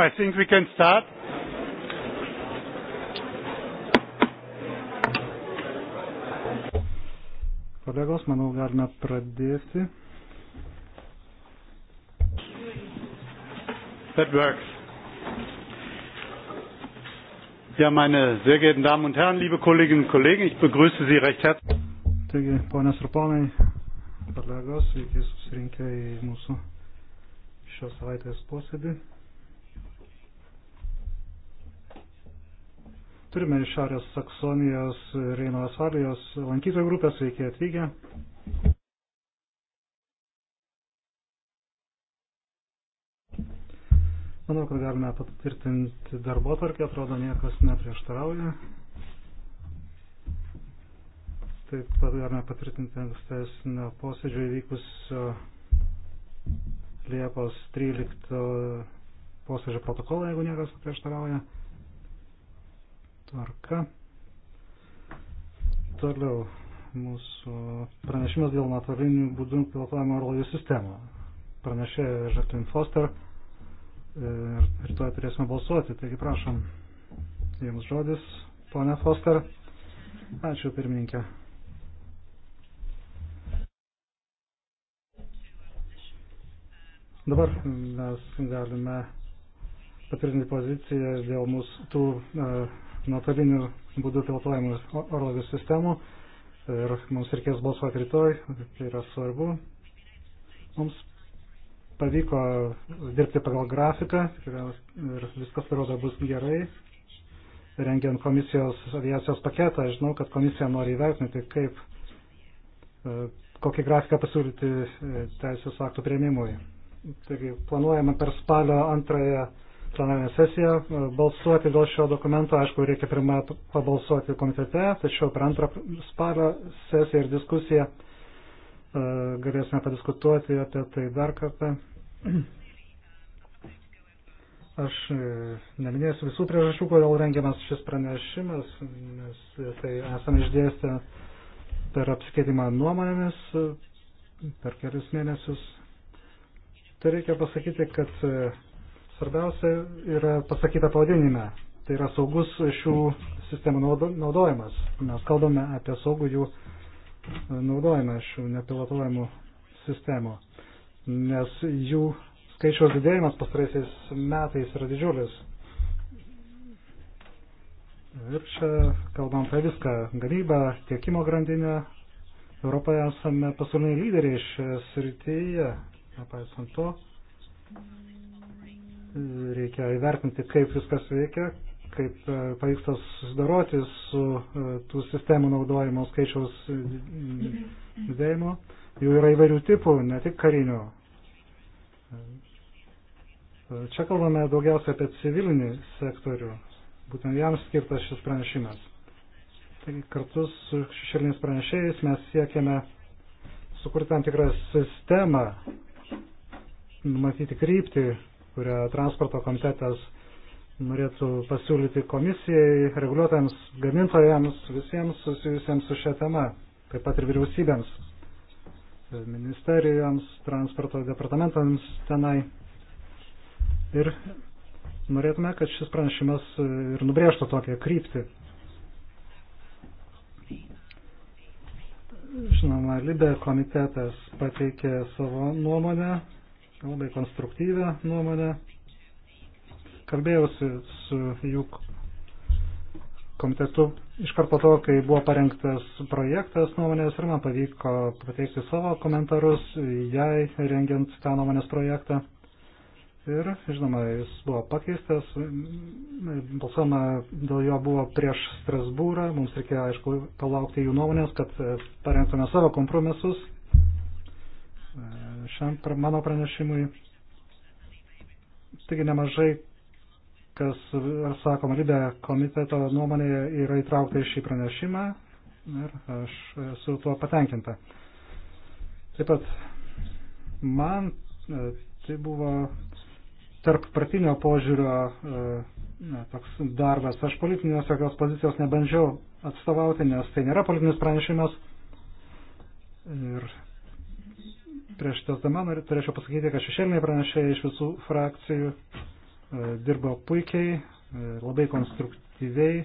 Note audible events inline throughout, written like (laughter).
I think we can start. Kolegos, manau, galime pradėti. That works. Ja, meine sehr geehrten Damen und Herren, liebe Kolleginnen und Kollegen, ich begrüße Sie recht herzlich. Taigi, ponios ir ponai, kolegos, sveiki susirinkę į mūsų šios savaitės posėdį. Turime iš Šiaurės Saksonijos Reino Asvalijos lankytojų grupės, sveiki atvykę. Manau, kad galime patvirtinti darbo tvarkę, atrodo niekas neprieštarauja. Taip pat galime patvirtinti ankstesnio posėdžio įvykusio Liepos 13 posėdžio protokolą, jeigu niekas neprieštarauja tvarka. Toliau mūsų pranešimas dėl nuotolinių būdų pilotuojamo orlaivių sistemą. Pranešė Žaklin Foster ir rytoj turėsime balsuoti, taigi prašom jums žodis, ponia Foster. Ačiū pirmininkė. Dabar mes galime patvirtinti poziciją dėl mūsų tų uh, nuotolinių būdų pilotuojamų orlovių sistemų ir mums reikės balsuoti rytoj, tai yra svarbu. Mums pavyko dirbti pagal grafiką ir viskas atrodo bus gerai. Rengiant komisijos aviacijos paketą, žinau, kad komisija nori įvertinti, kaip, e, kokį grafiką pasiūlyti e, teisės aktų prieimimui. Taigi planuojame per spalio antrąją plenarinę sesiją balsuoti dėl šio dokumento. Aišku, reikia pirmą pabalsuoti komitete, tačiau per antrą spalio sesiją ir diskusiją e, galėsime padiskutuoti apie tai dar kartą. (clears throat) Aš e, neminėsiu visų priežasčių, kodėl rengiamas šis pranešimas, nes tai esame išdėstę per apsikeitimą nuomonėmis e, per kelius mėnesius. Tai reikia pasakyti, kad Svarbiausia yra pasakyta pavadinime. Tai yra saugus šių sistemų naudojimas. Mes kalbame apie saugų jų e, naudojimą šių nepilotuojamų sistemų. Nes jų skaičiaus didėjimas pastaraisiais metais yra didžiulis. Ir čia kalbam apie viską. Gamybą, tiekimo grandinę. Europoje esame pasauliniai lyderiai šioje srityje. Nepaisant to, reikia įvertinti, kaip viskas veikia, kaip e, pavyksta susidoroti su e, tų sistemų naudojimo skaičiaus didėjimu. Jų yra įvairių tipų, ne tik karinių. E, čia kalbame daugiausia apie civilinį sektorių. Būtent jam skirtas šis pranešimas. Taigi kartu su šešėliniais pranešėjais mes siekiame sukurti tam tikrą sistemą, numatyti kryptį, kurią transporto komitetas norėtų pasiūlyti komisijai, reguliuotojams, gamintojams, visiems susijusiems su šia tema, taip pat ir vyriausybėms, ministerijoms, transporto departamentams tenai. Ir norėtume, kad šis pranešimas ir nubrėžtų tokią kryptį. Žinoma, Libė komitetas pateikė savo nuomonę labai konstruktyvę nuomonę. Kalbėjausi su jų komitetu iš karto to, kai buvo parengtas projektas nuomonės ir man pavyko pateikti savo komentarus jai rengiant tą nuomonės projektą. Ir, žinoma, jis buvo pakeistas, balsuoma dėl jo buvo prieš Strasbūrą, mums reikėjo, aišku, palaukti jų nuomonės, kad parengtume savo kompromisus šiam mano pranešimui. Taigi nemažai, kas, ar sakoma, Libė komiteto nuomonėje yra įtraukta į šį pranešimą ir aš esu tuo patenkinta. Taip pat man e, tai buvo tarp partinio požiūrio e, na, toks darbas. Aš politinės jokios pozicijos nebandžiau atstovauti, nes tai nėra politinis pranešimas. Ir prieš tęsdama turėčiau pasakyti, kad šešėliniai pranešėjai iš visų frakcijų e, dirbo puikiai, e, labai konstruktyviai.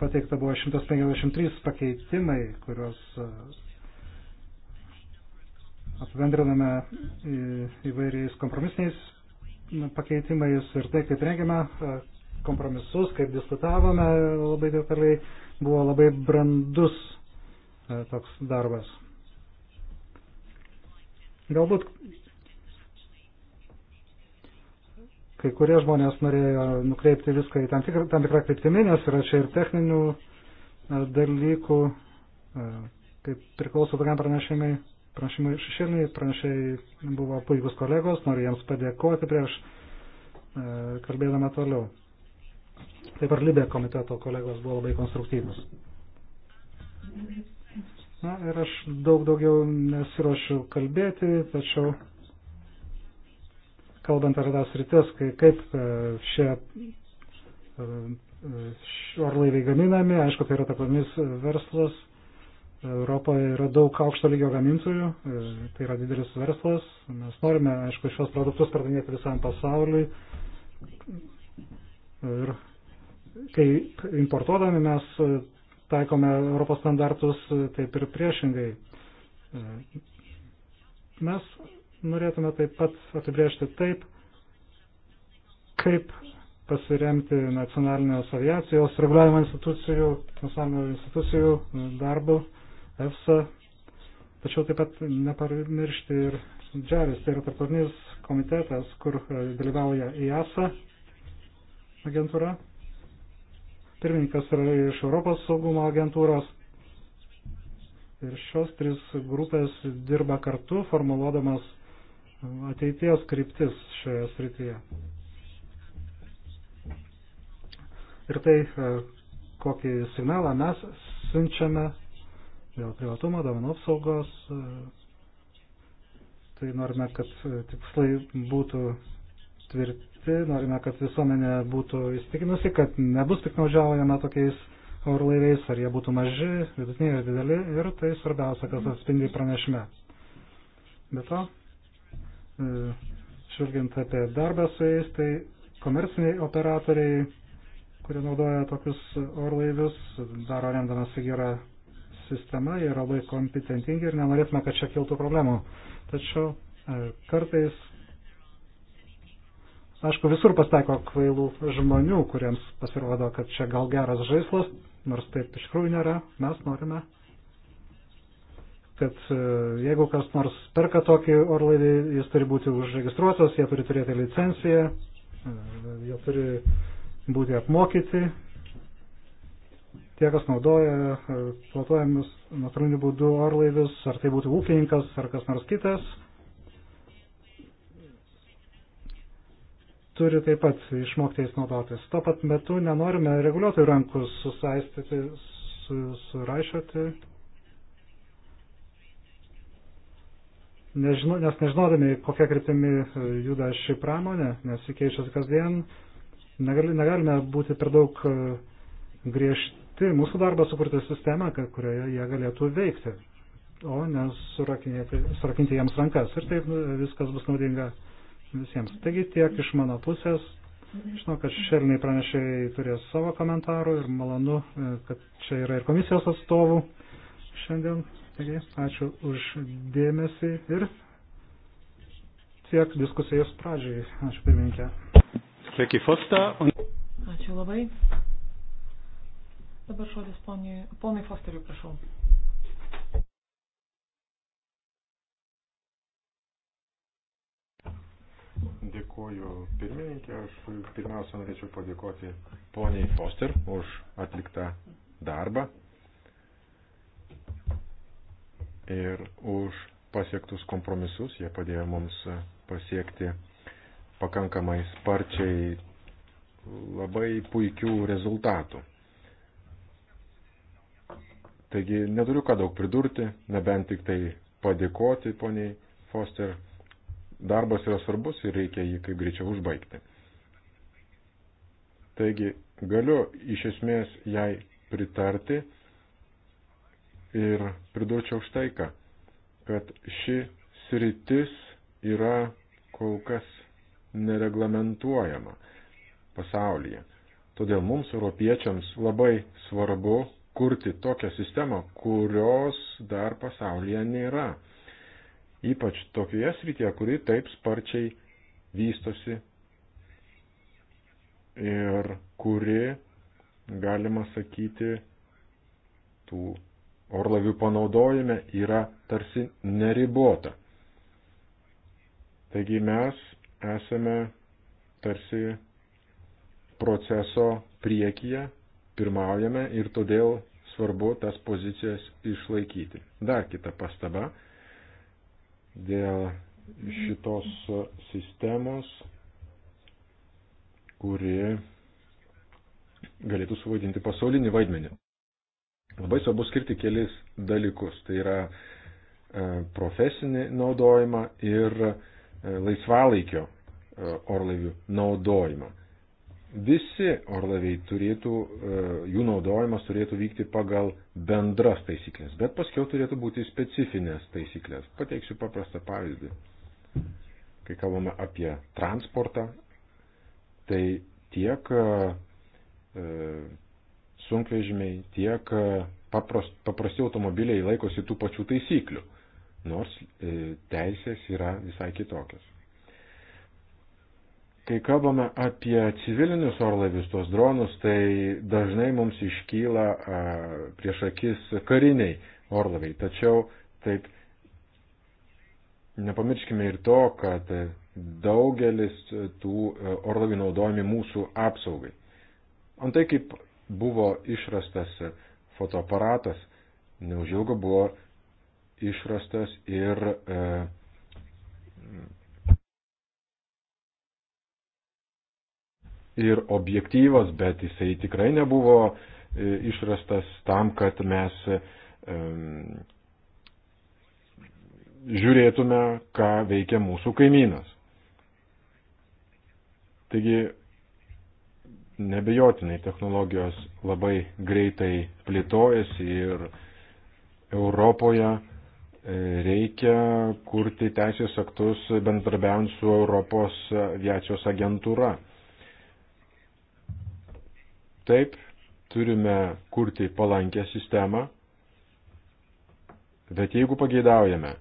Pateikta buvo 153 pakeitimai, kuriuos e, apibendriname įvairiais kompromisiniais pakeitimais ir tai, kaip rengiame kompromisus, kaip diskutavome labai detaliai, buvo labai brandus toks darbas. Galbūt kai kurie žmonės norėjo nukreipti viską į tam, tikrą, tam tikrą kryptimį, nes yra čia ir techninių e, dalykų, e, kaip priklauso tokiam pranešimai, pranešimai šešėliniai, pranešėjai buvo puikus kolegos, noriu jiems padėkoti prieš e, kalbėdama toliau. Taip ar Libė komiteto kolegos buvo labai konstruktyvus. Thank you. Na ir aš daug daugiau nesiuošiu kalbėti, tačiau kalbant apie tas rytis, kai, kaip e, šie e, orlaiviai gaminami, aišku, tai yra tapomis verslas. Europoje yra daug aukšto lygio gamintojų, e, tai yra didelis verslas. Mes norime, aišku, šios produktus pardavinėti visam pasauliui. Ir kai importuodami mes taikome Europos standartus, taip ir priešingai. Mes norėtume taip pat apibriežti taip, kaip pasiremti nacionalinės aviacijos reguliavimo institucijų, nacionalinių institucijų darbu, EFSA, tačiau taip pat nepamiršti ir Džeris, tai yra tarptautinis komitetas, kur dalyvauja IASA agentūra Pirmininkas yra iš Europos saugumo agentūros. Ir šios trys grupės dirba kartu, formuluodamas ateities kryptis šioje srityje. Ir tai, e, kokį signalą mes siunčiame dėl privatumo, domenų apsaugos, e, tai norime, kad e, tikslai būtų tvirti pagrįsti, norime, kad visuomenė būtų įstikinusi, kad nebus piknaudžiaujama tokiais orlaiviais, ar jie būtų maži, vidutiniai ar dideli, ir tai svarbiausia, kas atspindi pranešime. Be to, e, žvelgiant apie darbą su jais, tai komerciniai operatoriai, kurie naudoja tokius orlaivius, daro remdamasi gerą sistemą, jie yra labai kompetentingi ir nenorėtume, kad čia kiltų problemų. Tačiau e, kartais Aišku, visur pasitaiko kvailų žmonių, kuriems pasirodo, kad čia gal geras žaislas, nors taip iš tikrųjų nėra. Mes norime, kad e, jeigu kas nors perka tokį orlaidį, jis turi būti užregistruotas, jie turi turėti licenciją, e, jie turi būti apmokyti. Tie, kas naudoja, e, plotuojamus natūriniu būdu orlaivius, ar tai būtų ūkininkas, ar kas nors kitas, turi taip pat išmokti jais naudotis. Tuo pat metu nenorime reguliuotojų rankų susaistyti, su, suraišyti, nežino, nes nežinodami, kokia kryptimi juda ši pramonė, nes ji keičiasi kasdien, negali, negalime būti per daug e, griežti. Mūsų darbas sukurti sistemą, kurioje jie galėtų veikti, o ne surakinti jiems rankas. Ir taip e, viskas bus naudinga visiems. Taigi tiek iš mano pusės. Žinau, kad šelniai pranešiai turės savo komentarų ir malonu, e, kad čia yra ir komisijos atstovų šiandien. Taigi, ačiū už dėmesį ir tiek diskusijos pradžiai. Ačiū pirmininkė. Ačiū labai. Dabar šodis ponui, ponui Fosteriui, prašau. Dėkuoju pirmininkė. Aš pirmiausia norėčiau padėkoti poniai Foster už atliktą darbą ir už pasiektus kompromisus. Jie padėjo mums pasiekti pakankamai sparčiai labai puikių rezultatų. Taigi neturiu ką daug pridurti, nebent tik tai padėkoti poniai Foster darbas yra svarbus ir reikia jį kaip greičiau užbaigti. Taigi galiu iš esmės jai pritarti ir pridurčiau štai ką, kad ši sritis yra kol kas nereglamentuojama pasaulyje. Todėl mums, europiečiams, labai svarbu kurti tokią sistemą, kurios dar pasaulyje nėra ypač tokioje srityje, kuri taip sparčiai vystosi ir kuri, galima sakyti, tų orlavių panaudojime yra tarsi neribota. Taigi mes esame tarsi proceso priekyje, pirmaujame ir todėl svarbu tas pozicijas išlaikyti. Dar kita pastaba dėl šitos sistemos, kuri galėtų suvaidinti pasaulinį vaidmenį. Labai svarbu skirti kelis dalykus. Tai yra e, profesinį naudojimą ir e, laisvalaikio e, orlaivių naudojimą visi orlaviai turėtų, e, jų naudojimas turėtų vykti pagal bendras taisyklės, bet paskiau turėtų būti specifinės taisyklės. Pateiksiu paprastą pavyzdį. Kai kalbame apie transportą, tai tiek e, e, sunkvežimiai, tiek paprasti automobiliai laikosi tų pačių taisyklių, nors teisės yra visai kitokios. Kai kalbame apie civilinius orlaivius, tuos dronus, tai dažnai mums iškyla a, prieš akis kariniai orlaiviai. Tačiau taip nepamirškime ir to, kad daugelis tų e, orlaivių naudojami mūsų apsaugai. Antai kaip buvo išrastas fotoaparatas, neužilgo buvo išrastas ir e, ir objektyvas, bet jisai tikrai nebuvo e, išrastas tam, kad mes žiūrėtume, ką veikia mūsų kaimynas. Taigi, nebejotinai technologijos labai greitai plėtojasi ir Europoje e, reikia kurti teisės aktus bendrabiaujant su Europos aviacijos agentūra. Taip, turime kurti palankę sistemą, bet jeigu pageidaujame,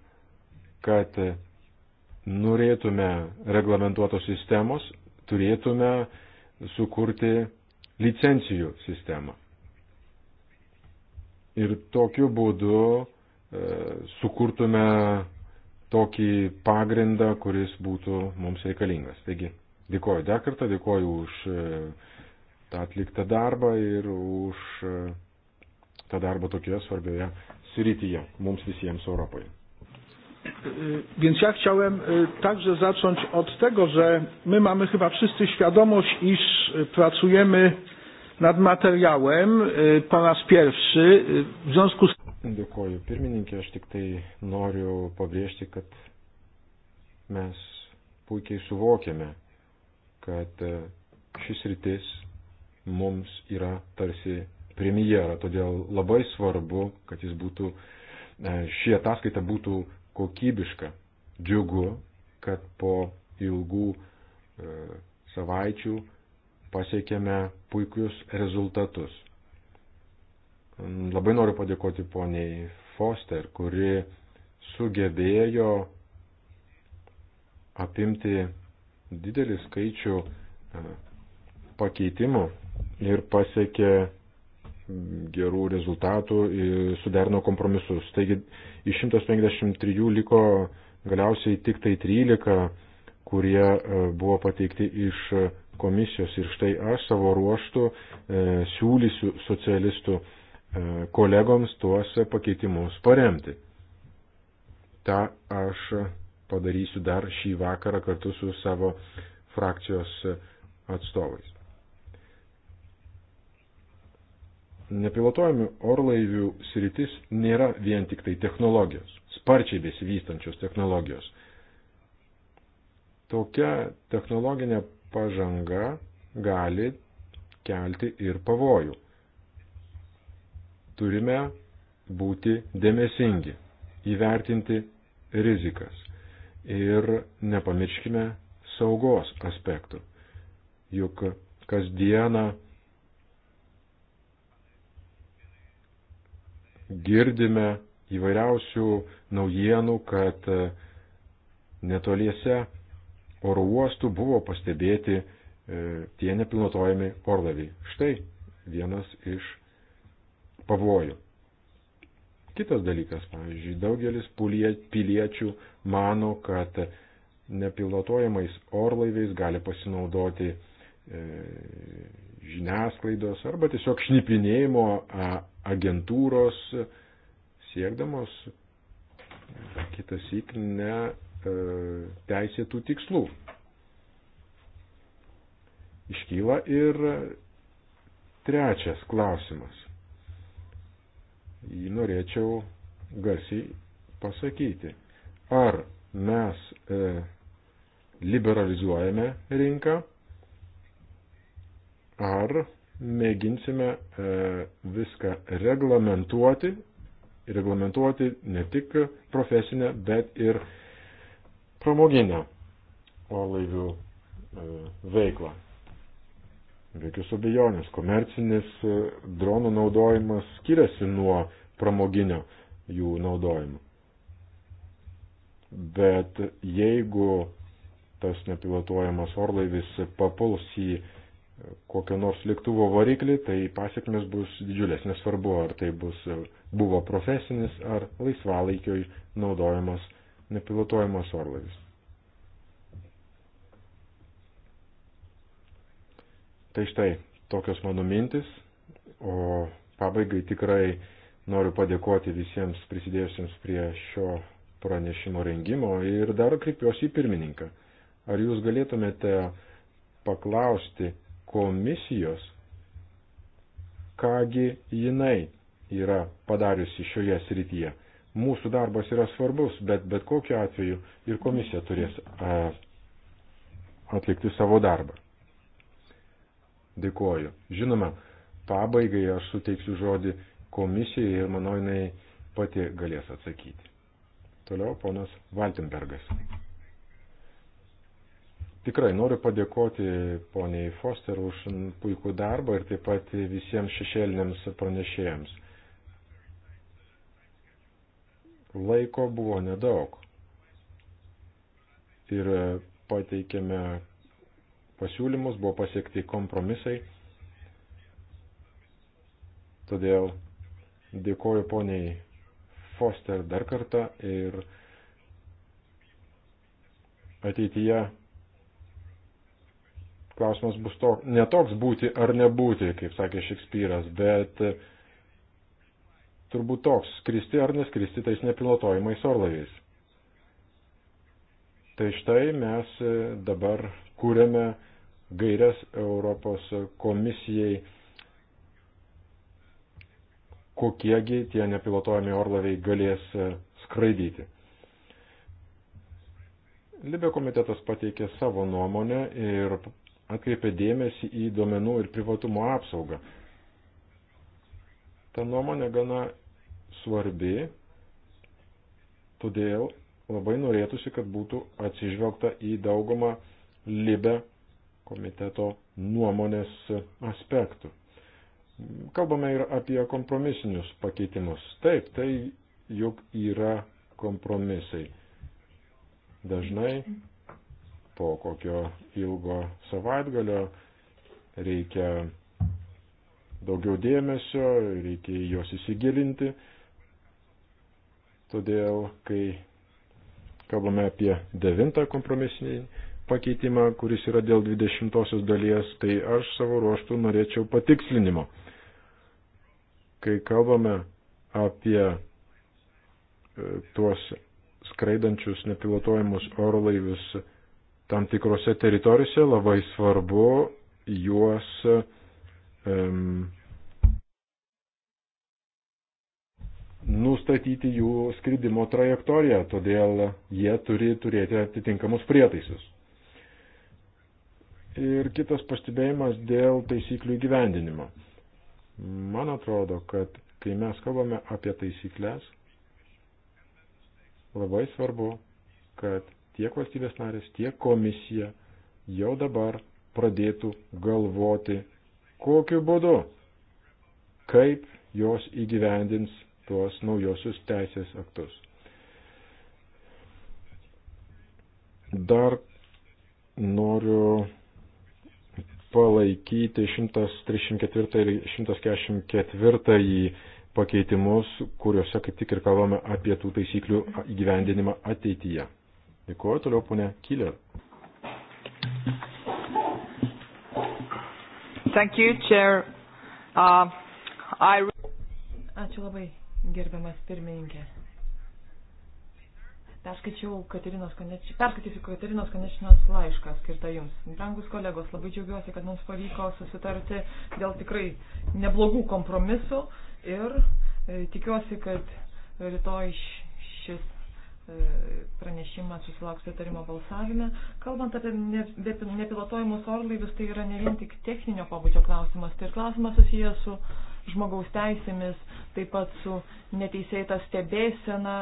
kad norėtume reglamentuotos sistemos, turėtume sukurti licencijų sistemą. Ir tokiu būdu e, sukurtume tokį pagrindą, kuris būtų mums reikalingas. Taigi, dėkoju dar kartą, dėkoju už e, tą atliktą darbą ir už e, tą darbą tokioje svarbioje srityje mums visiems Europoje. E, więc ja chciałem e, także zacząć od tego, że my mamy chyba wszyscy świadomość, iż pracujemy nad materiałem po raz pierwszy w związku z. Dėkuoju pirmininkė, aš tik tai noriu pabrėžti, kad mes puikiai suvokiame, kad šis rytis mums yra tarsi premjera. Todėl labai svarbu, kad jis būtų, e, ši ataskaita būtų kokybiška. Džiugu, kad po ilgų e, savaičių pasiekėme puikius rezultatus. Labai noriu padėkoti poniai Foster, kuri sugebėjo apimti didelį skaičių e, pakeitimų ir pasiekė gerų rezultatų, suderino kompromisus. Taigi iš 153 liko galiausiai tik tai 13, kurie e, buvo pateikti iš komisijos. Ir štai aš savo ruoštų e, siūlysiu socialistų e, kolegoms tuos pakeitimus paremti. Ta aš padarysiu dar šį vakarą kartu su savo frakcijos atstovais. Nepilotuojami orlaivių sritis nėra vien tik tai technologijos, sparčiai besivystančios technologijos. Tokia technologinė pažanga gali kelti ir pavojų. Turime būti dėmesingi, įvertinti rizikas ir nepamirškime saugos aspektų. Juk kasdieną girdime įvairiausių naujienų, kad e, netoliese oro uostų buvo pastebėti e, tie nepilotuojami orlaviai. Štai vienas iš pavojų. Kitas dalykas, pavyzdžiui, daugelis piliečių mano, kad nepilotuojamais orlaiviais gali pasinaudoti e, žiniasklaidos arba tiesiog šnipinėjimo agentūros siekdamos kitas įk ne e, teisėtų tikslų. Iškyla ir trečias klausimas. Jį norėčiau garsiai pasakyti. Ar mes e, liberalizuojame rinką, ar mėginsime e, viską reglamentuoti, reglamentuoti ne tik profesinę, bet ir pramoginę orlaivių e, veiklą. Jokios abejonės, komercinis e, dronų naudojimas skiriasi nuo pramoginio jų naudojimo. Bet jeigu tas nepilotuojamas orlaivis papuls į uh, kokio nors lėktuvo variklį, tai pasiekmes bus didžiulės, nesvarbu, ar tai bus, buvo profesinis ar laisvalaikioj naudojamas nepilotuojamas orlaivis. Tai štai tokios mano mintis, o pabaigai tikrai noriu padėkoti visiems prisidėjusiems prie šio pranešimo rengimo ir dar kreipiuosi į pirmininką. Ar jūs galėtumėte paklausti, komisijos, kągi jinai yra padariusi šioje srityje. Mūsų darbas yra svarbus, bet bet kokiu atveju ir komisija turės atlikti savo darbą. Dėkuoju. Žinoma, pabaigai aš suteiksiu žodį komisijai ir manau jinai pati galės atsakyti. Toliau ponas Valtenbergas. Tikrai noriu padėkoti poniai Foster už puikų darbą ir taip pat visiems šešėliniams pranešėjams. Laiko buvo nedaug ir pateikėme pasiūlymus, buvo pasiekti kompromisai. Todėl dėkoju poniai Foster dar kartą ir ateityje klausimas bus to, netoks būti ar nebūti, kaip sakė Šekspyras, bet e, turbūt toks, skristi ar neskristi tais nepilotojimais orlaiviais. Tai štai mes e, dabar kūrėme gairias Europos komisijai, kokiegi tie nepilotojami orlaiviai galės e, skraidyti. Libė komitetas pateikė savo nuomonę ir atkreipė dėmesį į duomenų ir privatumo apsaugą. Ta nuomonė gana svarbi, todėl labai norėtųsi, kad būtų atsižvelgta į daugumą libe komiteto nuomonės aspektų. Kalbame ir apie kompromisinius pakeitimus. Taip, tai juk yra kompromisai. Dažnai po kokio ilgo savaitgalio reikia daugiau dėmesio, reikia į juos įsigilinti. Todėl, kai kalbame apie devintą kompromisinį pakeitimą, kuris yra dėl dvidešimtosios dalies, tai aš savo ruoštų norėčiau patikslinimo. Kai kalbame apie e, tuos skraidančius nepilotuojamus orlaivius tam tikrose teritorijose labai svarbu juos um, nustatyti jų skridimo trajektoriją, todėl jie turi turėti atitinkamus prietaisus. Ir kitas pastebėjimas dėl taisyklių įgyvendinimo. Man atrodo, kad kai mes kalbame apie taisyklės, labai svarbu, kad tiek valstybės narės, tiek komisija jau dabar pradėtų galvoti, kokiu būdu, kaip jos įgyvendins tuos naujosius teisės aktus. Dar noriu palaikyti 134 ir 144 pakeitimus, kuriuose kaip tik ir kalbame apie tų taisyklių įgyvendinimą ateityje. Dėkuoju toliau, ponė Kiler. Thank you, Chair. Uh, I... Ačiū labai, gerbiamas pirmininkė. Perskaičiau Katerinos Konečinos, perskaitysiu Katerinos Konečinos laišką skirtą jums. Brangus kolegos, labai džiaugiuosi, kad mums pavyko susitarti dėl tikrai neblogų kompromisų ir e, tikiuosi, kad rytoj šis E, pranešimas susilauks pritarimo balsavime. Kalbant apie nepilotojimus orlaivius, tai yra ne vien tik techninio pobūdžio klausimas, tai ir klausimas susijęs su žmogaus teisėmis, taip pat su neteisėta stebėsena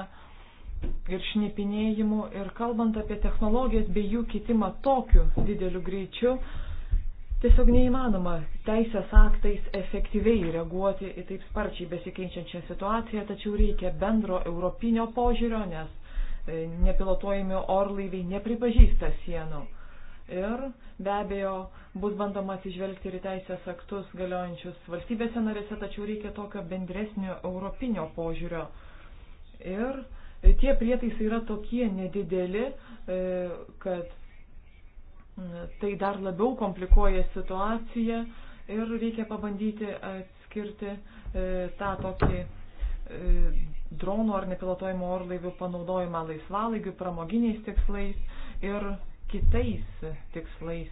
ir šnipinėjimu. Ir kalbant apie technologijas bei jų kitimą tokiu dideliu greičiu, tiesiog neįmanoma teisės aktais efektyviai reaguoti į taip sparčiai besikeičiančią situaciją, tačiau reikia bendro europinio požiūrio, nes E, nepilotuojami orlaiviai nepripažįsta sienų. Ir be abejo bus bandoma atsižvelgti ir teisės aktus galiojančius valstybėse narėse, tačiau reikia tokio bendresnio europinio požiūrio. Ir tie prietaisai yra tokie nedideli, e, kad tai dar labiau komplikuoja situaciją ir reikia pabandyti atskirti e, tą tokį dronų ar nepilotuojimo orlaivių panaudojimą laisvalaigiu, pramoginiais tikslais ir kitais tikslais,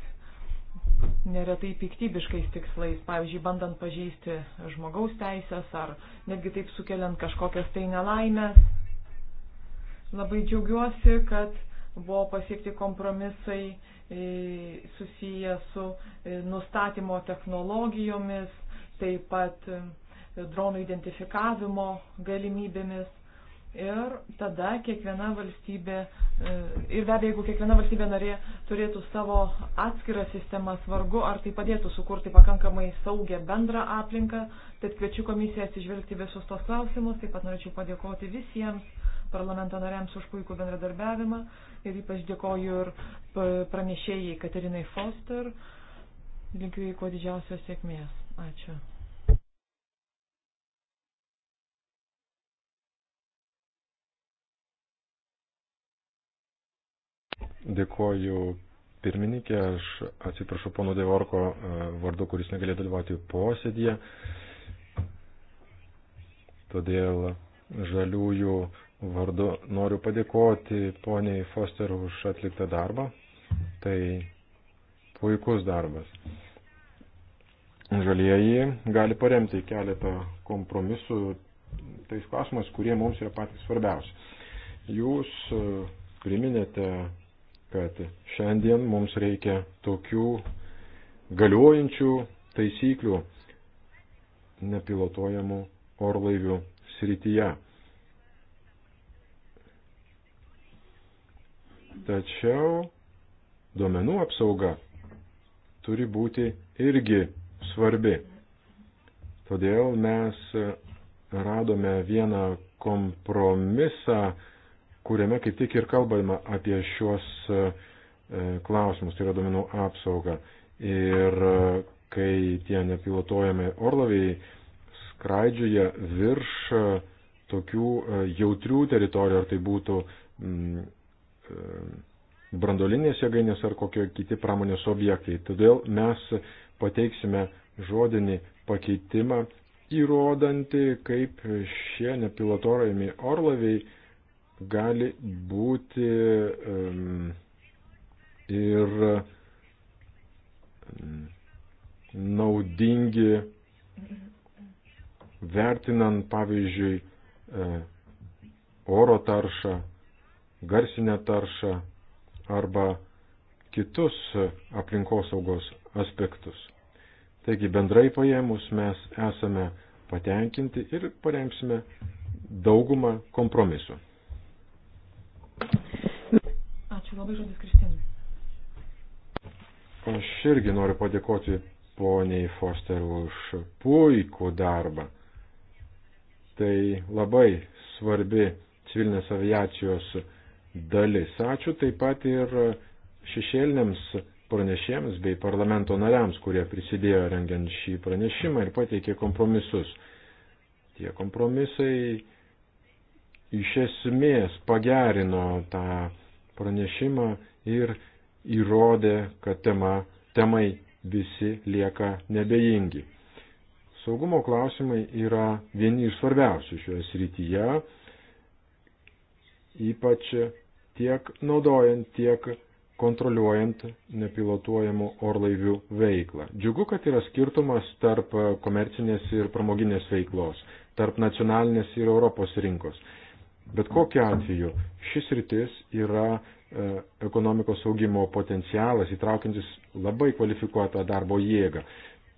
neretai piktybiškais tikslais, pavyzdžiui, bandant pažeisti žmogaus teisės ar netgi taip sukeliant kažkokias tai nelaimės. Labai džiaugiuosi, kad buvo pasiekti kompromisai e, susiję su e, nustatymo technologijomis, taip pat dronų identifikavimo galimybėmis. Ir tada kiekviena valstybė, e, ir be abejo, jeigu kiekviena valstybė narė turėtų savo atskirą sistemą, svarbu, ar tai padėtų sukurti pakankamai saugę bendrą aplinką, tad kviečiu komisiją atsižvelgti visus tos klausimus, taip pat norėčiau padėkoti visiems parlamento nariams už puikų bendradarbiavimą ir ypač dėkoju ir pranešėjai Katerinai Foster, linkiu jai kuo didžiausios sėkmės. Ačiū. Dėkoju pirmininkė, aš atsiprašau pono Devorko e, vardu, kuris negalėjo dalyvauti posėdėje. Todėl žaliųjų vardu noriu padėkoti poniai Foster už atliktą darbą. Tai puikus darbas. Žalieji gali paremti keletą kompromisų tais klausimas, kurie mums yra patys svarbiausi. Jūs e, priminėte kad šiandien mums reikia tokių galiojančių taisyklių nepilotuojamų orlaivių srityje. Tačiau duomenų apsauga turi būti irgi svarbi. Todėl mes radome vieną kompromisą, kuriame kaip tik ir kalbama apie šiuos e, e, klausimus, tai yra domenų apsauga. Ir e, kai tie nepilotuojami orlaviai skraidžioja virš tokių jautrių teritorijų, ar tai būtų mm, brandolinės jėgainės ar kokie kiti pramonės objektai. Todėl mes pateiksime žodinį pakeitimą įrodantį, kaip šie nepilotuojami orlaviai gali būti ir naudingi vertinant, pavyzdžiui, e, oro taršą, garsinę taršą arba kitus aplinkosaugos aspektus. Taigi bendrai paėmus mes esame patenkinti ir paremsime daugumą kompromisų. Ačiū labai žodis Kristinai. Aš irgi noriu padėkoti poniai Foster už puikų darbą. Tai labai svarbi civilinės aviacijos dalis. Ačiū taip pat ir šešėliniams pranešėjams bei parlamento nariams, kurie prisidėjo rengiant šį pranešimą ir pateikė kompromisus. Tie kompromisai iš esmės pagerino tą pranešimą ir įrodė, kad tema, temai visi lieka nebejingi. Saugumo klausimai yra vieni iš svarbiausių šioje srityje, ypač tiek naudojant, tiek kontroliuojant nepilotuojamų orlaivių veiklą. Džiugu, kad yra skirtumas tarp komercinės ir pramoginės veiklos, tarp nacionalinės ir Europos rinkos. Bet kokiu atveju šis rytis yra e, ekonomikos augimo potencialas, įtraukiantis labai kvalifikuotą darbo jėgą.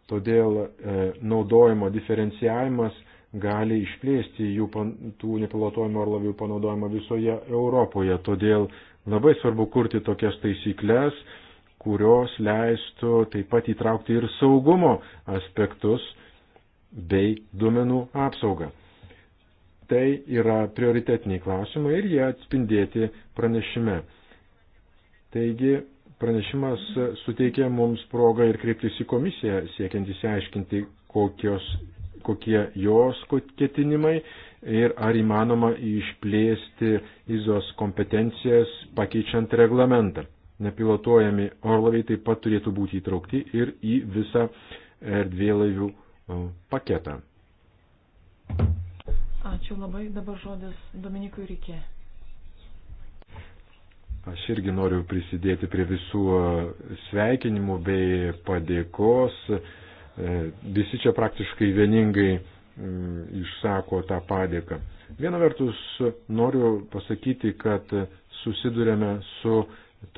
Todėl e, naudojimo diferencijavimas gali išplėsti jų pan, tų nepilotuojamų orlavių panaudojimą visoje Europoje. Todėl labai svarbu kurti tokias taisyklės, kurios leistų taip pat įtraukti ir saugumo aspektus bei duomenų apsaugą. Tai yra prioritetiniai klausimai ir jie atspindėti pranešime. Taigi pranešimas suteikė mums progą ir kreiptis į komisiją, siekiant įsiaiškinti, kokios, kokie jos ketinimai ir ar įmanoma išplėsti izos kompetencijas pakeičiant reglamentą. Nepilotuojami orlaviai taip pat turėtų būti įtraukti ir į visą erdvėlaivių paketą. Ačiū labai. Dabar žodis Dominikui Rikė. Aš irgi noriu prisidėti prie visų sveikinimų bei padėkos. E, visi čia praktiškai vieningai mm, išsako tą padėką. Viena vertus noriu pasakyti, kad susidurėme su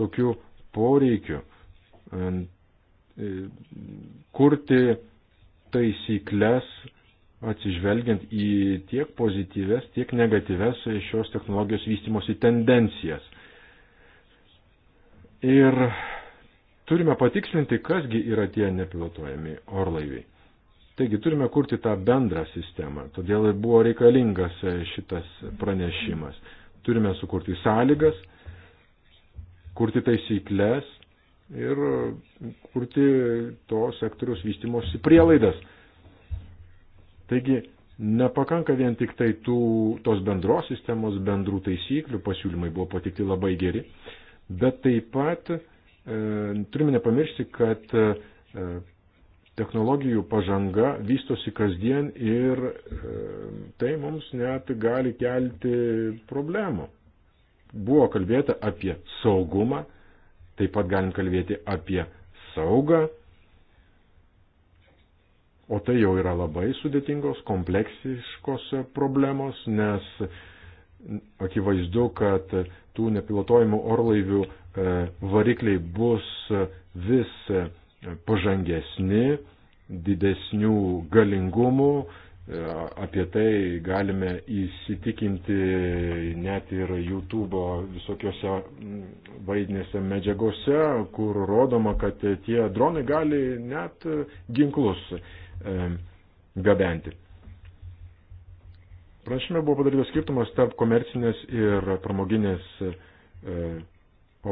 tokiu poreikiu e, kurti taisyklės atsižvelgiant į tiek pozityves, tiek negatyves šios technologijos vystimosi tendencijas. Ir turime patikslinti, kasgi yra tie nepilotuojami orlaiviai. Taigi turime kurti tą bendrą sistemą, todėl ir buvo reikalingas šitas pranešimas. Turime sukurti sąlygas, kurti taisyklės ir kurti to sektoriaus vystimosi prielaidas. Taigi nepakanka vien tik tai tų, tos bendros sistemos, bendrų taisyklių, pasiūlymai buvo patikti labai geri, bet taip pat e, turime nepamiršti, kad e, technologijų pažanga vystosi kasdien ir e, tai mums net gali kelti problemų. Buvo kalbėta apie saugumą, taip pat galim kalbėti apie saugą O tai jau yra labai sudėtingos, kompleksiškos problemos, nes akivaizdu, kad tų nepilotojimų orlaivių e, varikliai bus vis pažangesni, didesnių galingumų. E, apie tai galime įsitikinti net ir YouTube visokiose vaidinėse medžiagose, kur rodoma, kad tie dronai gali net ginklus E, gabenti. Pranešime buvo padarytas skirtumas tarp komercinės ir pramoginės e,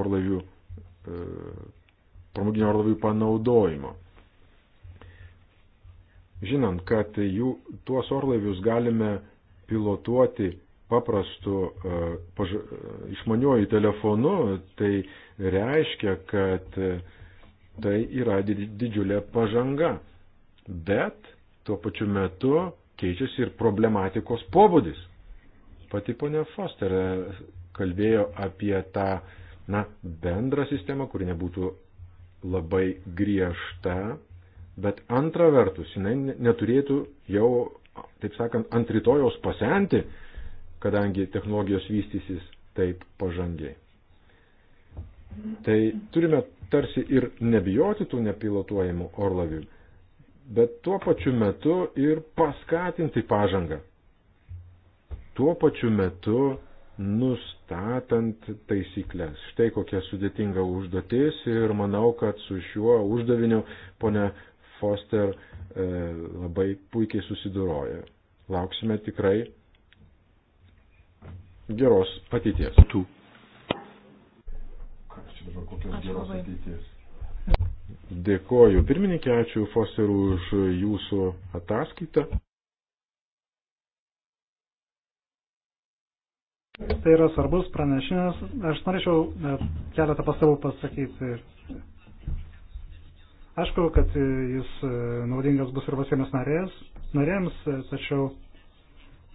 orlaivių, e, pramoginio orlaivių panaudojimo. Žinant, kad jų, tuos orlaivius galime pilotuoti paprastu paž... išmaniuoju telefonu, tai reiškia, kad tai yra didžiulė pažanga bet tuo pačiu metu keičiasi ir problematikos pobūdis. Pati ponia Foster e, kalbėjo apie tą na, bendrą sistemą, kuri nebūtų labai griežta, bet antra vertus, jinai neturėtų jau, taip sakant, ant rytojaus pasenti, kadangi technologijos vystysis taip pažangiai. Tai turime tarsi ir nebijoti tų nepilotuojamų orlavių, bet tuo pačiu metu ir paskatinti pažangą. Tuo pačiu metu nustatant taisyklės. Štai kokia sudėtinga užduotis ir manau, kad su šiuo uždaviniu ponia Foster e, labai puikiai susiduroja. Lauksime tikrai geros ateities. Tu. Ką čia dabar kokios Aš geros labai. ateities? Dėkoju pirmininkė, ačiū Fosterų už jūsų ataskaitą. Tai yra svarbus pranešimas. Aš norėčiau e, keletą pastabų pasakyti. Aišku, kad e, jis e, naudingas bus ir valstybės narės, narėms, tačiau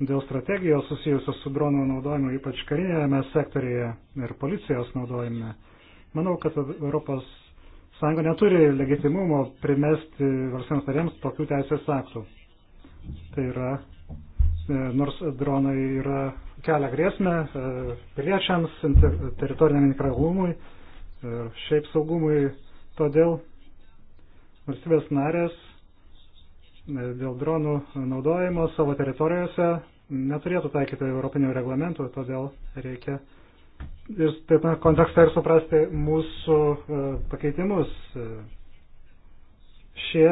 dėl strategijos susijusios su dronų naudojimu, ypač karinėme sektorėje ir policijos naudojime, manau, kad Europos Sąjunga neturi legitimumo primesti valstybėms narėms tokių teisės aktų. Tai yra, e, nors dronai yra kelia grėsmę e, piliečiams, teritoriniam integralumui ir e, šiaip saugumui, todėl valstybės narės dėl dronų naudojimo savo teritorijose neturėtų taikyti europinių reglamentų, todėl reikia ir tame kontekste ir suprasti mūsų e, pakeitimus. E, šie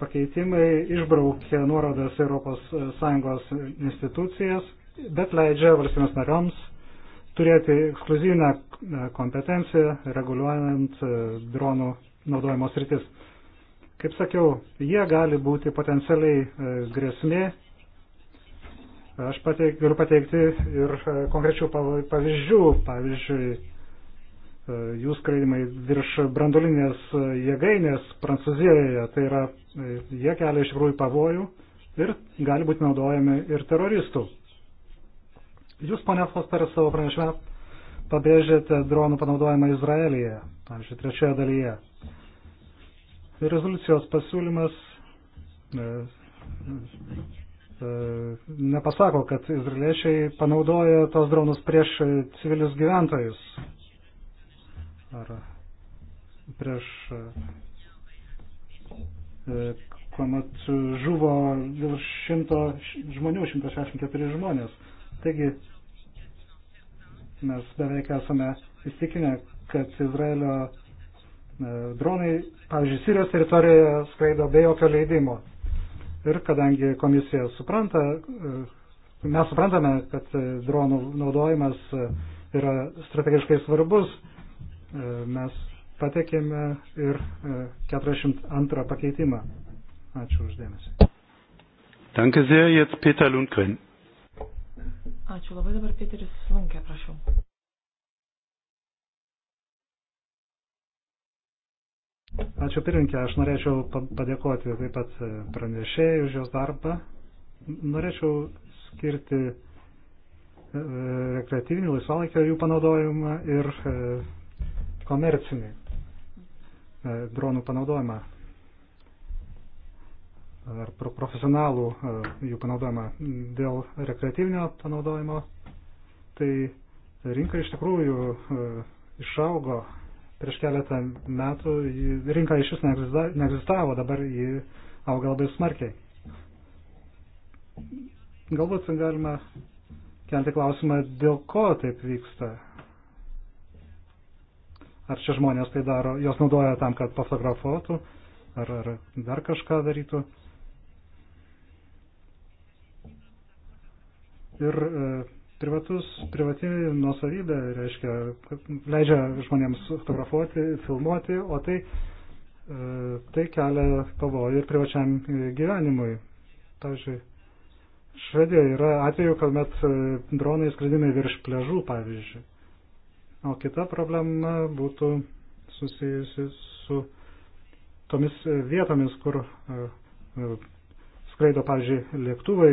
pakeitimai išbraukia nuorodas ES e, institucijas, bet leidžia valstybės nariams turėti ekskluzyvinę kompetenciją reguliuojant dronų naudojimo sritis. Kaip sakiau, jie gali būti potencialiai grėsmė Aš pateik, galiu pateikti ir e, konkrečių pavyzdžių. Pavyzdžiui, e, jų skraidimai virš brandulinės e, jėgainės Prancūzijoje. Tai yra, jie kelia iš tikrųjų pavojų ir gali būti naudojami ir teroristų. Jūs, ponia Foster, savo pranešime pabrėžėte dronų panaudojimą Izraelyje, pavyzdžiui, trečioje dalyje. Rezoliucijos pasiūlymas E, nepasako, kad izraeliečiai panaudojo tos dronus prieš civilius gyventojus ar prieš e, kuomet žuvo dėl šimto žmonių, 164 žmonės. Taigi mes beveik esame įstikinę, kad Izraelio e, dronai, pavyzdžiui, Sirijos teritorijoje skraido be jokio leidimo. Ir kadangi komisija supranta, mes suprantame, kad dronų naudojimas yra strategiškai svarbus, mes patekėme ir 42 pakeitimą. Ačiū uždėmesį. Danke sehr, jetzt Peter Lundgren. Ačiū labai dabar, Peteris Lunkė, prašau. Ačiū pirinkė, aš norėčiau padėkoti taip pat e, pranešėjai už jos darbą. Norėčiau skirti e, rekreatyvinį laisvalaikio jų panaudojimą ir e, komercinį dronų panaudojimą ar profesionalų jų panaudojimą. Dėl rekreatyvinio panaudojimo, tai rinka iš tikrųjų išaugo Prieš keletą metų rinka iš vis neegzistavo, dabar ji auga labai smarkiai. Galbūt galima kelti klausimą, dėl ko taip vyksta. Ar čia žmonės tai daro, jos naudoja tam, kad fotografuotų, ar, ar dar kažką darytų. Ir e, Privatus, privati nuosavybė reiškia, leidžia žmonėms fotografuoti, filmuoti, o tai, e, tai kelia pavojų ir privačiam gyvenimui. Pavyzdžiui, Švedijoje yra atveju, kuomet e, dronai skridimai virš pležų, pavyzdžiui. O kita problema būtų susijusi su tomis vietomis, kur e, skraido, pavyzdžiui, lėktuvai,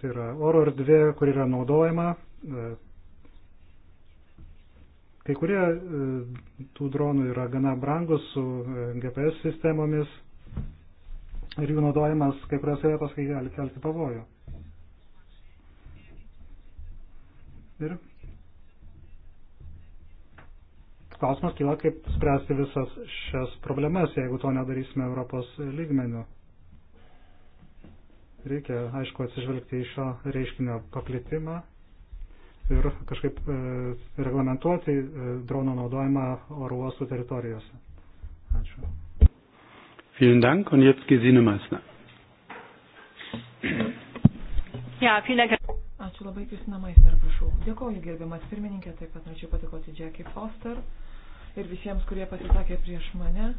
tai yra oro erdvė, kur yra naudojama. E, kai kurie e, tų dronų yra gana brangus su e, GPS sistemomis ir jų naudojimas kai kuriuose vietos, kai gali kelti pavojų. Ir klausimas kyla, kaip spręsti visas šias problemas, jeigu to nedarysime Europos lygmeniu. Reikia, aišku, atsižvelgti į šio reiškinio paplitimą ir kažkaip e, reglamentuoti e, dronų naudojimą oro uostų teritorijose. Ačiū. Vielen Dank und jetzt Gesine Meissner. Ja, vielen Dank. Ačiū labai, Kristina Maister, prašau. Dėkoju, gerbiamas pirmininkė, taip pat norėčiau patikoti Jackie Foster ir visiems, kurie pasisakė prieš mane.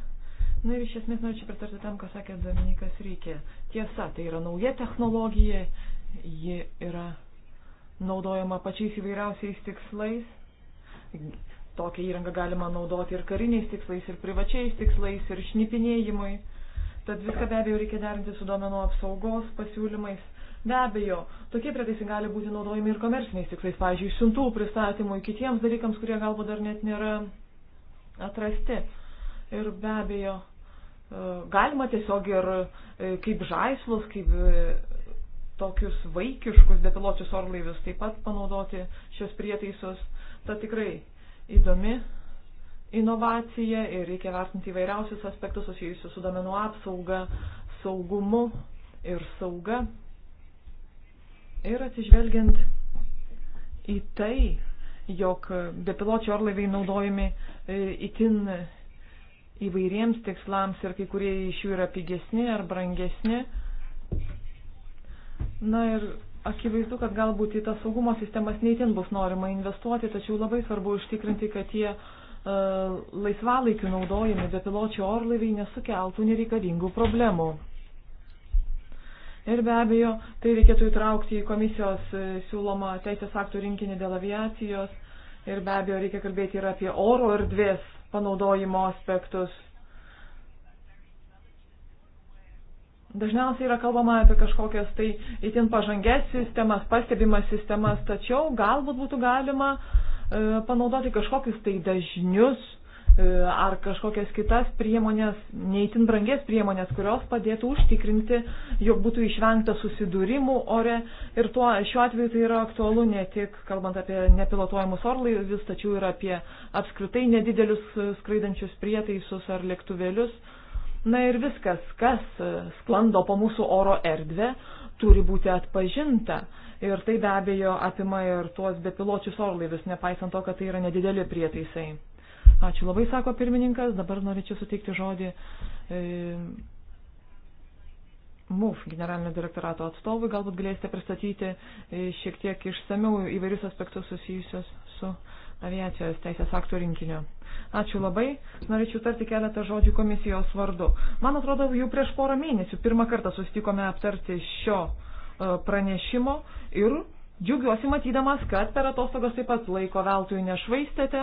Na nu ir iš esmės norėčiau pritarti tam, ką sakė Dominikas Rykė. Tiesa, tai yra nauja technologija, ji yra naudojama pačiais įvairiausiais tikslais. Tokią įrangą galima naudoti ir kariniais tikslais, ir privačiais tikslais, ir šnipinėjimui. Tad viską be abejo reikia derinti su duomenų apsaugos pasiūlymais. Be abejo, tokie prietaisai gali būti naudojami ir komerciniais tikslais, pavyzdžiui, siuntų pristatymui, kitiems dalykams, kurie galbūt dar net nėra atrasti ir be abejo e, galima tiesiog ir e, kaip žaislus, kaip e, tokius vaikiškus bepiločius orlaivius taip pat panaudoti šios prietaisus. Ta tikrai įdomi inovacija ir reikia vertinti įvairiausius aspektus susijusius su domenų apsauga, saugumu ir sauga. Ir atsižvelgiant į tai, jog bepiločiai orlaiviai naudojami itin įvairiems tikslams ir kai kurie iš jų yra pigesni ar brangesni. Na ir akivaizdu, kad galbūt į tas saugumo sistemas neįtin bus norima investuoti, tačiau labai svarbu užtikrinti, kad tie uh, laisvalaikiu naudojami bepiločių orlaiviai nesukeltų nereikalingų problemų. Ir be abejo, tai reikėtų įtraukti į komisijos e, siūlomą teisės aktų rinkinį dėl aviacijos. Ir be abejo, reikia kalbėti ir apie oro erdvės panaudojimo aspektus. Dažniausiai yra kalbama apie kažkokias tai itin pažangės sistemas, pastebimas sistemas, tačiau galbūt būtų galima e, panaudoti kažkokius tai dažnius, E, ar kažkokias kitas priemonės, neįtin brangės priemonės, kurios padėtų užtikrinti, jog būtų išvengta susidūrimų ore. Ir tuo, šiuo atveju tai yra aktualu ne tik kalbant apie nepilotuojamus orlaivius, tačiau ir apie apskritai nedidelius skraidančius prietaisus ar lėktuvėlius. Na ir viskas, kas sklando po mūsų oro erdvę, turi būti atpažinta. Ir tai be abejo apima ir tuos bepiločius orlaivius, nepaisant to, kad tai yra nedideli prietaisai. Ačiū labai, sako pirmininkas. Dabar norėčiau suteikti žodį e, MUF generalinio direktorato atstovui. Galbūt galėsite pristatyti e, šiek tiek išsamiau įvairius aspektus susijusios su aviacijos teisės aktų rinkiniu. Ačiū labai. Norėčiau tarti keletą žodžių komisijos vardu. Man atrodo, jau prieš porą mėnesių pirmą kartą susitikome aptarti šio e, pranešimo ir Džiaugiuosi matydamas, kad per atostogas taip pat laiko veltui nešvaistėte,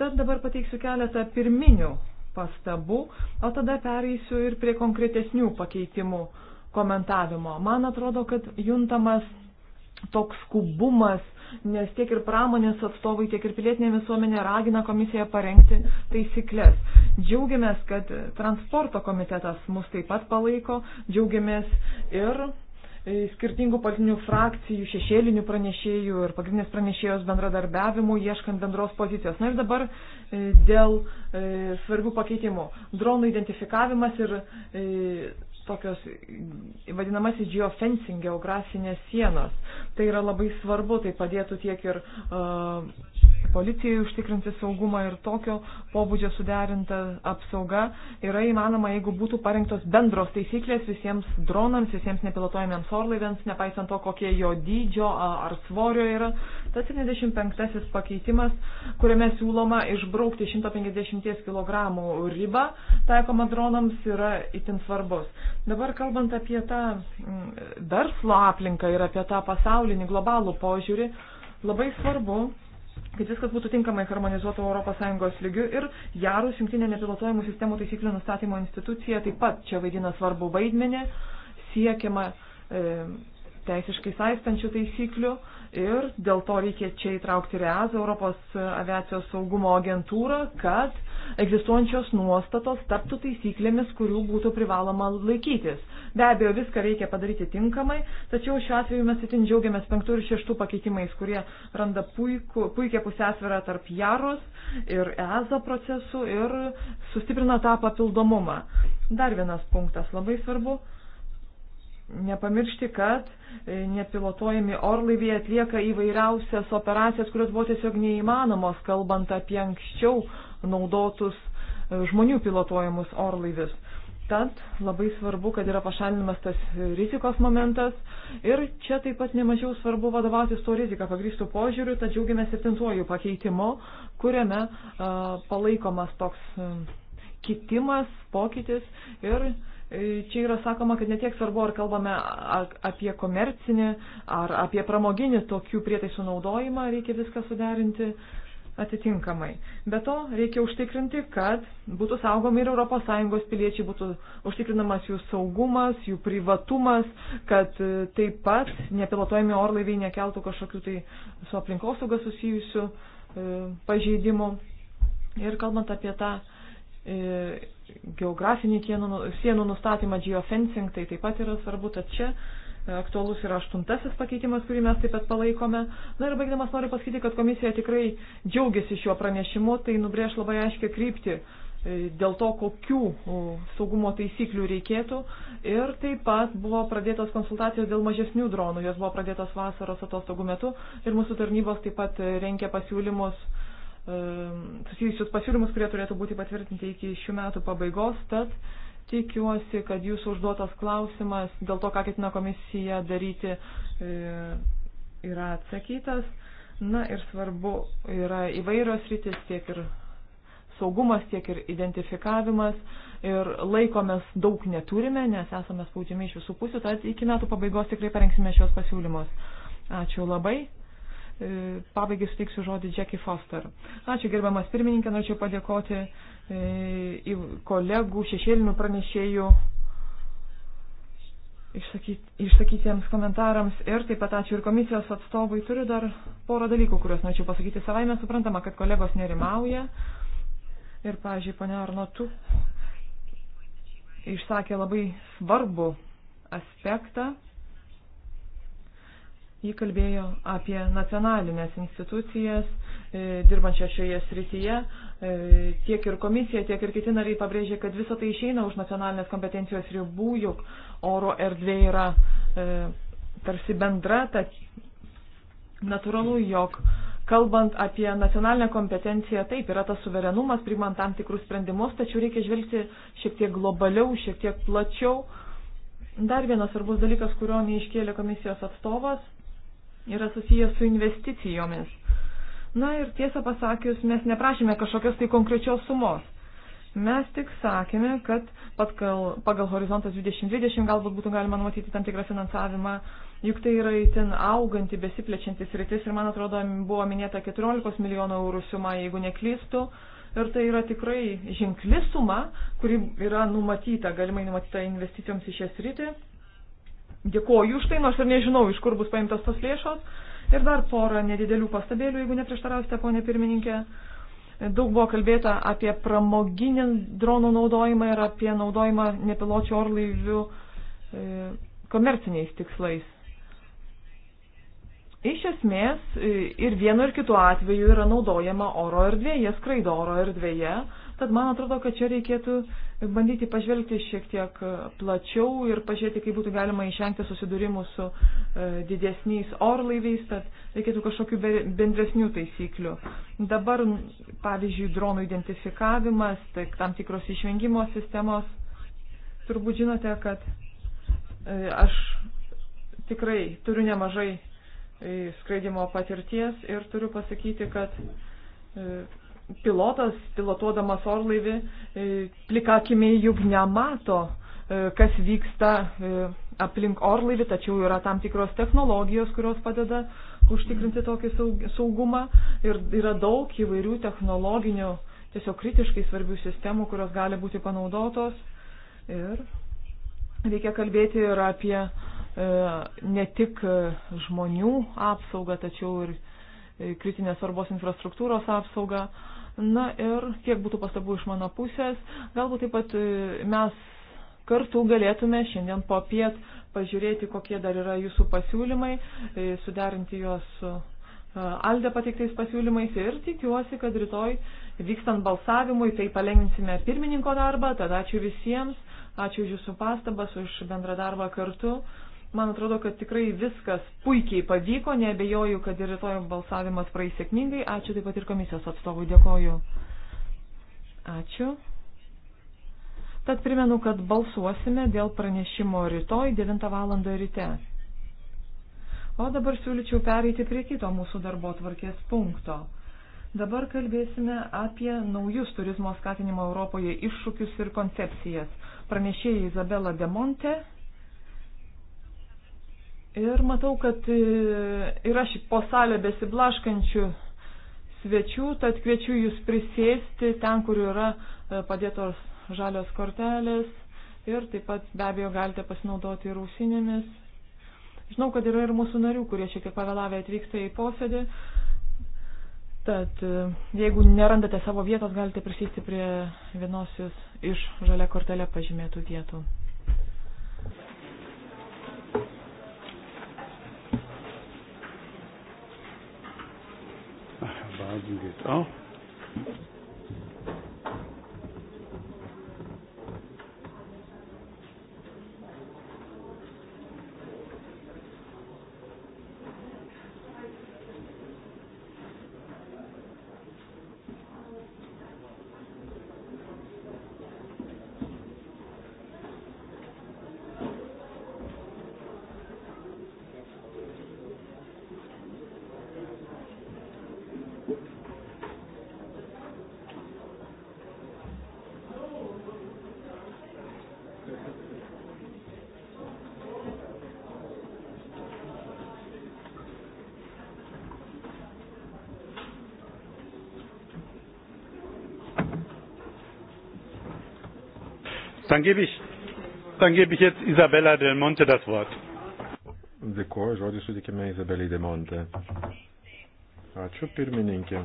tad dabar pateiksiu keletą pirminių pastabų, o tada pereisiu ir prie konkretesnių pakeitimų komentavimo. Man atrodo, kad juntamas toks skubumas, nes tiek ir pramonės atstovai, tiek ir pilietinė visuomenė ragina komisiją parengti taisyklės. Džiaugiamės, kad transporto komitetas mus taip pat palaiko, džiaugiamės ir E, skirtingų politinių frakcijų, šešėlinių pranešėjų ir pagrindinės pranešėjos bendradarbiavimų, ieškant bendros pozicijos. Na ir dabar e, dėl e, svarbių pakeitimų. Dronų identifikavimas ir e, tokios vadinamasis geofencing, geografinės sienos. Tai yra labai svarbu, tai padėtų tiek ir uh, e, policijai užtikrinti saugumą ir tokio pobūdžio suderinta apsauga yra įmanoma, jeigu būtų parengtos bendros taisyklės visiems dronams, visiems nepilotuojamiems orlaiviams, nepaisant to, kokie jo dydžio ar svorio yra. Tas 75 pakeitimas, kuriame siūloma išbraukti 150 kg ribą taikoma dronams, yra itin svarbus. Dabar kalbant apie tą verslo aplinką ir apie tą pasaulinį globalų požiūrį, labai svarbu, kad viskas būtų tinkamai harmonizuota ES lygiu ir JARUS, jungtinė nepilotuojamų sistemų taisyklių nustatymo institucija, taip pat čia vaidina svarbu vaidmenį, siekiama e, teisiškai saistančių taisyklių ir dėl to reikia čia įtraukti REAZ, Europos aviacijos saugumo agentūrą, kad egzistuojančios nuostatos taptų taisyklėmis, kurių būtų privaloma laikytis. Be abejo, viską reikia padaryti tinkamai, tačiau šiuo atveju mes itin džiaugiamės penktų ir šeštų pakeitimais, kurie randa puiku, puikia pusiausvyrą tarp jaros ir EZA procesų ir sustiprina tą papildomumą. Dar vienas punktas labai svarbu nepamiršti, kad e, nepilotuojami orlaiviai atlieka įvairiausias operacijas, kurios buvo tiesiog neįmanomos, kalbant apie anksčiau naudotus e, žmonių pilotuojamus orlaivius. Tad labai svarbu, kad yra pašalinimas tas rizikos momentas ir čia taip pat nemažiau svarbu vadovautis tuo riziką pagrįstų požiūriu, tad džiaugiame septintuoju pakeitimu, kuriame uh, palaikomas toks uh, kitimas, pokytis ir Čia yra sakoma, kad netiek svarbu, ar kalbame apie komercinį, ar apie pramoginį tokių prietaisų naudojimą, reikia viską suderinti. Uh, atitinkamai. Be to, reikia užtikrinti, kad būtų saugomi ir ES piliečiai, būtų užtikrinamas jų saugumas, jų privatumas, kad e, taip pat nepilotuojami orlaiviai nekeltų kažkokių tai su aplinkosauga susijusių e, pažeidimų. Ir kalbant apie tą e, geografinį nu, sienų nustatymą geofencing, tai taip pat yra svarbu, tad čia aktualus yra aštuntasis pakeitimas, kurį mes taip pat palaikome. Na ir baigdamas noriu pasakyti, kad komisija tikrai džiaugiasi šiuo pranešimu, tai nubrėž labai aiškia krypti e, dėl to, kokių saugumo taisyklių reikėtų. Ir taip pat buvo pradėtos konsultacijos dėl mažesnių dronų, jos buvo pradėtos vasaros atostogų metu ir mūsų tarnybos taip pat renkia pasiūlymus e, susijusius pasiūlymus, kurie turėtų būti patvirtinti iki šių metų pabaigos, tad Tikiuosi, kad jūsų užduotas klausimas dėl to, ką ketina komisija daryti, e, yra atsakytas. Na ir svarbu yra įvairios rytis, tiek ir saugumas, tiek ir identifikavimas. Ir laikomės daug neturime, nes esame spaudžiami iš visų pusių, tad iki metų pabaigos tikrai parengsime šios pasiūlymus. Ačiū labai. E, pabaigai suteiksiu žodį Jackie Foster. Ačiū gerbiamas pirmininkė, norėčiau padėkoti kolegų šešėlinių pranešėjų išsakytiems komentarams ir taip pat ačiū ir komisijos atstovui. Turiu dar porą dalykų, kuriuos norėčiau pasakyti. Savaime suprantama, kad kolegos nerimauja. Ir, pažiūrėjau, ponia Arnotu išsakė labai svarbu aspektą. Ji kalbėjo apie nacionalinės institucijas, e, dirbančią šioje srityje. E, tiek ir komisija, tiek ir kiti nariai pabrėžė, kad visą tai išeina už nacionalinės kompetencijos ribų, juk oro erdvė yra e, tarsi bendra, tad natūralu, jog kalbant apie nacionalinę kompetenciją, taip yra tas suverenumas, priimant tam tikrus sprendimus, tačiau reikia žvelgti šiek tiek globaliau, šiek tiek plačiau. Dar vienas svarbus dalykas, kurio neiškėlė komisijos atstovas, yra susijęs su investicijomis. Na ir tiesą pasakius, mes neprašėme kažkokios tai konkrečios sumos. Mes tik sakėme, kad pagal, pagal horizontas 2020 galbūt būtų galima numatyti tam tikrą finansavimą, juk tai yra įtin auganti, besiplečiantis rytis ir, man atrodo, buvo minėta 14 milijonų eurų suma, jeigu neklystu. Ir tai yra tikrai ženkli suma, kuri yra numatyta, galimai numatyta investicijoms į šią sritį. Dėkuoju už tai, nors ir nežinau, iš kur bus paimtos tos lėšos Ir dar porą nedidelių pastabėlių, jeigu neprieštarausite, ponė pirmininkė. Daug buvo kalbėta apie pramoginį dronų naudojimą ir apie naudojimą nepiločių orlaivių e, komerciniais tikslais. Iš esmės e, ir vienu ir kitu atveju yra naudojama oro erdvė, jie skraido oro erdvėje, Tad man atrodo, kad čia reikėtų bandyti pažvelgti šiek tiek plačiau ir pažiūrėti, kaip būtų galima išvengti susidūrimų su e, didesniais orlaiviais, tad reikėtų kažkokių bendresnių taisyklių. Dabar, pavyzdžiui, dronų identifikavimas, tai tam tikros išvengimo sistemos. Turbūt žinote, kad e, aš tikrai turiu nemažai e, skraidimo patirties ir turiu pasakyti, kad pilotas, pilotuodamas orlaivį, plikakimiai e, juk nemato, e, kas vyksta e, aplink orlaivį, tačiau yra tam tikros technologijos, kurios padeda užtikrinti tokį saugumą ir yra daug įvairių technologinių, tiesiog kritiškai svarbių sistemų, kurios gali būti panaudotos. Ir reikia kalbėti ir apie ne tik žmonių apsaugą, tačiau ir kritinės svarbos infrastruktūros apsaugą. Na ir tiek būtų pastabų iš mano pusės. Galbūt taip pat e, mes kartu galėtume šiandien po piet pažiūrėti, kokie dar yra jūsų pasiūlymai, e, suderinti juos su e, Alde pateiktais pasiūlymais ir tikiuosi, kad rytoj vykstant balsavimui tai palengvinsime pirmininko darbą. Tad ačiū visiems, ačiū už jūsų pastabas, už bendrą darbą kartu. Man atrodo, kad tikrai viskas puikiai pavyko, nebejoju, kad ir rytoj balsavimas praeis sėkmingai. Ačiū taip pat ir komisijos atstovui, dėkoju. Ačiū. Tad primenu, kad balsuosime dėl pranešimo rytoj 9 val. ryte. O dabar siūlyčiau pereiti prie kito mūsų darbo tvarkės punkto. Dabar kalbėsime apie naujus turizmo skatinimo Europoje iššūkius ir koncepcijas. Pranešėjai Izabela Demonte Ir matau, kad e, yra šį po salę besiblaškančių svečių, tad kviečiu jūs prisėsti ten, kur yra e, padėtos žalios kortelės ir taip pat be abejo galite pasinaudoti ir ausinėmis. Žinau, kad yra ir mūsų narių, kurie šiek tiek pavėlavę atvyksta į posėdį. Tad e, jeigu nerandate savo vietos, galite prisėsti prie vienos iš žalia kortelė pažymėtų vietų. Baden geht auch. Dann gebe ich, dann gebe ich jetzt Isabella Del Monte das Wort. Dėkuoju, žodį sutikime Izabeliai Demonte. Ačiū pirmininkė.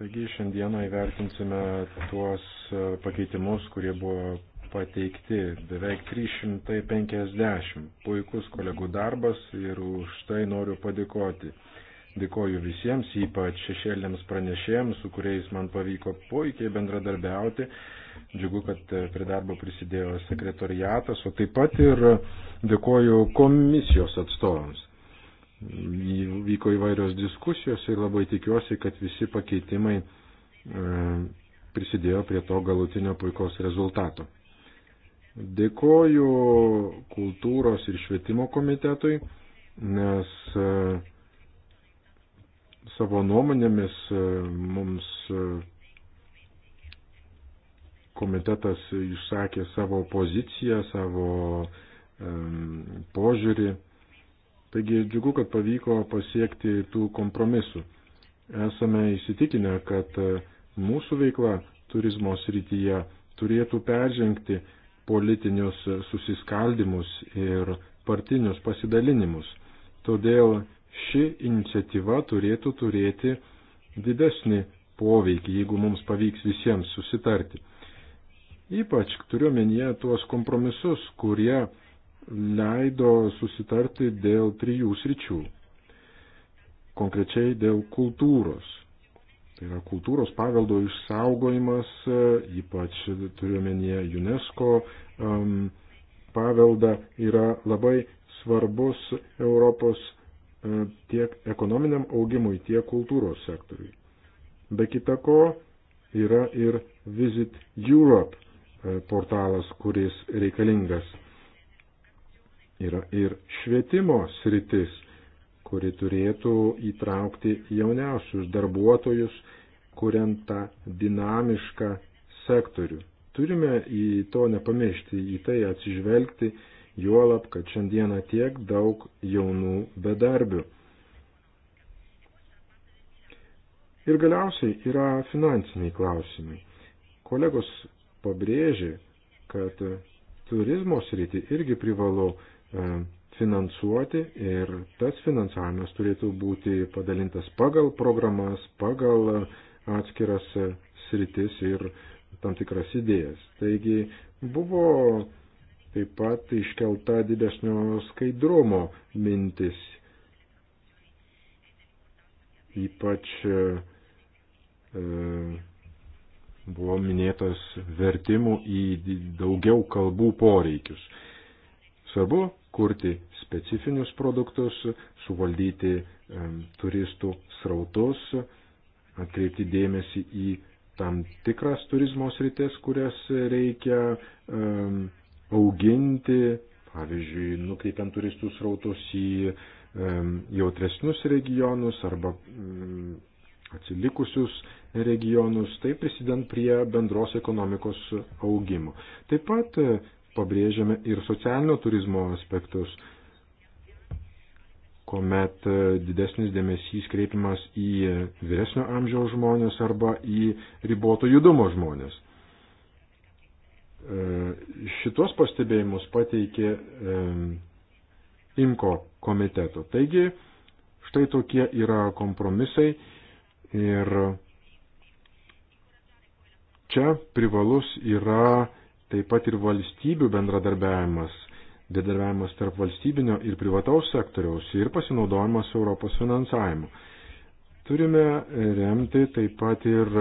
Taigi šiandieną įvertinsime tuos e, pakeitimus, kurie buvo pateikti. Beveik 350. Puikus kolegų darbas ir už tai noriu padėkoti. Dėkoju visiems, ypač šešėlėms pranešėjams, su kuriais man pavyko puikiai bendradarbiauti Džiugu, kad e, prie darbo prisidėjo sekretoriatas, o taip pat ir dėkoju komisijos atstovams. Vyko įvairios diskusijos ir labai tikiuosi, kad visi pakeitimai e, prisidėjo prie to galutinio puikaus rezultato. Dėkoju kultūros ir švietimo komitetui, nes e, savo nuomonėmis mums komitetas išsakė savo poziciją, savo um, požiūrį. Taigi džiugu, kad pavyko pasiekti tų kompromisų. Esame įsitikinę, kad e, mūsų veikla turizmo srityje turėtų peržengti politinius susiskaldimus ir partinius pasidalinimus. Todėl ši iniciatyva turėtų turėti didesnį poveikį, jeigu mums pavyks visiems susitarti. Ypač turiu menyje tuos kompromisus, kurie leido susitarti dėl trijų sričių. Konkrečiai dėl kultūros. Tai yra kultūros paveldo išsaugojimas, ypač turiuomenyje UNESCO um, paveldą, yra labai svarbus Europos um, tiek ekonominiam augimui, tiek kultūros sektoriui. Be kita ko yra ir Visit Europe E, portalas, kuris reikalingas. Yra ir švietimo sritis, kuri turėtų įtraukti jauniausius darbuotojus, kuriant tą dinamišką sektorių. Turime į to nepamiršti, į tai atsižvelgti, juolab, kad šiandieną tiek daug jaunų bedarbių. Ir galiausiai yra finansiniai klausimai. Kolegos pabrėžė, kad turizmo sritį irgi privalau e, finansuoti ir tas finansavimas turėtų būti padalintas pagal programas, pagal atskiras sritis ir tam tikras idėjas. Taigi buvo taip pat iškelta didesnio skaidrumo mintis, ypač e, buvo minėtas vertimų į daugiau kalbų poreikius. Svarbu kurti specifinius produktus, suvaldyti turistų srautus, atkreipti dėmesį į tam tikras turizmo sritis, kurias reikia um, auginti, pavyzdžiui, nukreipiant turistų srautus į um, jautresnius regionus arba um, atsilikusius regionus, taip prisidant prie bendros ekonomikos augimo. Taip pat e, pabrėžiame ir socialinio turizmo aspektus, kuomet e, didesnis dėmesys kreipiamas į vyresnio amžiaus žmonės arba į riboto judumo žmonės. E, šitos pastebėjimus pateikė IMKO komiteto. Taigi, štai tokie yra kompromisai Ir čia privalus yra taip pat ir valstybių bendradarbiavimas, bendradarbiavimas tarp valstybinio ir privataus sektoriaus ir pasinaudojimas Europos finansavimu. Turime remti taip pat ir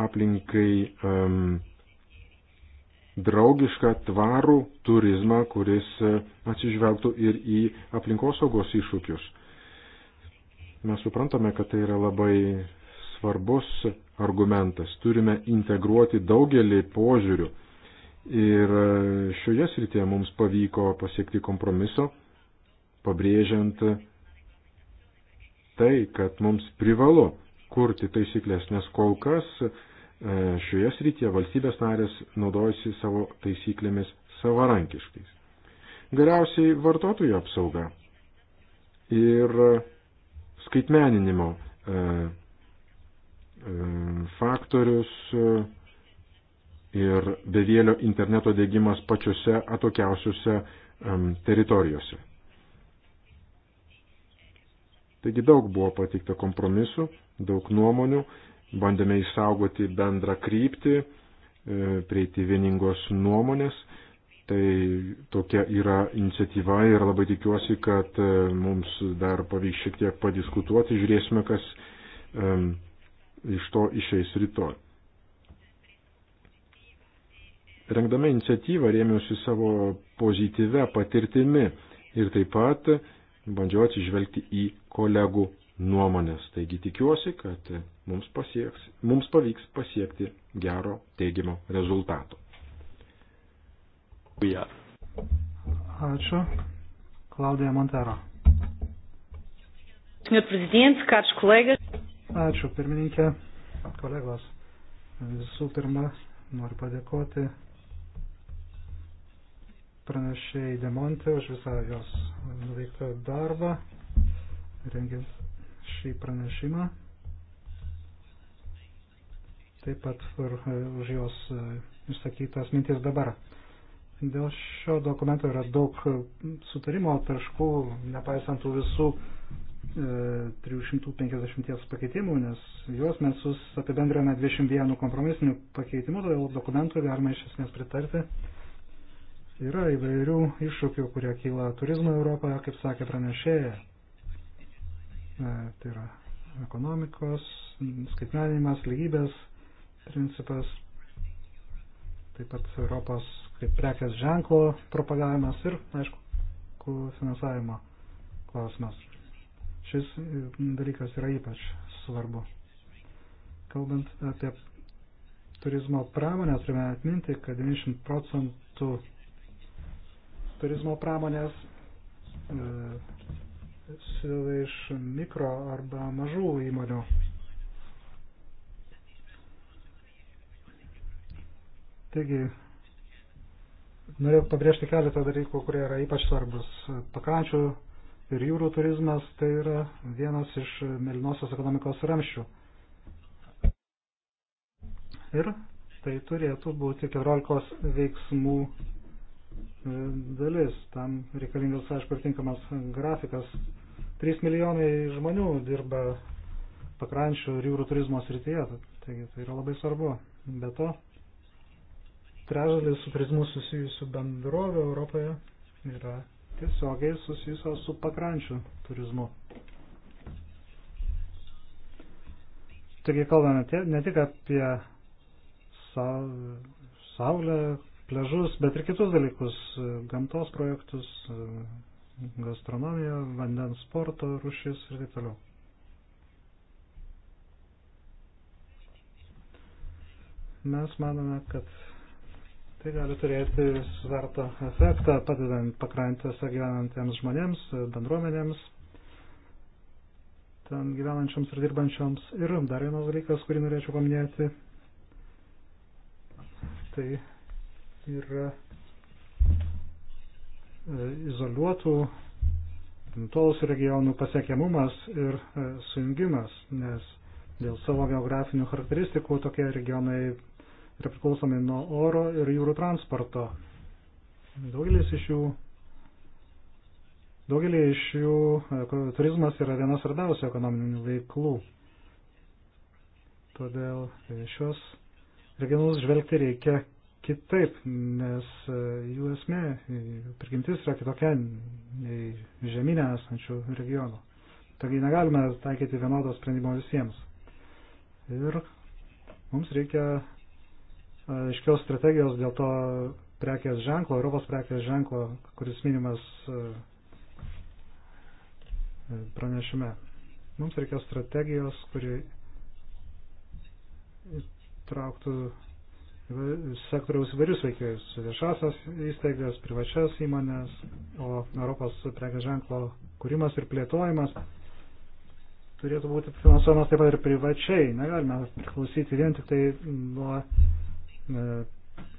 aplinkai um, draugišką tvarų turizmą, kuris atsižvelgtų ir į aplinkosaugos iššūkius. Mes suprantame, kad tai yra labai svarbus argumentas. Turime integruoti daugelį požiūrių. Ir šioje srityje mums pavyko pasiekti kompromiso, pabrėžiant tai, kad mums privalu kurti taisyklės, nes kol kas e, šioje srityje valstybės narės naudojasi savo taisyklėmis savarankiškais. Galiausiai vartotojų apsauga. Ir skaitmeninimo e, e, faktorius e, ir bevėlio interneto dėgymas pačiose atokiausiuose teritorijose. Taigi daug buvo pateikta kompromisų, daug nuomonių, bandėme išsaugoti bendrą kryptį, prieiti vieningos nuomonės, Tai tokia yra iniciatyva ir labai tikiuosi, kad e, mums dar pavyks šiek tiek padiskutuoti, žiūrėsime, kas um, iš to išeis rytoj. Rengdami iniciatyvą rėmiausi savo pozityvę patirtimi ir taip pat bandžiau atsižvelgti į kolegų nuomonės. Taigi tikiuosi, kad mums, pasieks, mums pavyks pasiekti gero teigiamo rezultato. Ja. Ačiū. Klaudija Montero. Ačiū, pirmininkė, kolegos. Visų pirma, noriu padėkoti pranešėjai Demonte už visą jos nuveiktą darbą, rengiant šį pranešimą. Taip pat ir už jos išsakytas mintis dabar. Dėl šio dokumento yra daug e, sutarimo taškų, nepaisant tų visų e, 350 pakeitimų, nes juos mes apibendrėme 21 kompromisinių pakeitimų, todėl dokumentui galima iš esmės pritarti. Yra įvairių iššūkių, kurie kyla turizmo Europoje, kaip sakė pranešėja. E, tai yra ekonomikos, skaitmeninimas, lygybės principas, taip pat Europos kaip prekės ženklo propagavimas ir, aišku, finansavimo klausimas. Šis e, dalykas yra ypač svarbu. Kalbant apie turizmo pramonę, turime atminti, kad 90 procentų turizmo pramonės e, susideda iš mikro arba mažų įmonių. Taigi, Norėjau pabrėžti keletą dalykų, kurie yra ypač svarbus. Pakrančių ir jūrų turizmas tai yra vienas iš melinosios ekonomikos ramščių. Ir tai turėtų būti 14 veiksmų e, dalis. Tam reikalingas, aišku, ir tinkamas grafikas. 3 milijonai žmonių dirba pakrančių ir jūrų turizmo srityje, taigi tai yra labai svarbu. Be to, trečdalis su turizmu susijusių bendrovių Europoje yra tiesiogiai susijusios su pakrančių turizmu. Taigi kalbame ne tik apie saulę, pležus, bet ir kitus dalykus, gamtos projektus, gastronomiją, vandens sporto rušis ir taip toliau. Mes manome, kad Tai gali turėti svertą efektą, padedant pakrantėse gyvenantiems žmonėms, bendruomenėms, ten gyvenančioms ir dirbančioms. Ir dar vienas dalykas, kurį norėčiau paminėti, tai yra e, izoliuotų tolus regionų pasiekiamumas ir e, sujungimas, nes dėl savo geografinių charakteristikų tokie regionai yra priklausomi nuo oro ir jūrų transporto. Daugelis iš jų, daugelį iš jų e, turizmas yra viena svarbiausių ekonominių veiklų. Todėl e, šios regionus žvelgti reikia kitaip, nes e, jų esmė, prigimtis yra kitokia nei žemynė esančių regionų. Taigi negalime taikyti vienodo sprendimo visiems. Ir mums reikia aiškios strategijos dėl to prekės ženklo, Europos prekės ženklo, kuris minimas e, e, pranešime. Mums reikia strategijos, kuri trauktų sektoriaus įvairius veikėjus, viešasias įstaigas, privačias įmonės, o Europos prekės ženklo kūrimas ir plėtojimas turėtų būti finansuojamas taip pat ir privačiai. Negalime priklausyti vien tik tai nuo E,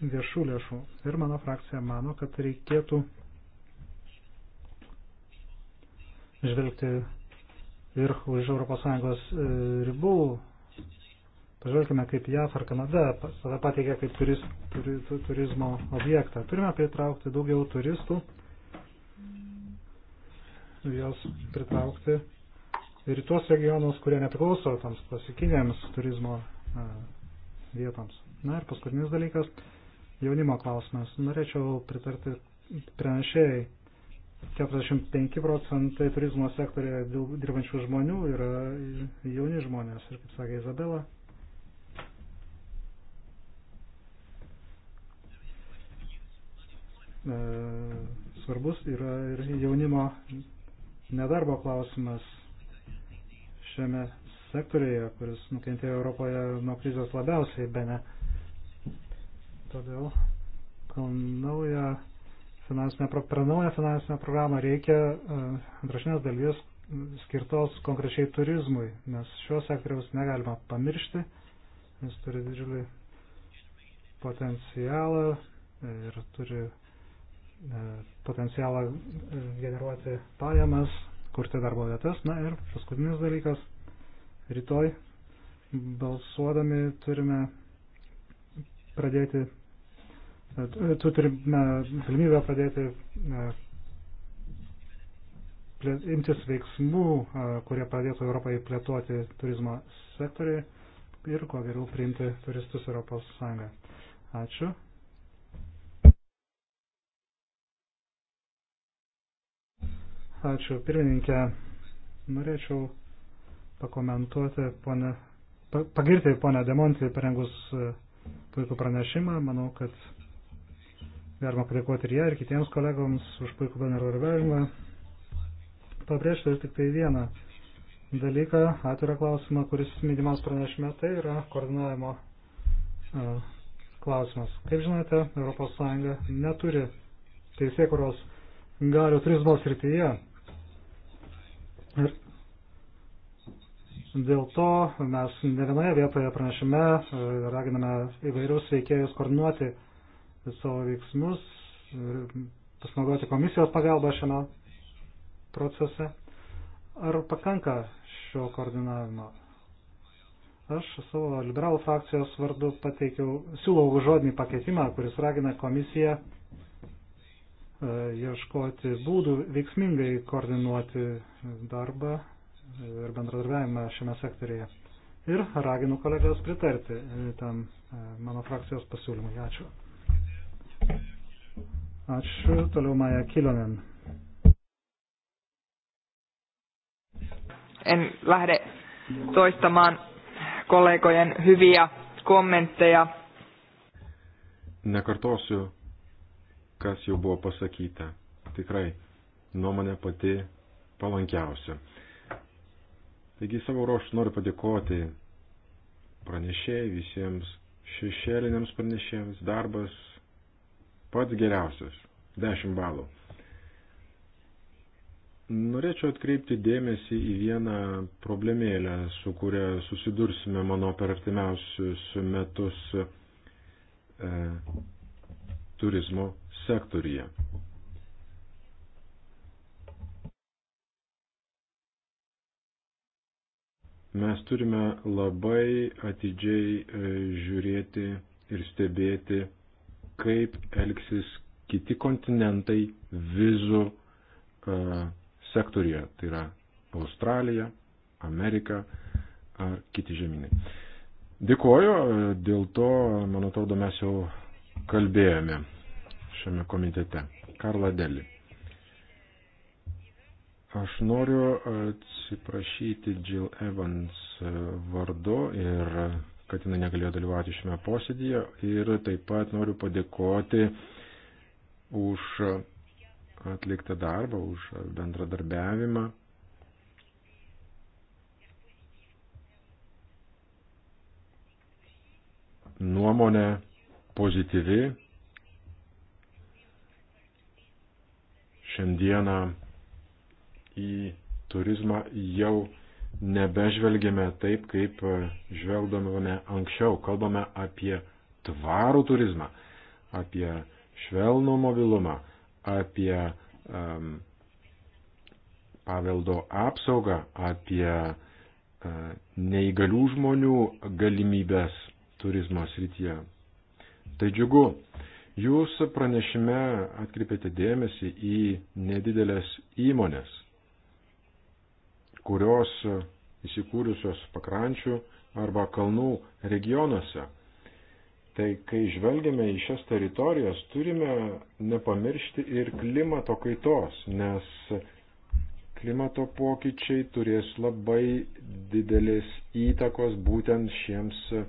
viešų lėšų. Ir mano frakcija mano, kad reikėtų žvelgti ir už ES e, ribų. Pažvelkime, kaip JAF ar Kanada save pateikia kaip turis, turi, turizmo objektą. Turime pritraukti daugiau turistų, jos pritraukti ir tuos regionus, kurie nepriklauso toms klasikinėms turizmo e, vietoms. Na ir paskutinis dalykas - jaunimo klausimas. Norėčiau pritarti pranešėjai. 45 procentai turizmo sektorėje dirbančių žmonių yra jauni žmonės. Ir kaip sakė Izabela, e, svarbus yra ir jaunimo nedarbo klausimas šiame sektoriuje, kuris nukentėjo Europoje nuo krizės labiausiai, be ne. Todėl, kol naują finansinę, per naują finansinę programą reikia e, antrašinės dalies skirtos konkrečiai turizmui, nes šios sektoriaus negalima pamiršti, jis turi didžiulį potencialą ir turi e, potencialą e, generuoti pajamas, kurti darbo vietas. Na ir paskutinis dalykas rytoj balsuodami turime pradėti, e, tu turime galimybę pradėti e, imtis veiksmų, e, kurie padėtų Europai plėtoti turizmo sektorį ir kuo geriau priimti turistus Europos Sąjungą. Ačiū. Ačiū pirmininkė. Norėčiau pakomentuoti, ponę, pagirti ponę Demontį parengus e, puikų pranešimą. Manau, kad galima padėkoti ir ją, ir kitiems kolegoms už puikų bendradarbiavimą. Pabrėžti tik tai vieną dalyką, atvirą klausimą, kuris minimas pranešime, tai yra koordinavimo e, klausimas. Kaip žinote, ES neturi teisėkuros galių turizmo srityje. Ir Dėl to mes ne vienoje vietoje pranešime e, raginame įvairius veikėjus koordinuoti savo veiksmus, e, pasinaudoti komisijos pagalbą šiame procese. Ar pakanka šio koordinavimo? Aš savo liberalų frakcijos vardu pateikiau, siūlau žodinį pakeitimą, kuris ragina komisiją e, ieškoti būdų veiksmingai koordinuoti darbą ir bendradarbiavimą šiame sektorėje. Ir raginu kolegas pritarti e, tam e, mano frakcijos pasiūlymui. Ačiū. Ačiū. Toliau Maja Kilonen. En lähde toistamaan kollegojen hyviä kommentteja. Nekartosiu, kas jau buvo pasakyta. Tikrai nuomonė pati palankiausia. Taigi savo ruoštų noriu padėkoti pranešėjai visiems šešėliniams pranešėjams. Darbas pats geriausias. 10 balų. Norėčiau atkreipti dėmesį į vieną problemėlę, su kuria susidursime, manau, per artimiausius metus e, turizmo sektorija. mes turime labai atidžiai e, žiūrėti ir stebėti, kaip elgsis kiti kontinentai vizų e, sektorija, tai yra Australija, Amerika ar kiti žemynai. Dėkoju, e, dėl to, man atrodo, mes jau kalbėjome šiame komitete. Karla Deli. Aš noriu atsiprašyti Jill Evans vardu ir kad jinai negalėjo dalyvauti šiame posėdėje ir taip pat noriu padėkoti už atliktą darbą, už bendradarbiavimą. Nuomonė pozityvi. Šiandieną į turizmą jau nebežvelgiame taip, kaip žvelgdavome anksčiau. Kalbame apie tvarų turizmą, apie švelnų mobilumą, apie um, paveldo apsaugą, apie uh, neįgalių žmonių galimybės turizmo srityje. Tai džiugu. Jūs pranešime atkreipėte dėmesį į nedidelės įmonės kurios e, įsikūrusios pakrančių arba kalnų regionuose. Tai kai žvelgiame į šias teritorijas, turime nepamiršti ir klimato kaitos, nes klimato pokyčiai turės labai didelės įtakos būtent šiems e,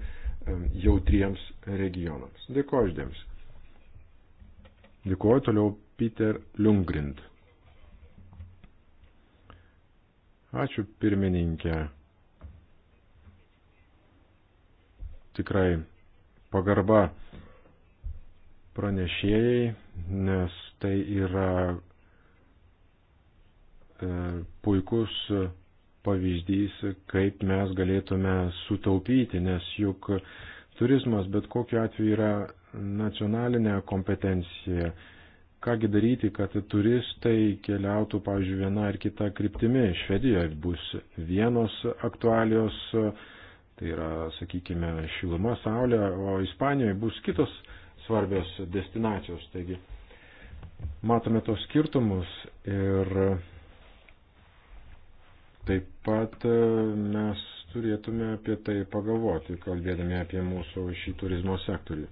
jautriems regionams. Dėkuoju išdėms. Dėkuoju toliau Peter Lundgrind. Ačiū pirmininkė. Tikrai pagarba pranešėjai, nes tai yra e, puikus pavyzdys, kaip mes galėtume sutaupyti, nes juk turizmas bet kokiu atveju yra nacionalinė kompetencija kągi daryti, kad turistai keliautų, pavyzdžiui, viena ar kita kryptimi. Švedijoje bus vienos aktualios, tai yra, sakykime, šiluma, saulė, o Ispanijoje bus kitos svarbios destinacijos. Taigi, matome tos skirtumus ir taip pat e, mes turėtume apie tai pagalvoti, kalbėdami apie mūsų šį turizmo sektorių.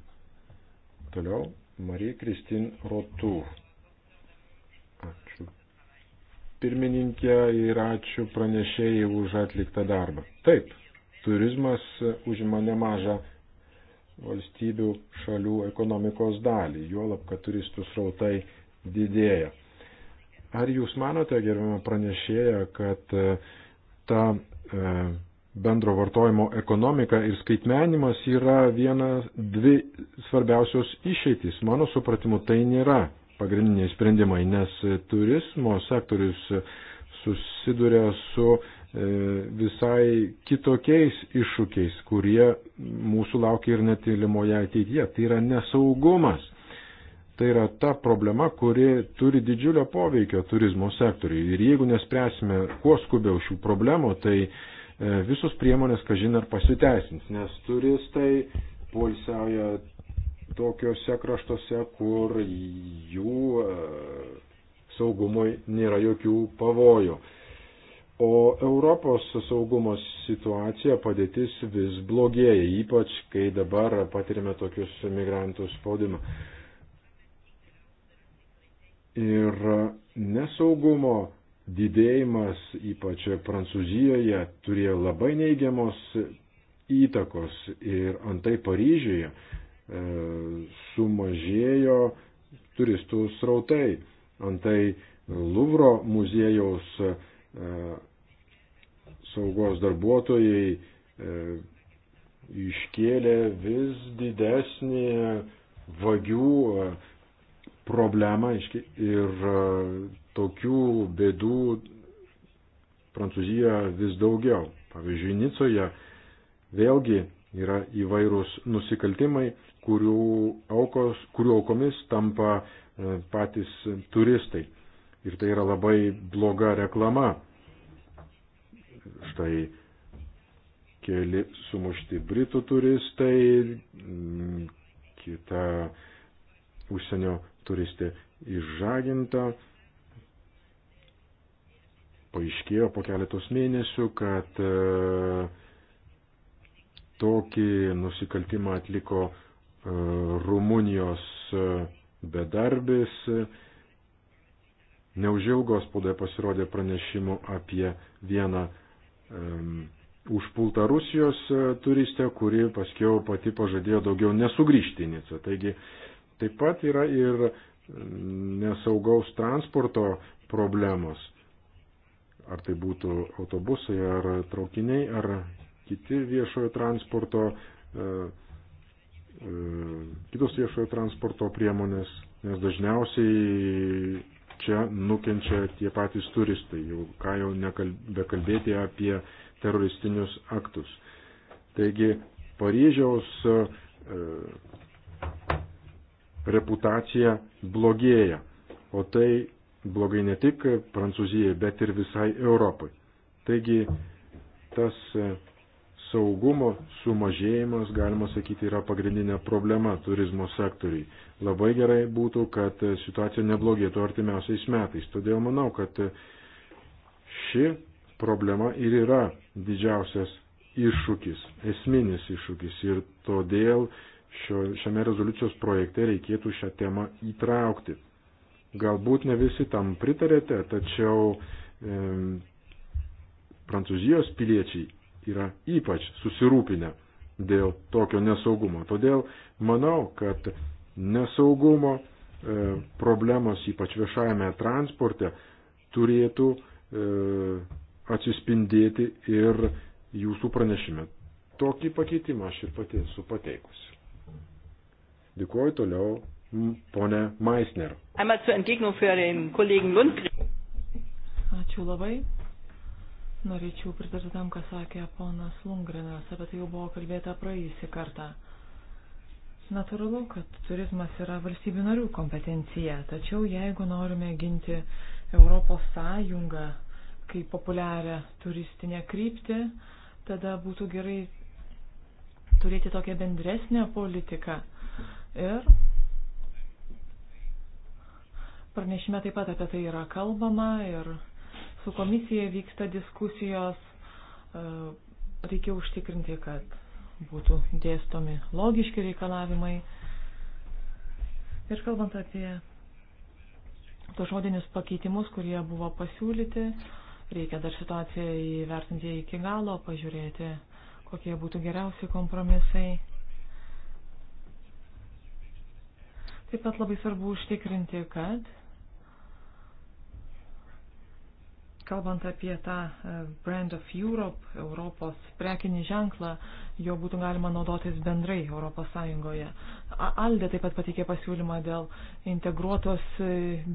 Toliau Marija Kristin Rotų. Ačiū. Pirmininkė ir ačiū pranešėjai už atliktą darbą. Taip, turizmas užima nemažą valstybių šalių ekonomikos dalį, juolab, kad turistų srautai didėja. Ar jūs manote, gerbama pranešėja, kad e, ta e, bendro vartojimo ekonomika ir skaitmenimas yra viena, dvi svarbiausios išeitys. Mano supratimu, tai nėra pagrindiniai sprendimai, nes turizmo sektorius susiduria su e, visai kitokiais iššūkiais, kurie mūsų laukia ir netilimoje ateityje. Tai yra nesaugumas. Tai yra ta problema, kuri turi didžiulio poveikio turizmo sektoriui. Ir jeigu nespręsime kuo skubiau šių problemų, tai uh, E, visos priemonės, kažin ar pasiteisins, nes turistai polsiauja tokiuose kraštuose, kur jų e, saugumui nėra jokių pavojų. O Europos saugumo situacija padėtis vis blogėja, ypač kai dabar patirime tokius migrantų spaudimą. Ir nesaugumo didėjimas, ypač Prancūzijoje, turėjo labai neigiamos įtakos ir antai Paryžiuje e, sumažėjo turistų srautai. Antai Luvro muziejaus e, saugos darbuotojai e, iškėlė vis didesnį vagių problemą ir tokių bėdų Prancūzijoje vis daugiau. Pavyzdžiui, Nicoje vėlgi yra įvairūs nusikaltimai, kurių, aukos, kurių aukomis tampa e, patys turistai. Ir tai yra labai bloga reklama. Štai keli sumušti britų turistai, kita užsienio turistė išžaginta, paaiškėjo po keletos mėnesių, kad e, tokį nusikaltimą atliko e, Rumunijos e, bedarbis. Neužilgo spaudoje pasirodė pranešimų apie vieną um, užpultą Rusijos turistę, kuri paskiau pati pažadėjo daugiau nesugrįžti į Nicą. Taigi taip pat yra ir mm, nesaugaus transporto problemos ar tai būtų autobusai, ar traukiniai, ar kiti viešojo transporto, e, e, kitos viešojo transporto priemonės, nes dažniausiai čia nukenčia tie patys turistai, jau ką jau bekalbėti apie teroristinius aktus. Taigi Paryžiaus e, reputacija blogėja, o tai blogai ne tik Prancūzijai, bet ir visai Europai. Taigi tas e, saugumo sumažėjimas, galima sakyti, yra pagrindinė problema turizmo sektoriai. Labai gerai būtų, kad e, situacija neblogėtų artimiausiais metais. Todėl manau, kad e, ši problema ir yra didžiausias iššūkis, esminis iššūkis. Ir todėl šio, šiame rezoliucijos projekte reikėtų šią temą įtraukti. Galbūt ne visi tam pritarėte, tačiau e, prancūzijos piliečiai yra ypač susirūpinę dėl tokio nesaugumo. Todėl manau, kad nesaugumo e, problemos, ypač viešajame transporte, turėtų e, atsispindėti ir jūsų pranešime. Tokį pakeitimą aš ir pati esu pateikusi. Dėkuoju toliau Mm, ponė Meisner. Ačiū labai. Norėčiau pritarti tam, ką sakė ponas Lungrinas, apie tai jau buvo kalbėta praėjusį kartą. Natūralu, kad turizmas yra valstybių narių kompetencija, tačiau jeigu norime ginti Europos Sąjungą kaip populiarią turistinę kryptį, tada būtų gerai turėti tokią bendresnę politiką ir Pranešime taip pat apie tai yra kalbama ir su komisija vyksta diskusijos. E, reikia užtikrinti, kad būtų dėstomi logiški reikalavimai. Ir kalbant apie to žodinius pakeitimus, kurie buvo pasiūlyti, reikia dar situaciją įvertinti iki galo, pažiūrėti, kokie būtų geriausi kompromisai. Taip pat labai svarbu užtikrinti, kad Kalbant apie tą e, Brand of Europe, Europos prekinį ženklą, jo būtų galima naudotis bendrai ES. Aldė taip pat patikė pasiūlymą dėl integruotos e,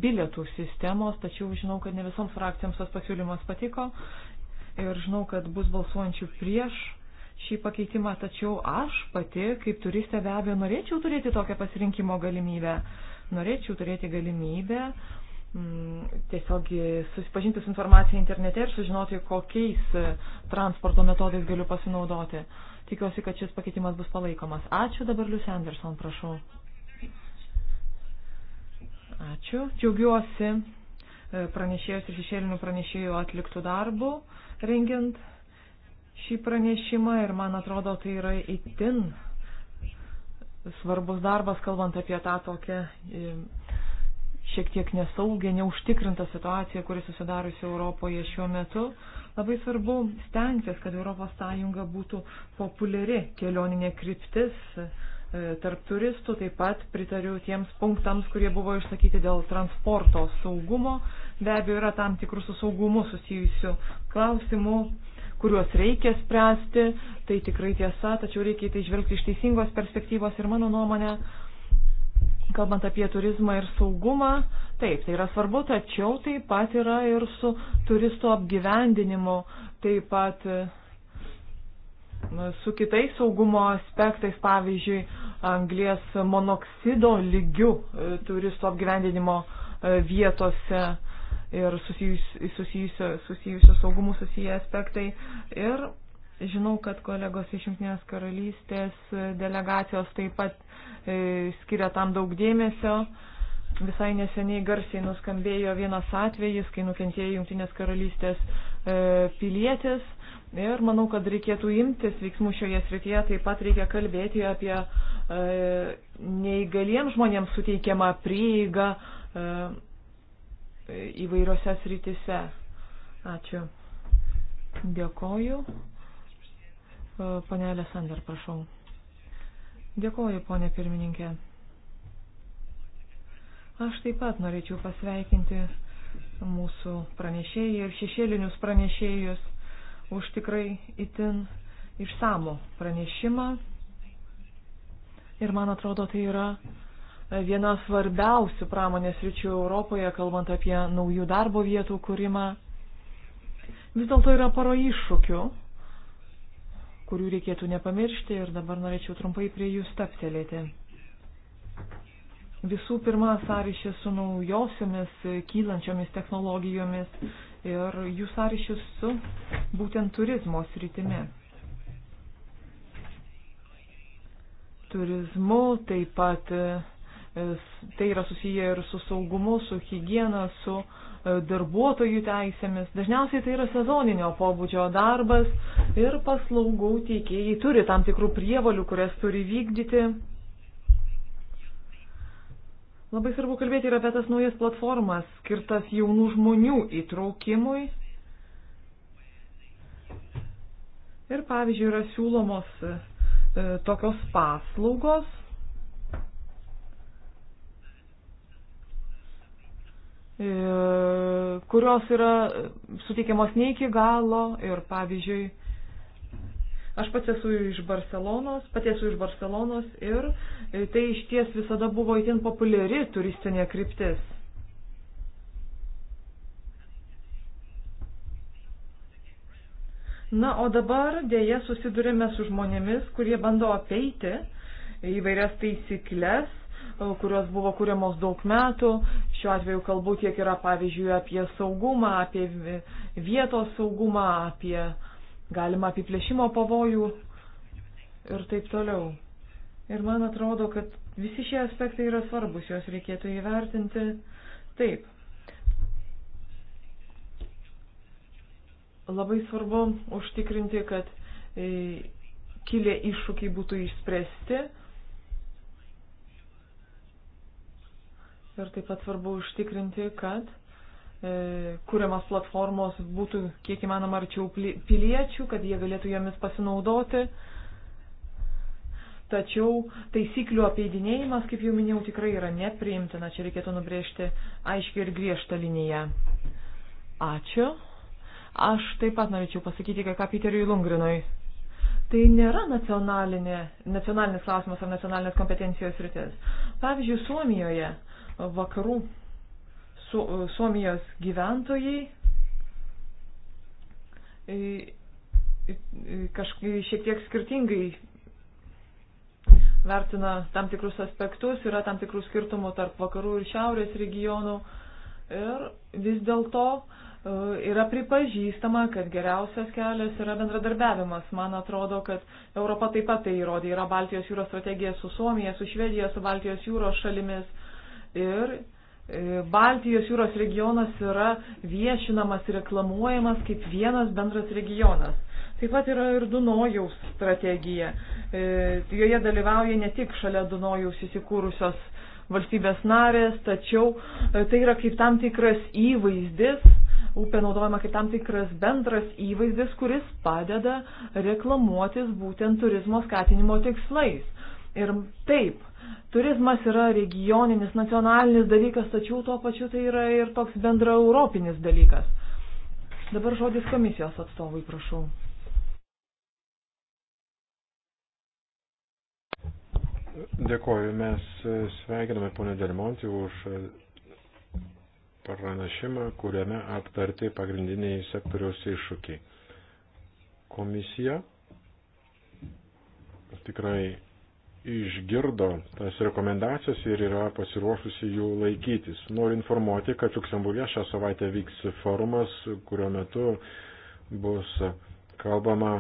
bilietų sistemos, tačiau žinau, kad ne visoms frakcijoms tas pasiūlymas patiko ir žinau, kad bus balsuojančių prieš šį pakeitimą, tačiau aš pati, kaip turistė, be abejo norėčiau turėti tokią pasirinkimo galimybę. Norėčiau turėti galimybę Mm, tiesiog susipažinti su informacija internete ir sužinoti, kokiais e, transporto metodais galiu pasinaudoti. Tikiuosi, kad šis pakeitimas bus palaikomas. Ačiū dabar, Lius Anderson, prašau. Ačiū. Džiaugiuosi e, pranešėjus ir šešėlinių pranešėjų atliktų darbų rengiant šį pranešimą ir man atrodo tai yra itin svarbus darbas, kalbant apie tą tokią e, šiek tiek nesaugę, neužtikrintą situaciją, kuri susidariusi Europoje šiuo metu. Labai svarbu stengtis, kad ES būtų populiari kelioninė kryptis e, tarp turistų. Taip pat pritariu tiems punktams, kurie buvo išsakyti dėl transporto saugumo. Be abejo, yra tam tikrų su saugumu susijusių klausimų kuriuos reikia spręsti, tai tikrai tiesa, tačiau reikia į tai žvelgti iš teisingos perspektyvos ir mano nuomonė, Kalbant apie turizmą ir saugumą, taip, tai yra svarbu, tačiau taip pat yra ir su turistų apgyvendinimu, taip pat e, su kitais saugumo aspektais, pavyzdžiui, anglės monoksido lygių e, turistų apgyvendinimo e, vietose ir susijusių saugumų susiję aspektai. Ir Žinau, kad kolegos iš Junktinės karalystės e, delegacijos taip pat e, skiria tam daug dėmesio. Visai neseniai garsiai nuskambėjo vienas atvejis, kai nukentėjo Junktinės karalystės e, pilietis. Ir manau, kad reikėtų imtis veiksmų šioje srityje. Taip pat reikia kalbėti apie e, neįgaliems žmonėms suteikiamą prieigą e, įvairiose srityse. Ačiū. Dėkoju. Pane Alessander, prašau. Dėkoju, ponė pirmininkė. Aš taip pat norėčiau pasveikinti mūsų pranešėjai ir šešėlinius pranešėjus už tikrai itin išsamų pranešimą. Ir man atrodo, tai yra viena svarbiausių pramonės ryčių Europoje, kalbant apie naujų darbo vietų kūrimą. Vis dėlto yra paro iššūkių kurių reikėtų nepamiršti ir dabar norėčiau trumpai prie jų staptelėti. Visų pirma, sąryšė su naujosiomis kylančiomis technologijomis ir jų sąryšius su būtent turizmo sritimi. Turizmu taip pat e, tai yra susiję ir su saugumu, su hygiena, su uh, darbuotojų teisėmis. Dažniausiai tai yra sezoninio pobūdžio darbas ir paslaugų teikėjai turi tam tikrų prievalių, kurias turi vykdyti. Labai svarbu kalbėti ir apie tas naujas platformas, skirtas jaunų žmonių įtraukimui. Ir pavyzdžiui, yra siūlomos e, tokios paslaugos, E, kurios yra suteikiamos ne iki galo ir pavyzdžiui, aš pats esu iš Barcelonos, pati esu iš Barcelonos ir e, tai iš ties visada buvo itin populiari turistinė kryptis. Na, o dabar dėje susidurime su žmonėmis, kurie bando apeiti įvairias taisyklės kurios buvo kuriamos daug metų. Šiuo atveju kalbu tiek yra, pavyzdžiui, apie saugumą, apie vietos saugumą, apie galimą apiplėšimo pavojų ir taip toliau. Ir man atrodo, kad visi šie aspektai yra svarbus, juos reikėtų įvertinti taip. Labai svarbu užtikrinti, kad e, kilė iššūkiai būtų išspręsti Ir taip pat svarbu užtikrinti, kad e, kuriamas platformos būtų kiek įmanoma arčiau piliečių, kad jie galėtų jomis pasinaudoti. Tačiau taisyklių apeidinėjimas, kaip jau minėjau, tikrai yra nepriimtina. Čia reikėtų nubrėžti aiškiai ir griežtą liniją. Ačiū. Aš taip pat norėčiau pasakyti, ką Piteriui Lungrinui. Tai nėra nacionalinė, nacionalinis klausimas ar nacionalinės kompetencijos rytis. Pavyzdžiui, Suomijoje vakarų su, Suomijos gyventojai kažkaip šiek tiek skirtingai vertina tam tikrus aspektus, yra tam tikrų skirtumų tarp vakarų ir šiaurės regionų ir vis dėlto e, yra pripažįstama, kad geriausias kelias yra bendradarbiavimas. Man atrodo, kad Europa taip pat tai įrodė. Yra Baltijos jūros strategija su Suomija, su Švedija, su Baltijos jūros šalimis ir e, Baltijos jūros regionas yra viešinamas ir reklamuojamas kaip vienas bendras regionas. Taip pat yra ir Dunojaus strategija. E, joje dalyvauja ne tik šalia Dunojaus įsikūrusios valstybės narės, tačiau e, tai yra kaip tam tikras įvaizdis, upė naudojama kaip tam tikras bendras įvaizdis, kuris padeda reklamuotis būtent turizmo skatinimo tikslais. Ir taip, Turizmas yra regioninis, nacionalinis dalykas, tačiau tuo pačiu tai yra ir toks bendra europinis dalykas. Dabar žodis komisijos atstovui, prašau. Dėkoju, mes sveikiname ponę Delmontį už pranešimą, kuriame aptarti pagrindiniai sektoriaus iššūkiai. Komisija tikrai išgirdo tas rekomendacijas ir yra pasiruošusi jų laikytis. Noriu informuoti, kad Luksemburgė šią savaitę vyks forumas, kurio metu bus kalbama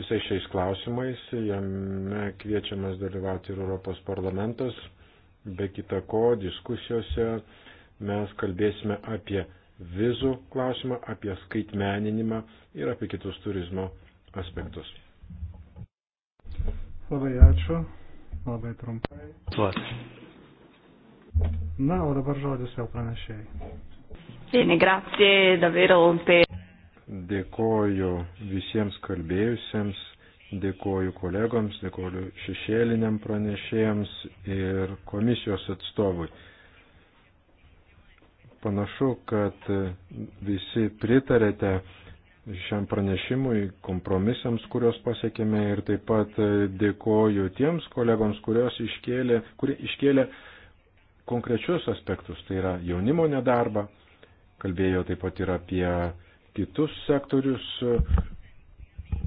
visais šiais klausimais. Jame kviečiamas dalyvauti ir Europos parlamentas. Be kita ko, diskusijose mes kalbėsime apie vizų klausimą, apie skaitmeninimą ir apie kitus turizmo aspektus. Labai ačiū. Labai trumpai. Na, o dabar žodis vėl pranešėjai. Bene, grazie davvero per. Dėkoju visiems kalbėjusiems, dėkoju kolegoms, dėkoju šešėliniam pranešėjams ir komisijos atstovui. Panašu, kad visi pritarėte šiam pranešimui, kompromisams, kuriuos pasiekėme ir taip pat e, dėkoju tiems kolegoms, iškėlė, kurie iškėlė konkrečius aspektus, tai yra jaunimo nedarbą, kalbėjo taip pat ir apie kitus sektorius,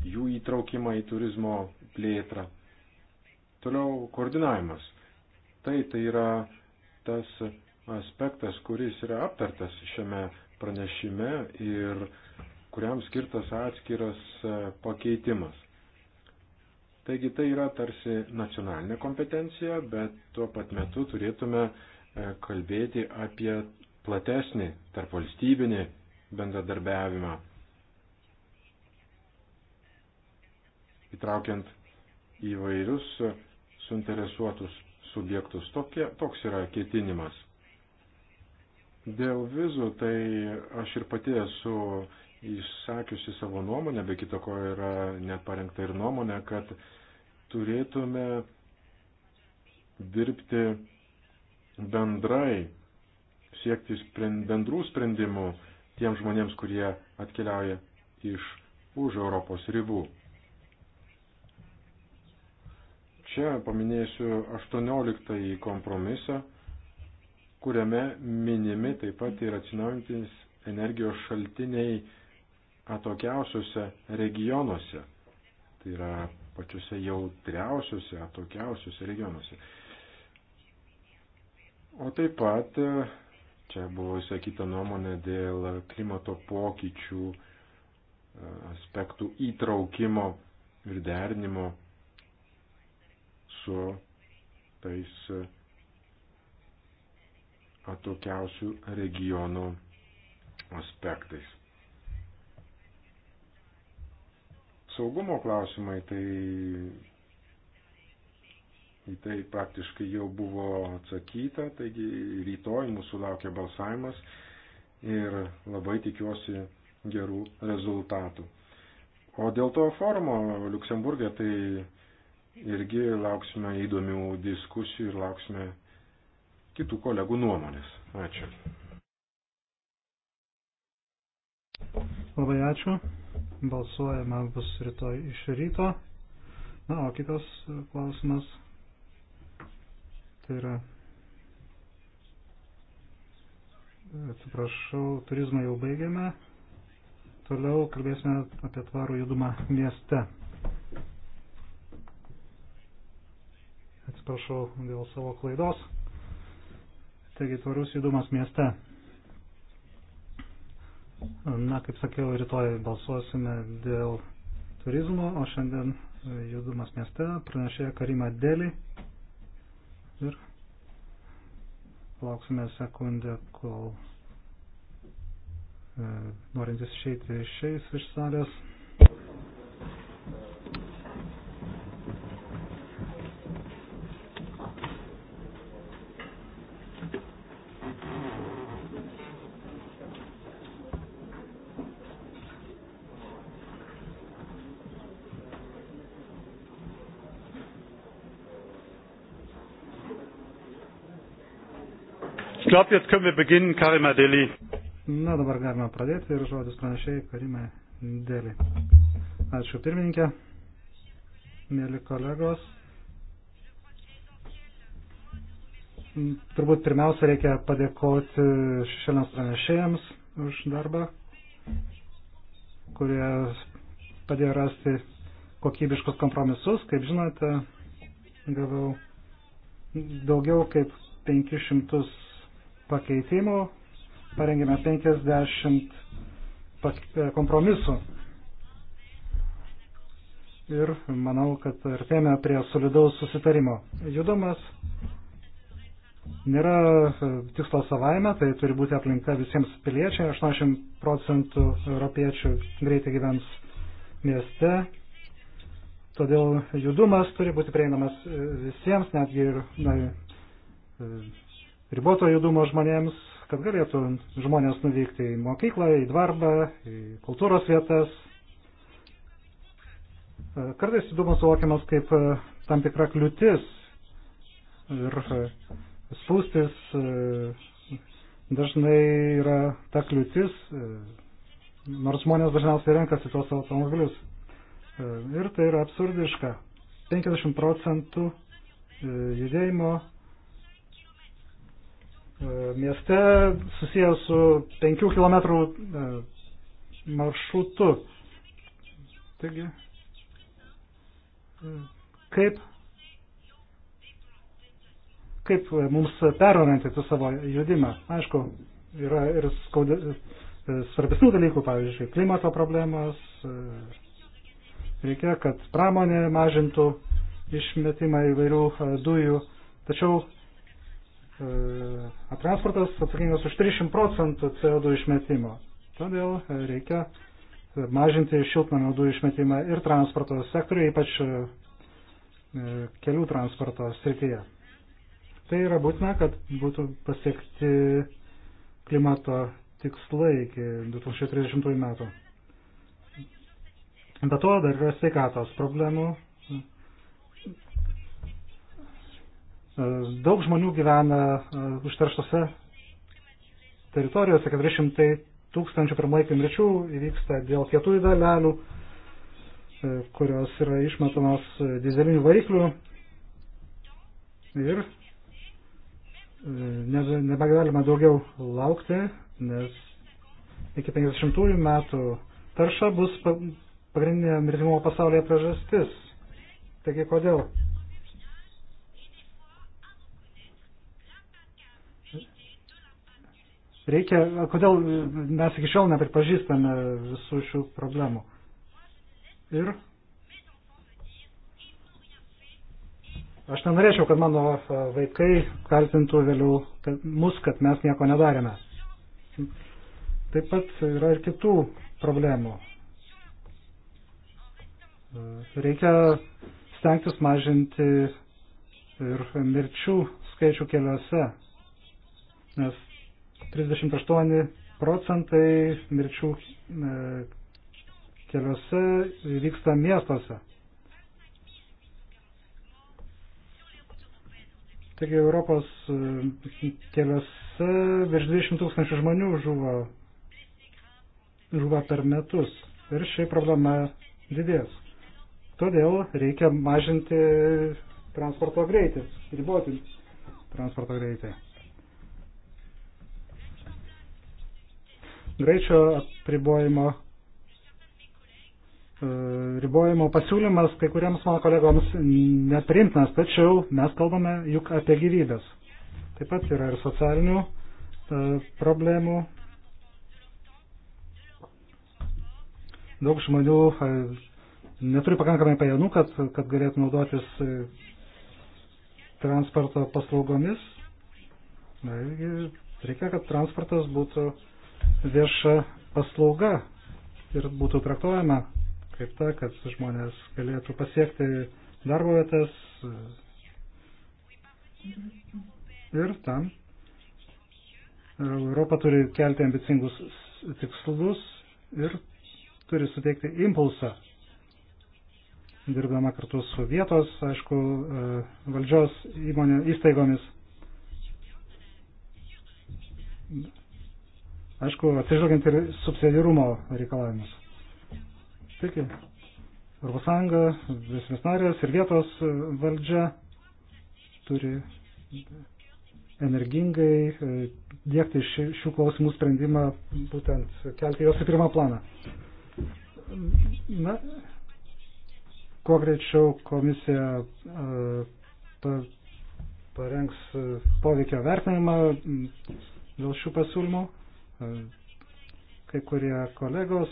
jų įtraukimą į turizmo plėtrą. Toliau koordinavimas. Tai tai yra tas aspektas, kuris yra aptartas šiame pranešime ir kuriam skirtas atskiras e, pakeitimas. Taigi tai yra tarsi nacionalinė kompetencija, bet tuo pat metu turėtume e, kalbėti apie platesnį tarpvalstybinį bendradarbiavimą, įtraukiant įvairius suinteresuotus subjektus. Tokie, toks yra ketinimas. Dėl vizų, tai aš ir pati esu išsakiusi savo nuomonę, be kito ko yra net parengta ir nuomonė, kad turėtume dirbti bendrai, siekti sprend, bendrų sprendimų tiem žmonėms, kurie atkeliauja iš už Europos ribų. Čia paminėsiu 18 kompromisą, kuriame minimi taip pat ir atsinaujantys energijos šaltiniai atokiausiuose regionuose. Tai yra pačiuose jautriausiuose, atokiausiuose regionuose. O taip pat čia buvo sakyta nuomonė dėl klimato pokyčių aspektų įtraukimo ir derinimo su tais atokiausių regionų aspektais. saugumo klausimai, tai į tai praktiškai jau buvo atsakyta, taigi rytoj mūsų laukia balsavimas ir labai tikiuosi gerų rezultatų. O dėl to forumo Luksemburgė, tai irgi lauksime įdomių diskusijų ir lauksime kitų kolegų nuomonės. Ačiū. Labai ačiū. Balsuojama bus rytoj iš ryto. Na, o kitas klausimas. Tai yra. Atsiprašau, turizmą jau baigėme. Toliau kalbėsime apie tvarų judumą mieste. Atsiprašau dėl savo klaidos. Taigi tvarus judumas mieste. Na, kaip sakiau, rytoj balsuosime dėl turizmo, o šiandien judumas mieste pranešė Karimą Delį. Ir lauksime sekundę, kol e, norintis išeiti išeis iš salės. glaube, jetzt können wir beginnen, Karima Deli. Na, dabar galime pradėti ir žodis pranešėjai Karima Deli. Ačiū pirmininkė, mėly kolegos. Turbūt pirmiausia reikia padėkoti šešėliams pranešėjams už darbą, kurie padėjo rasti kokybiškus kompromisus. Kaip žinote, gavau daugiau kaip 500 pakeitimų, parengėme 50 e, kompromisų. Ir manau, kad artėme prie solidaus susitarimo. Judumas nėra e, tikslo savaime, tai turi būti aplinka visiems piliečiai. 80 procentų europiečių greitai gyvens mieste. Todėl judumas turi būti prieinamas e, visiems, netgi ir na, riboto judumo žmonėms, kad galėtų žmonės nuvykti į mokyklą, į darbą, į kultūros vietas. E, kartais judumas suvokiamas kaip e, tam tikra kliūtis ir e, spūstis dažnai yra ta kliūtis, nors žmonės dažniausiai renkasi tuos automobilius. Ir tai yra absurdiška. 50 procentų judėjimo mieste susijęs su 5 km e, maršrutu. Taigi, e, kaip, kaip mums perorientuoti savo judimą? Aišku, yra ir skaudė, e, svarbesnių dalykų, pavyzdžiui, klimato problemos. Reikia, kad pramonė mažintų išmetimą įvairių dujų. Tačiau E, transportas atsakingas už 30 procentų CO2 išmetimo. Todėl e, reikia e, mažinti šiltnamio dujų išmetimą ir transporto sektoriuje, ypač kelių transporto srityje. Tai yra būtina, kad būtų pasiekti klimato tikslai iki 2030 metų. Be to dar yra sveikatos problemų, Daug žmonių gyvena e, užterštose teritorijose, 400 tūkstančių pirmalaikių mirčių įvyksta dėl kietųjų dalelių, e, kurios yra išmetamos dizelinių variklių ir e, nebegalima daugiau laukti, nes iki 50 metų tarša bus pagrindinė mirtimo pasaulyje priežastis. Taigi kodėl? Reikia, kodėl mes iki šiol nepripažįstame visų šių problemų. Ir aš nenorėčiau, kad mano vaikai kaltintų vėliau kad mus, kad mes nieko nedarėme. Taip pat yra ir kitų problemų. Reikia stengtis mažinti ir mirčių skaičių keliuose, nes 38 procentai mirčių e, keliuose vyksta miestuose. Taigi Europos e, keliuose virš 20 tūkstančių žmonių žuvo, žuvo per metus ir ši problema didės. Todėl reikia mažinti transporto greitį, riboti transporto greitį. greičio apribojimo e, ribojimo pasiūlymas kai kuriems mano kolegoms neprimtinas, tačiau mes kalbame juk apie gyvybės. Taip pat yra ir socialinių e, problemų. Daug žmonių e, neturi pakankamai pajamų, kad, kad galėtų naudotis transporto paslaugomis. Na, reikia, kad transportas būtų vieša paslauga ir būtų traktuojama kaip ta, kad žmonės galėtų pasiekti darbo vietas ir tam. Europa turi kelti ambicingus tikslus ir turi suteikti impulsą, dirbdama kartu su vietos, aišku, valdžios įmonė, įstaigomis Aišku, atsižvelgiant ir subsidiarumo reikalavimus. Taigi, Europos Sąjunga, visvis narės ir vietos valdžia turi energingai e, dėkti šių klausimų sprendimą, būtent kelti juos į pirmą planą. Na, kuo greičiau komisija e, pa, parengs poveikio vertinimą dėl šių pasiūlymų kai kurie kolegos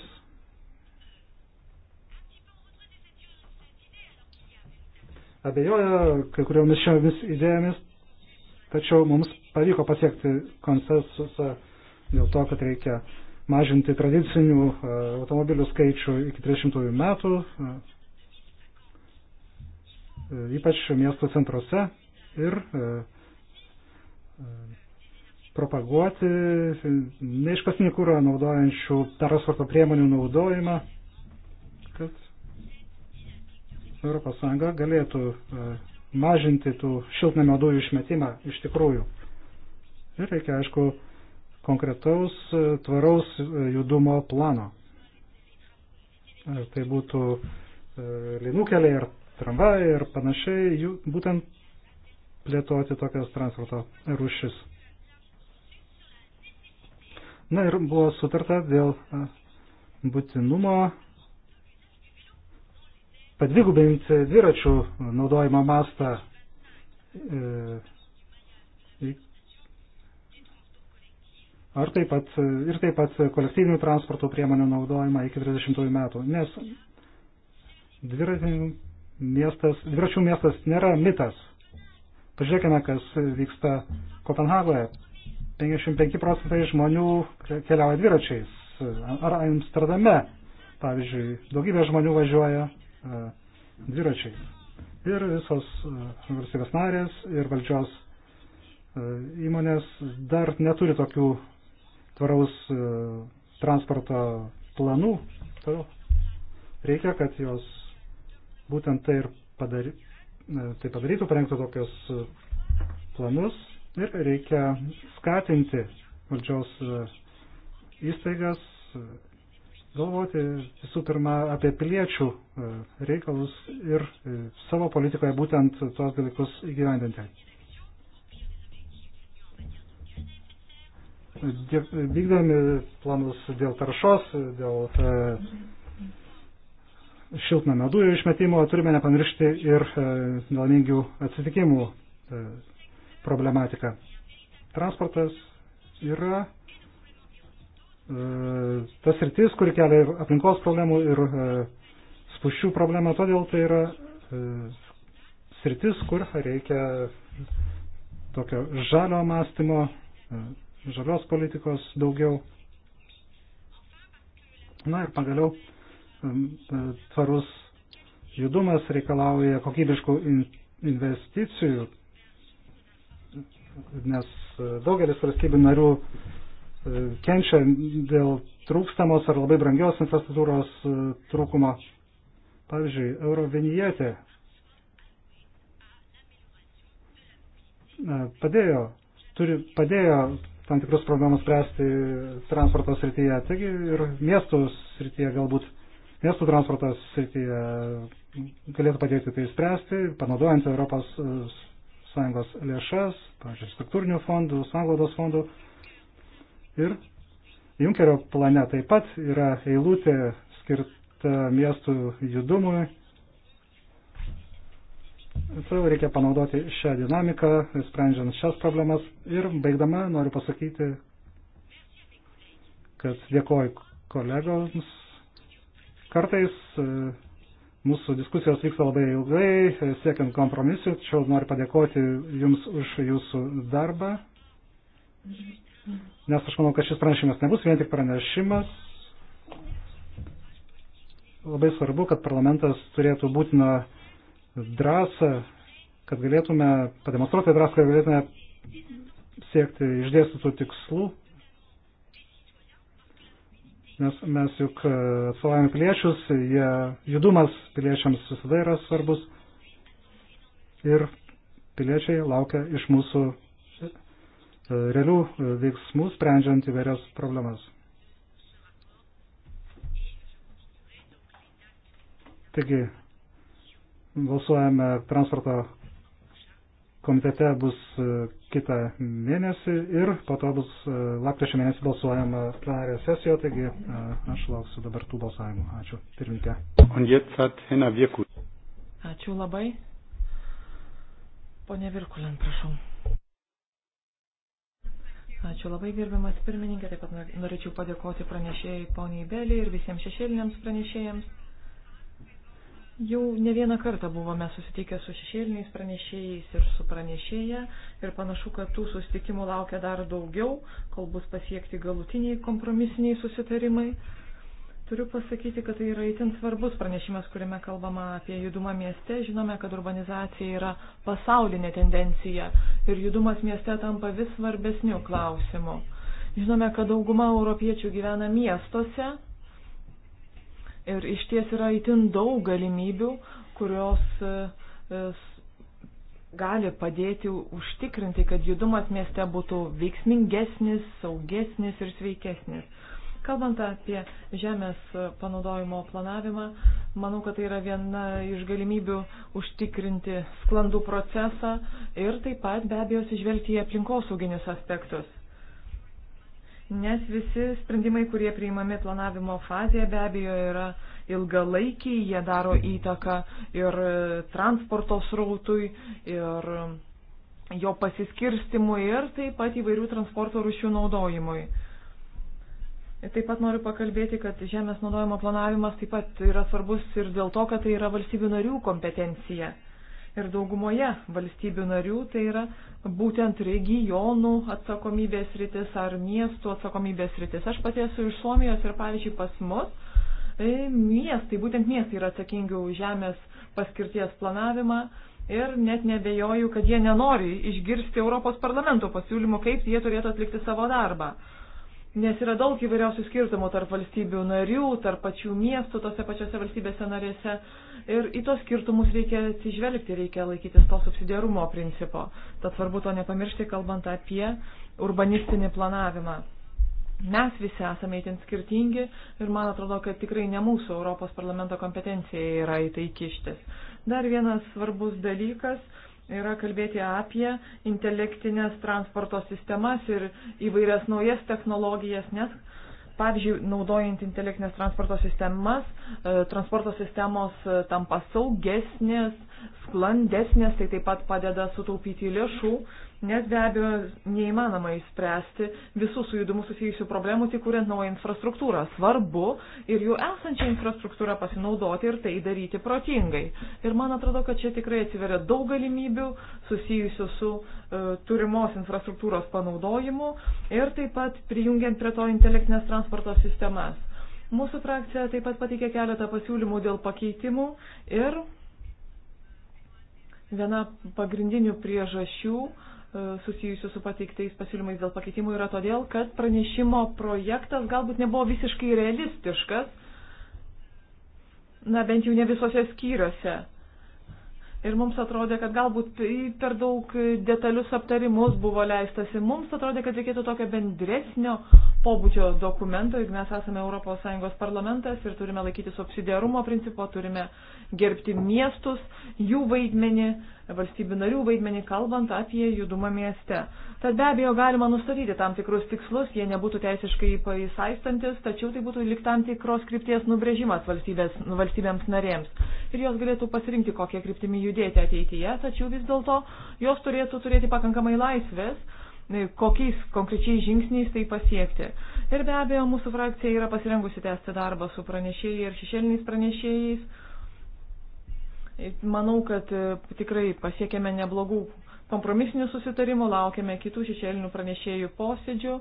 abejoja kai kuriomis šiomis idėjomis, tačiau mums pavyko pasiekti konsensusą dėl to, kad reikia mažinti tradicinių e, automobilių skaičių iki 30 metų, e, ypač miesto centruose ir e, propaguoti neiškasinį kūrą naudojančių transporto priemonių naudojimą, kad ES galėtų e, mažinti tų šiltnamio dujų išmetimą iš tikrųjų. Ir reikia, aišku, konkretaus e, tvaraus e, judumo plano. Ar tai būtų linų keliai ir tramvai ir panašiai, jų būtent plėtoti tokias transporto rušis. Na ir buvo sutarta dėl būtinumo padvigubinti dviračių naudojimo mastą e, ar taip pat, ir taip pat kolektyvinių transporto priemonių naudojimą iki 30 metų. Nes miestas, dviračių miestas nėra mitas. Pažiūrėkime, kas vyksta Kopenhagoje. 55 procentai žmonių keliauja dviračiais. Ar Amsterdame, pavyzdžiui, daugybė žmonių važiuoja e, dviračiais. Ir visos e, valstybės narės ir valdžios e, įmonės dar neturi tokių tvaraus transporto planų. Todėl reikia, kad jos būtent tai ir padary, tai padarytų, parengtų tokius planus Ir reikia skatinti valdžios e, įstaigas e, galvoti visų pirma apie piliečių e, reikalus ir savo politikoje būtent tuos dalykus įgyvendinti. Vykdami planus dėl taršos, dėl šiltnamio dujų išmetimo, turime nepamiršti ir nelaimingių atsitikimų problematiką. Transportas yra e, tas rytis, kuri kelia ir aplinkos problemų, ir e, spušių problemą, todėl tai yra e, sritis, kur reikia tokio žalio mąstymo, žalios politikos daugiau. Na ir pagaliau tvarus judumas reikalauja kokybiškų investicijų, nes e, daugelis valstybių narių e, kenčia dėl trūkstamos ar labai brangios infrastruktūros e, trūkumo. Pavyzdžiui, Eurovinietė padėjo, turi, padėjo tam tikrus problemus spręsti transporto srityje, taigi ir miestų srityje galbūt, miestų transporto srityje galėtų padėti tai spręsti, panaudojant Europos sąjungos lėšas, pavyzdžiui, struktūrinių fondų, sąnglaudos fondų. Ir Junkerio plane taip pat yra eilutė skirta miestų judumui. Toliau reikia panaudoti šią dinamiką, sprendžiant šias problemas. Ir baigdama noriu pasakyti, kad dėkoju kolegoms. Kartais e, Mūsų diskusijos vyksta labai ilgai, siekiant kompromisų, tačiau noriu padėkoti Jums už Jūsų darbą, nes aš manau, kad šis pranešimas nebus vien tik pranešimas. Labai svarbu, kad parlamentas turėtų būtiną drąsą, kad galėtume pademonstruoti drąsą, kad galėtume siekti išdėstytų tikslų nes mes juk e, atstovavome piliečius, jie, judumas piliečiams visada yra svarbus ir piliečiai laukia iš mūsų e, realių e, veiksmų, sprendžiant įvairias problemas. Taigi, balsuojame transporto komitete bus kitą mėnesį ir po to bus e, lapkričio mėnesį balsuojama plenarė sesija, taigi e, aš lauksiu dabar tų balsavimų. Ačiū, pirmininkė. Ačiū labai. Pone Virkulin, prašau. Ačiū labai gerbiamas pirmininkė, taip pat norėčiau padėkoti pranešėjai poniai Belį ir visiems šešėliniams pranešėjams. Jau ne vieną kartą buvome susitikę su šešėliniais pranešėjais ir su pranešėja ir panašu, kad tų susitikimų laukia dar daugiau, kol bus pasiekti galutiniai kompromisiniai susitarimai. Turiu pasakyti, kad tai yra itin svarbus pranešimas, kuriame kalbama apie judumą mieste. Žinome, kad urbanizacija yra pasaulinė tendencija ir judumas mieste tampa vis svarbesniu klausimu. Žinome, kad dauguma europiečių gyvena miestuose Ir iš ties yra itin daug galimybių, kurios e, e, gali padėti užtikrinti, kad judumas mieste būtų veiksmingesnis, saugesnis ir sveikesnis. Kalbant apie žemės panaudojimo planavimą, manau, kad tai yra viena iš galimybių užtikrinti sklandų procesą ir taip pat be abejo sižvelgti į aplinkosauginius aspektus nes visi sprendimai, kurie priimami planavimo fazėje, be abejo yra ilgalaikiai, jie daro įtaką ir transporto srautui, ir jo pasiskirstimui, ir taip pat įvairių transporto rušių naudojimui. Taip pat noriu pakalbėti, kad žemės naudojimo planavimas taip pat yra svarbus ir dėl to, kad tai yra valstybių narių kompetencija ir daugumoje valstybių narių tai yra būtent regionų atsakomybės rytis ar miestų atsakomybės rytis. Aš pati esu iš Suomijos ir pavyzdžiui pas mus e, miestai, būtent miestai yra atsakingi už žemės paskirties planavimą ir net nebejoju, kad jie nenori išgirsti Europos parlamento pasiūlymų, kaip jie turėtų atlikti savo darbą. Nes yra daug įvairiausių skirtumų tarp valstybių narių, tarp pačių miestų, tose pačiose valstybėse narėse. Ir į tos skirtumus reikia atsižvelgti, reikia laikytis to subsidiarumo principo. Tad svarbu to nepamiršti, kalbant apie urbanistinį planavimą. Mes visi esame įtin skirtingi ir man atrodo, kad tikrai ne mūsų Europos parlamento kompetencija yra į tai kištis. Dar vienas svarbus dalykas yra kalbėti apie intelektinės transporto sistemas ir įvairias naujas technologijas, nes, pavyzdžiui, naudojant intelektinės transporto sistemas, e, transporto sistemos e, tampa saugesnės, sklandesnės, tai taip pat padeda sutaupyti lėšų nes be abejo neįmanoma išspręsti visų su judumu susijusių problemų, tik kuriant naują infrastruktūrą. Svarbu ir jų esančią infrastruktūrą pasinaudoti ir tai daryti protingai. Ir man atrodo, kad čia tikrai atsiveria daug galimybių susijusių su e, turimos infrastruktūros panaudojimu ir taip pat prijungiant prie to intelektinės transporto sistemas. Mūsų frakcija taip pat pateikė keletą pasiūlymų dėl pakeitimų ir viena pagrindinių priežasčių, E, susijusių su pateiktais pasiūlymais dėl pakeitimų yra todėl, kad pranešimo projektas galbūt nebuvo visiškai realistiškas, na bent jau ne visose skyriuose. Ir mums atrodė, kad galbūt per daug detalius aptarimus buvo leistasi. Mums atrodė, kad reikėtų tokio bendresnio pobūdžio dokumento, juk mes esame ES parlamentas ir turime laikyti subsidiarumo principo, turime gerbti miestus, jų vaidmenį, valstybių narių vaidmenį, kalbant apie judumą mieste. Tad be abejo galima nustatyti tam tikrus tikslus, jie nebūtų teisiškai paisaistantis, tačiau tai būtų lik tam tikros krypties nubrėžimas valstybėms narėms. Ir jos galėtų pasirinkti, kokie kryptimi judėti ateityje, tačiau vis dėlto jos turėtų turėti pakankamai laisvės E, kokiais konkrečiais žingsniais tai pasiekti. Ir be abejo, mūsų frakcija yra pasirengusi tęsti darbą su pranešėjai ir šešėliniais pranešėjais. Manau, kad e, tikrai pasiekėme neblogų kompromisinių susitarimų, laukiame kitų šešėlinių pranešėjų posėdžių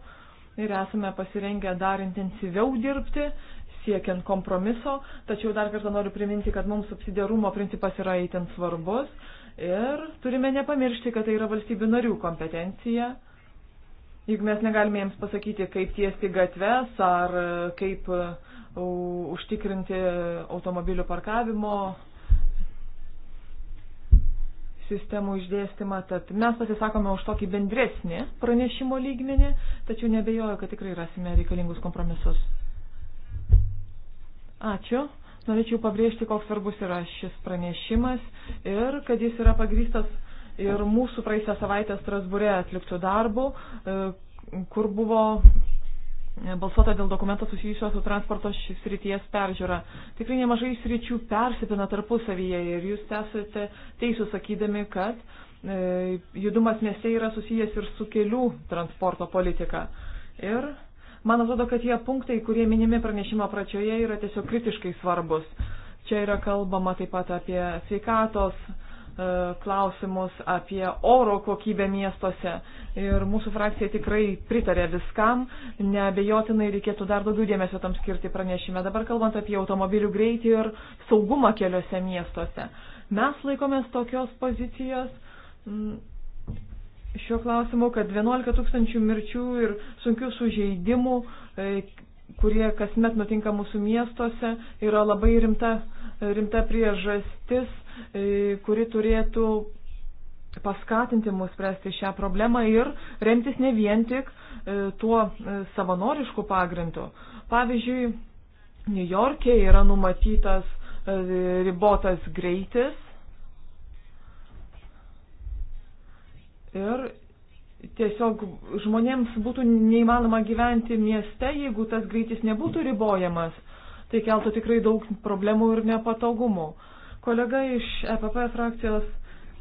ir esame pasirengę dar intensyviau dirbti, siekiant kompromiso. Tačiau dar kartą noriu priminti, kad mums subsidiarumo principas yra įtent svarbus ir turime nepamiršti, kad tai yra valstybių narių kompetencija Juk mes negalime jiems pasakyti, kaip tiesti gatves ar e, kaip e, užtikrinti automobilių parkavimo sistemų išdėstymą, tad mes pasisakome už tokį bendresnį pranešimo lygmenį, tačiau nebejoju, kad tikrai rasime reikalingus kompromisus. Ačiū. Norėčiau pabrėžti, koks svarbus yra šis pranešimas ir kad jis yra pagrystas ir mūsų praeisę savaitę Strasbūre atliktų darbų, e, kur buvo e, balsuota dėl dokumento susijusio su transporto srities peržiūra. Tikrai nemažai sričių persipina tarpusavyje ir jūs esate teisūs sakydami, kad e, judumas mieste yra susijęs ir su kelių transporto politika. Ir man atrodo, kad tie punktai, kurie minimi pranešimo pradžioje, yra tiesiog kritiškai svarbus. Čia yra kalbama taip pat apie sveikatos, E, klausimus apie oro kokybę miestuose. Ir mūsų frakcija tikrai pritarė viskam. Nebejotinai reikėtų dar daugiau dėmesio tam skirti pranešime. Dabar kalbant apie automobilių greitį ir saugumą keliuose miestuose. Mes laikomės tokios pozicijos mm, šiuo klausimu, kad 11 tūkstančių mirčių ir sunkių sužeidimų e, kurie kasmet nutinka mūsų miestuose, yra labai rimta, rimta priežastis, e, kuri turėtų paskatinti mus spręsti šią problemą ir remtis ne vien tik e, tuo e, savanorišku pagrindu. Pavyzdžiui, New York'e yra numatytas ribotas greitis ir tiesiog žmonėms būtų neįmanoma gyventi mieste, jeigu tas greitis nebūtų ribojamas, tai keltų tikrai daug problemų ir nepatogumų. Kolega iš EPP frakcijos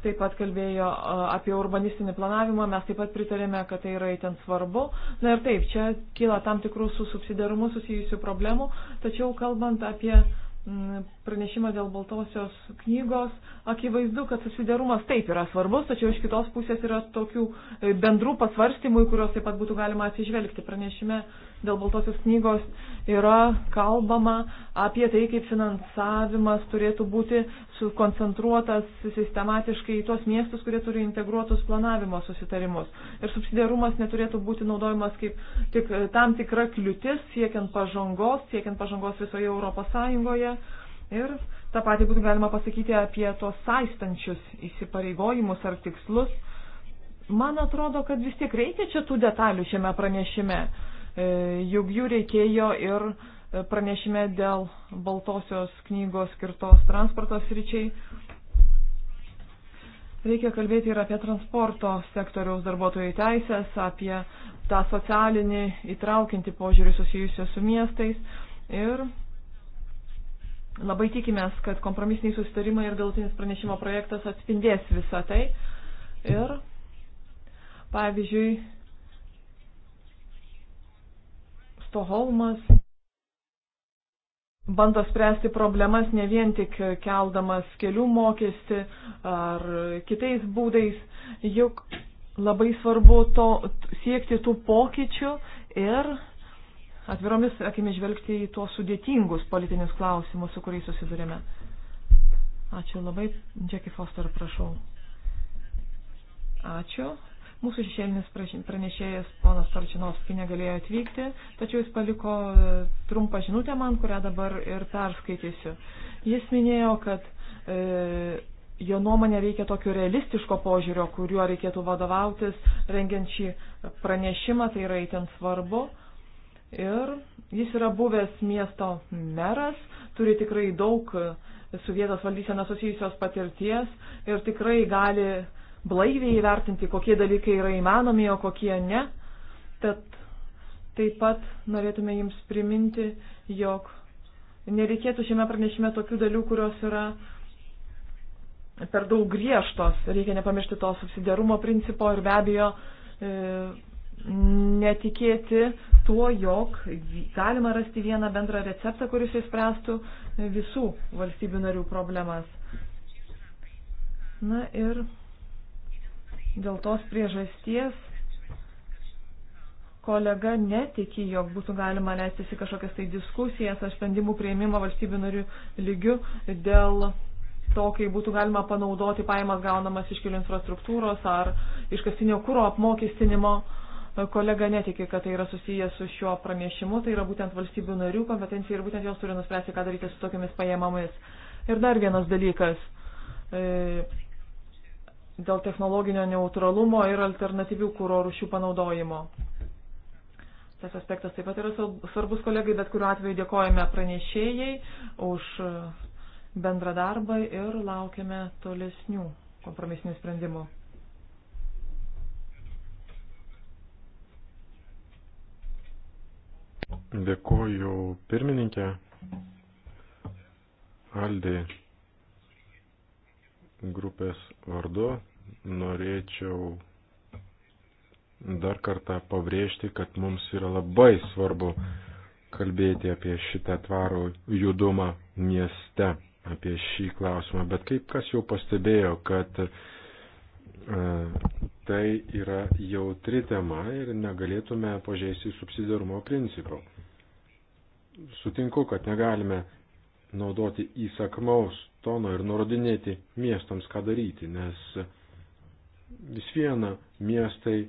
taip pat kalbėjo apie urbanistinį planavimą, mes taip pat pritarėme, kad tai yra įtent svarbu. Na ir taip, čia kyla tam tikrų su subsidarumu susijusių problemų, tačiau kalbant apie pranešimą dėl Baltosios knygos. Akivaizdu, kad susidarumas taip yra svarbus, tačiau iš kitos pusės yra tokių e, bendrų pasvarstymų, į kuriuos taip pat būtų galima atsižvelgti. Pranešime dėl Baltosios knygos yra kalbama apie tai, kaip finansavimas turėtų būti sukoncentruotas sistematiškai į tuos miestus, kurie turi integruotus planavimo susitarimus. Ir subsidiarumas neturėtų būti naudojamas kaip tik, e, tam tikra kliūtis siekiant pažangos, siekiant pažangos visoje Europos Sąjungoje. Ir tą patį būtų galima pasakyti apie tos saistančius įsipareigojimus ar tikslus. Man atrodo, kad vis tiek reikia čia tų detalių šiame pranešime. E, juk jų reikėjo ir e, pranešime dėl Baltosios knygos skirtos transporto sričiai. Reikia kalbėti ir apie transporto sektoriaus darbuotojų teisės, apie tą socialinį įtraukinti požiūrį susijusią su miestais. Ir labai tikimės, kad kompromisiniai susitarimai ir galutinis pranešimo projektas atspindės visą tai. Ir, pavyzdžiui, Stoholmas bando spręsti problemas ne vien tik keldamas kelių mokestį ar kitais būdais, juk labai svarbu to, siekti tų pokyčių ir atviromis akimis žvelgti į tuos sudėtingus politinius klausimus, su kuriais susidurėme. Ačiū labai. Jackie Foster, prašau. Ačiū. Mūsų šešėlinis pranešėjas ponas Tarčinovski negalėjo atvykti, tačiau jis paliko e, trumpą žinutę man, kurią dabar ir perskaitysiu. Jis minėjo, kad e, jo nuomonė reikia tokio realistiško požiūrio, kuriuo reikėtų vadovautis, rengiant šį pranešimą, tai yra įtent svarbu. Ir jis yra buvęs miesto meras, turi tikrai daug su vietos valdysena susijusios patirties ir tikrai gali blaiviai įvertinti, kokie dalykai yra įmanomi, o kokie ne. Tad taip pat norėtume jums priminti, jog nereikėtų šiame pranešime tokių dalių, kurios yra per daug griežtos. Reikia nepamiršti to subsidiarumo principo ir be abejo e, netikėti tuo, jog galima rasti vieną bendrą receptą, kuris įspręstų visų valstybių narių problemas. Na ir Dėl tos priežasties kolega netiki, jog būtų galima leistis į kažkokias tai diskusijas ar sprendimų prieimimą valstybių narių lygių dėl to, kai būtų galima panaudoti paimas gaunamas iš kelių infrastruktūros ar iškastinio kūro apmokestinimo. Kolega netiki, kad tai yra susijęs su šiuo pranešimu, tai yra būtent valstybių narių kompetencija ir būtent jos turi nuspręsti, ką daryti su tokiamis pajamomis. Ir dar vienas dalykas. E, dėl technologinio neutralumo ir alternatyvių kūro rušių panaudojimo. Tas aspektas taip pat yra svarbus kolegai, bet kuriuo atveju dėkojame pranešėjai už bendrą darbą ir laukiame tolesnių kompromisinių sprendimų. Dėkoju pirmininkė Aldė grupės vardu norėčiau dar kartą pabrėžti, kad mums yra labai svarbu kalbėti apie šitą tvarų judumą mieste, apie šį klausimą. Bet kaip kas jau pastebėjo, kad e, tai yra jautri tema ir negalėtume pažeisti subsidiarumo principų. Sutinku, kad negalime naudoti įsakmaus tono ir nurodinėti miestams, ką daryti, nes vis viena miestai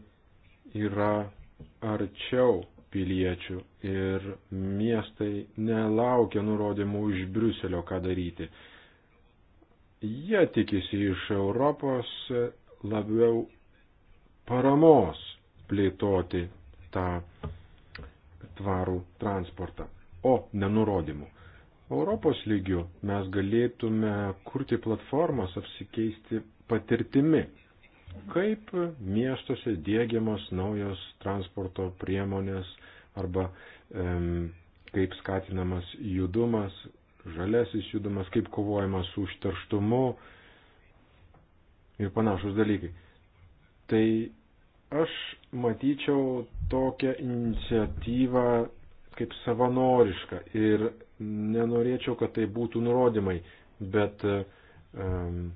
yra arčiau piliečių ir miestai nelaukia nurodymų iš Briuselio, ką daryti. Jie tikisi iš Europos labiau paramos plėtoti tą tvarų transportą, o nenurodymų. Europos lygių mes galėtume kurti platformas apsikeisti patirtimi kaip miestuose dėgiamos naujos transporto priemonės arba um, kaip skatinamas judumas, žalesis judumas, kaip kovojama su užterštumu ir panašus dalykai. Tai aš matyčiau tokią iniciatyvą kaip savanorišką ir nenorėčiau, kad tai būtų nurodymai, bet um,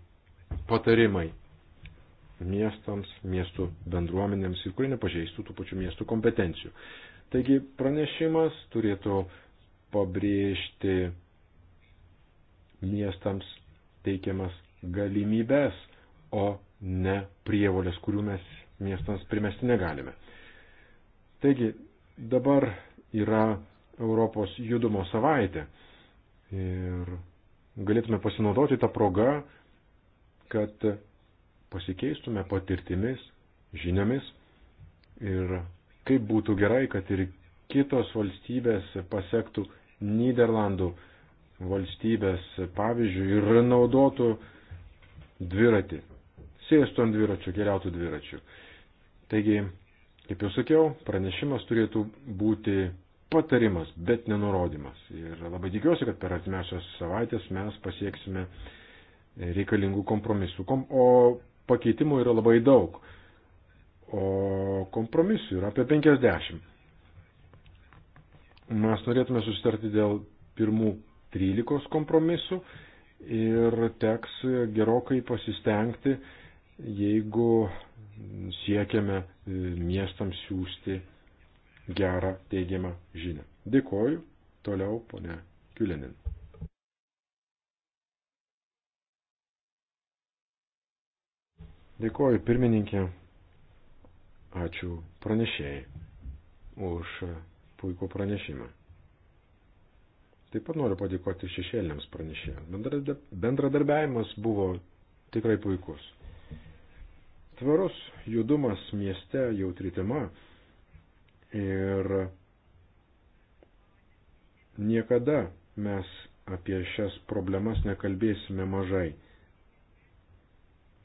patarimai miestams, miestų bendruomenėms ir kurie nepažeistų tų pačių miestų kompetencijų. Taigi pranešimas turėtų pabrėžti miestams teikiamas galimybės, o ne prievolės, kurių mes miestams primesti negalime. Taigi dabar yra Europos judumo savaitė ir galėtume pasinaudoti tą progą, kad pasikeistume patirtimis, žiniomis ir kaip būtų gerai, kad ir kitos valstybės pasektų Niderlandų valstybės pavyzdžių ir naudotų dviratį. Sėstų ant dviračių, keliautų dviračių. Taigi, kaip jau sakiau, pranešimas turėtų būti patarimas, bet nenurodymas. Ir labai tikiuosi, kad per artimiausias savaitės mes pasieksime reikalingų kompromisų. Kom o pakeitimų yra labai daug, o kompromisų yra apie 50. Mes norėtume susitarti dėl pirmų 13 kompromisų ir teks gerokai pasistengti, jeigu siekiame e, miestams siūsti gerą teigiamą žinią. Dėkoju, toliau ponė Kiulinin. Dėkoju pirmininkė, ačiū pranešėjai už puikų pranešimą. Taip pat noriu padėkoti šešėliams pranešėjams. Bendradarbiavimas buvo tikrai puikus. Tvarus judumas mieste jautri tema ir niekada mes apie šias problemas nekalbėsime mažai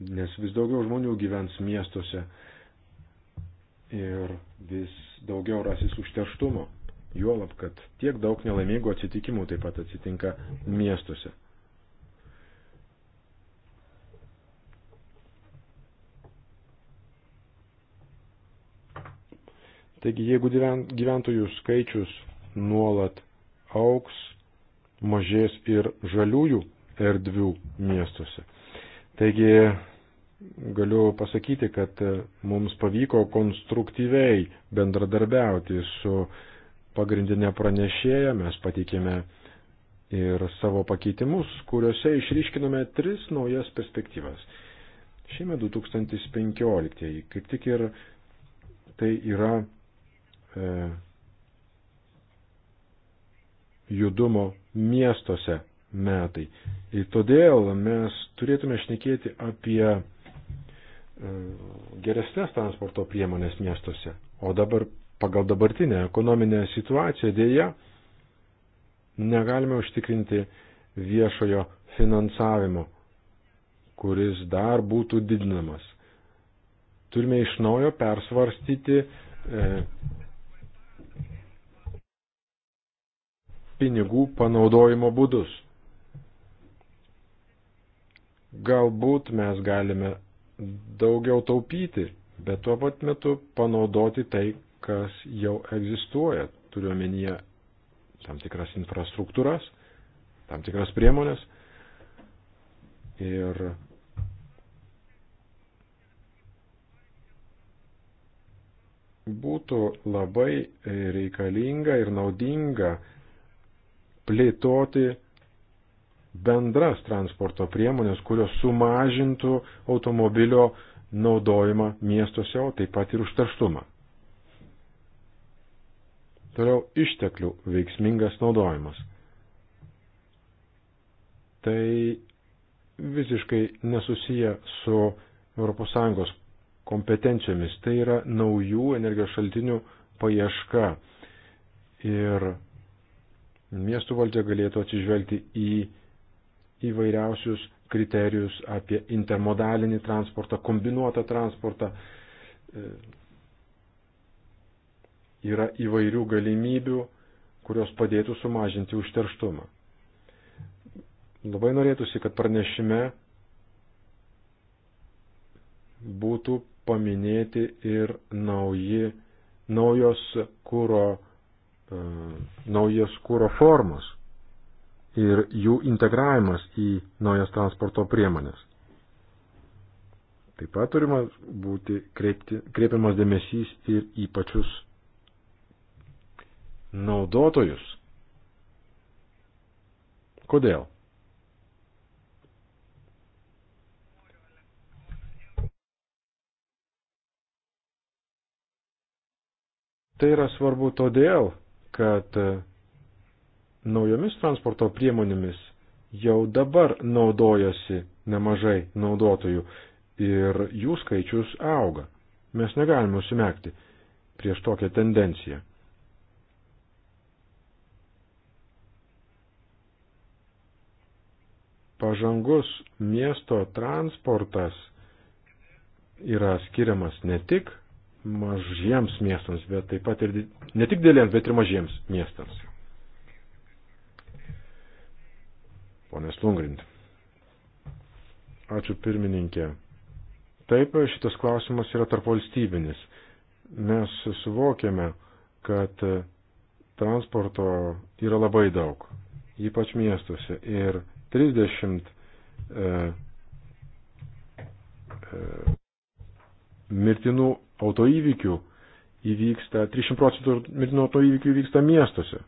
nes vis daugiau žmonių gyvens miestuose ir vis daugiau rasis užterštumo. Juolab, kad tiek daug nelaimingų atsitikimų taip pat atsitinka miestuose. Taigi, jeigu gyventojų skaičius nuolat auks, mažės ir žaliųjų erdvių miestuose. Taigi, galiu pasakyti, kad mums pavyko konstruktyviai bendradarbiauti su pagrindinė pranešėja, mes pateikėme ir savo pakeitimus, kuriuose išryškinome tris naujas perspektyvas. Šiemet 2015, kaip tik ir tai yra e, judumo miestuose metai. Ir todėl mes turėtume šnekėti apie E, geresnės transporto priemonės miestuose. O dabar pagal dabartinę ekonominę situaciją dėja negalime užtikrinti viešojo finansavimo, kuris dar būtų didinamas. Turime iš naujo persvarstyti e, pinigų panaudojimo būdus. Galbūt mes galime daugiau taupyti, bet tuo pat metu panaudoti tai, kas jau egzistuoja. Turiuomenyje tam tikras infrastruktūras, tam tikras priemonės. Ir būtų labai reikalinga ir naudinga plėtoti bendras transporto priemonės, kurios sumažintų automobilio naudojimą miestuose, o taip pat ir užtarštumą. Toliau išteklių veiksmingas naudojimas. Tai visiškai nesusiję su ES kompetencijomis. Tai yra naujų energijos šaltinių paieška. Ir miestų valdžia galėtų atsižvelgti į įvairiausius kriterijus apie intermodalinį transportą, kombinuotą transportą. E, yra įvairių galimybių, kurios padėtų sumažinti užterštumą. Labai norėtųsi, kad pranešime būtų paminėti ir nauji, naujos kūro, e, naujas kūro formos ir jų integravimas į naujas transporto priemonės. Taip pat turima būti kreipti, kreipiamas dėmesys ir į pačius naudotojus. Kodėl? Tai yra svarbu todėl, kad naujomis transporto priemonėmis jau dabar naudojasi nemažai naudotojų ir jų skaičius auga. Mes negalime užsimekti prieš tokią tendenciją. Pažangus miesto transportas yra skiriamas ne tik mažiems miestams, bet taip pat ir ne tik dėlėms, bet ir mažiems miestams. ponės Lungrint. Ačiū pirmininkė. Taip, šitas klausimas yra tarp valstybinis. Mes suvokiame, kad transporto yra labai daug, ypač miestuose. Ir 30 e, e, mirtinų autoįvykių įvyksta, 300 procentų mirtinų autoįvykių įvyksta miestuose.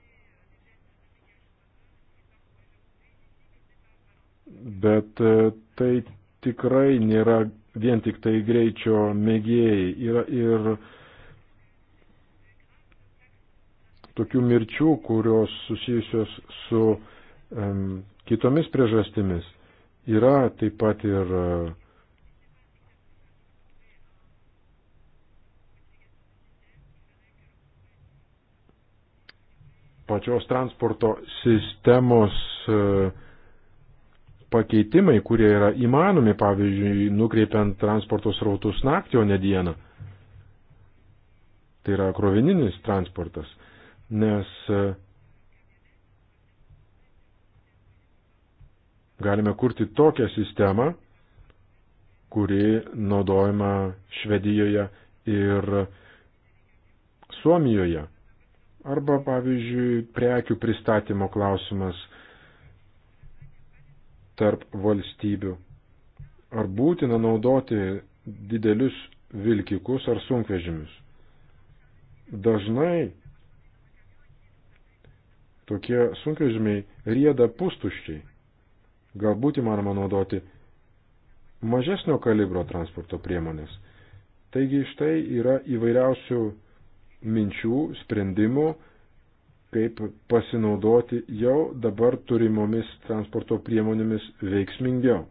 bet e, tai tikrai nėra vien tik tai greičio mėgėjai. Yra ir tokių mirčių, kurios susijusios su um, kitomis priežastimis. Yra taip pat ir uh, pačios transporto sistemos uh, pakeitimai, kurie yra įmanomi, pavyzdžiui, nukreipiant transporto srautus naktį, o ne dieną. Tai yra krovininis transportas, nes e, galime kurti tokią sistemą, kuri naudojama Švedijoje ir Suomijoje. Arba, pavyzdžiui, prekių pristatymo klausimas tarp valstybių. Ar būtina naudoti didelius vilkikus ar sunkvežimius? Dažnai tokie sunkvežimiai rieda pustuščiai. Galbūt įmanoma naudoti mažesnio kalibro transporto priemonės. Taigi štai yra įvairiausių minčių, sprendimų, kaip pasinaudoti jau dabar turimomis transporto priemonėmis veiksmingiau.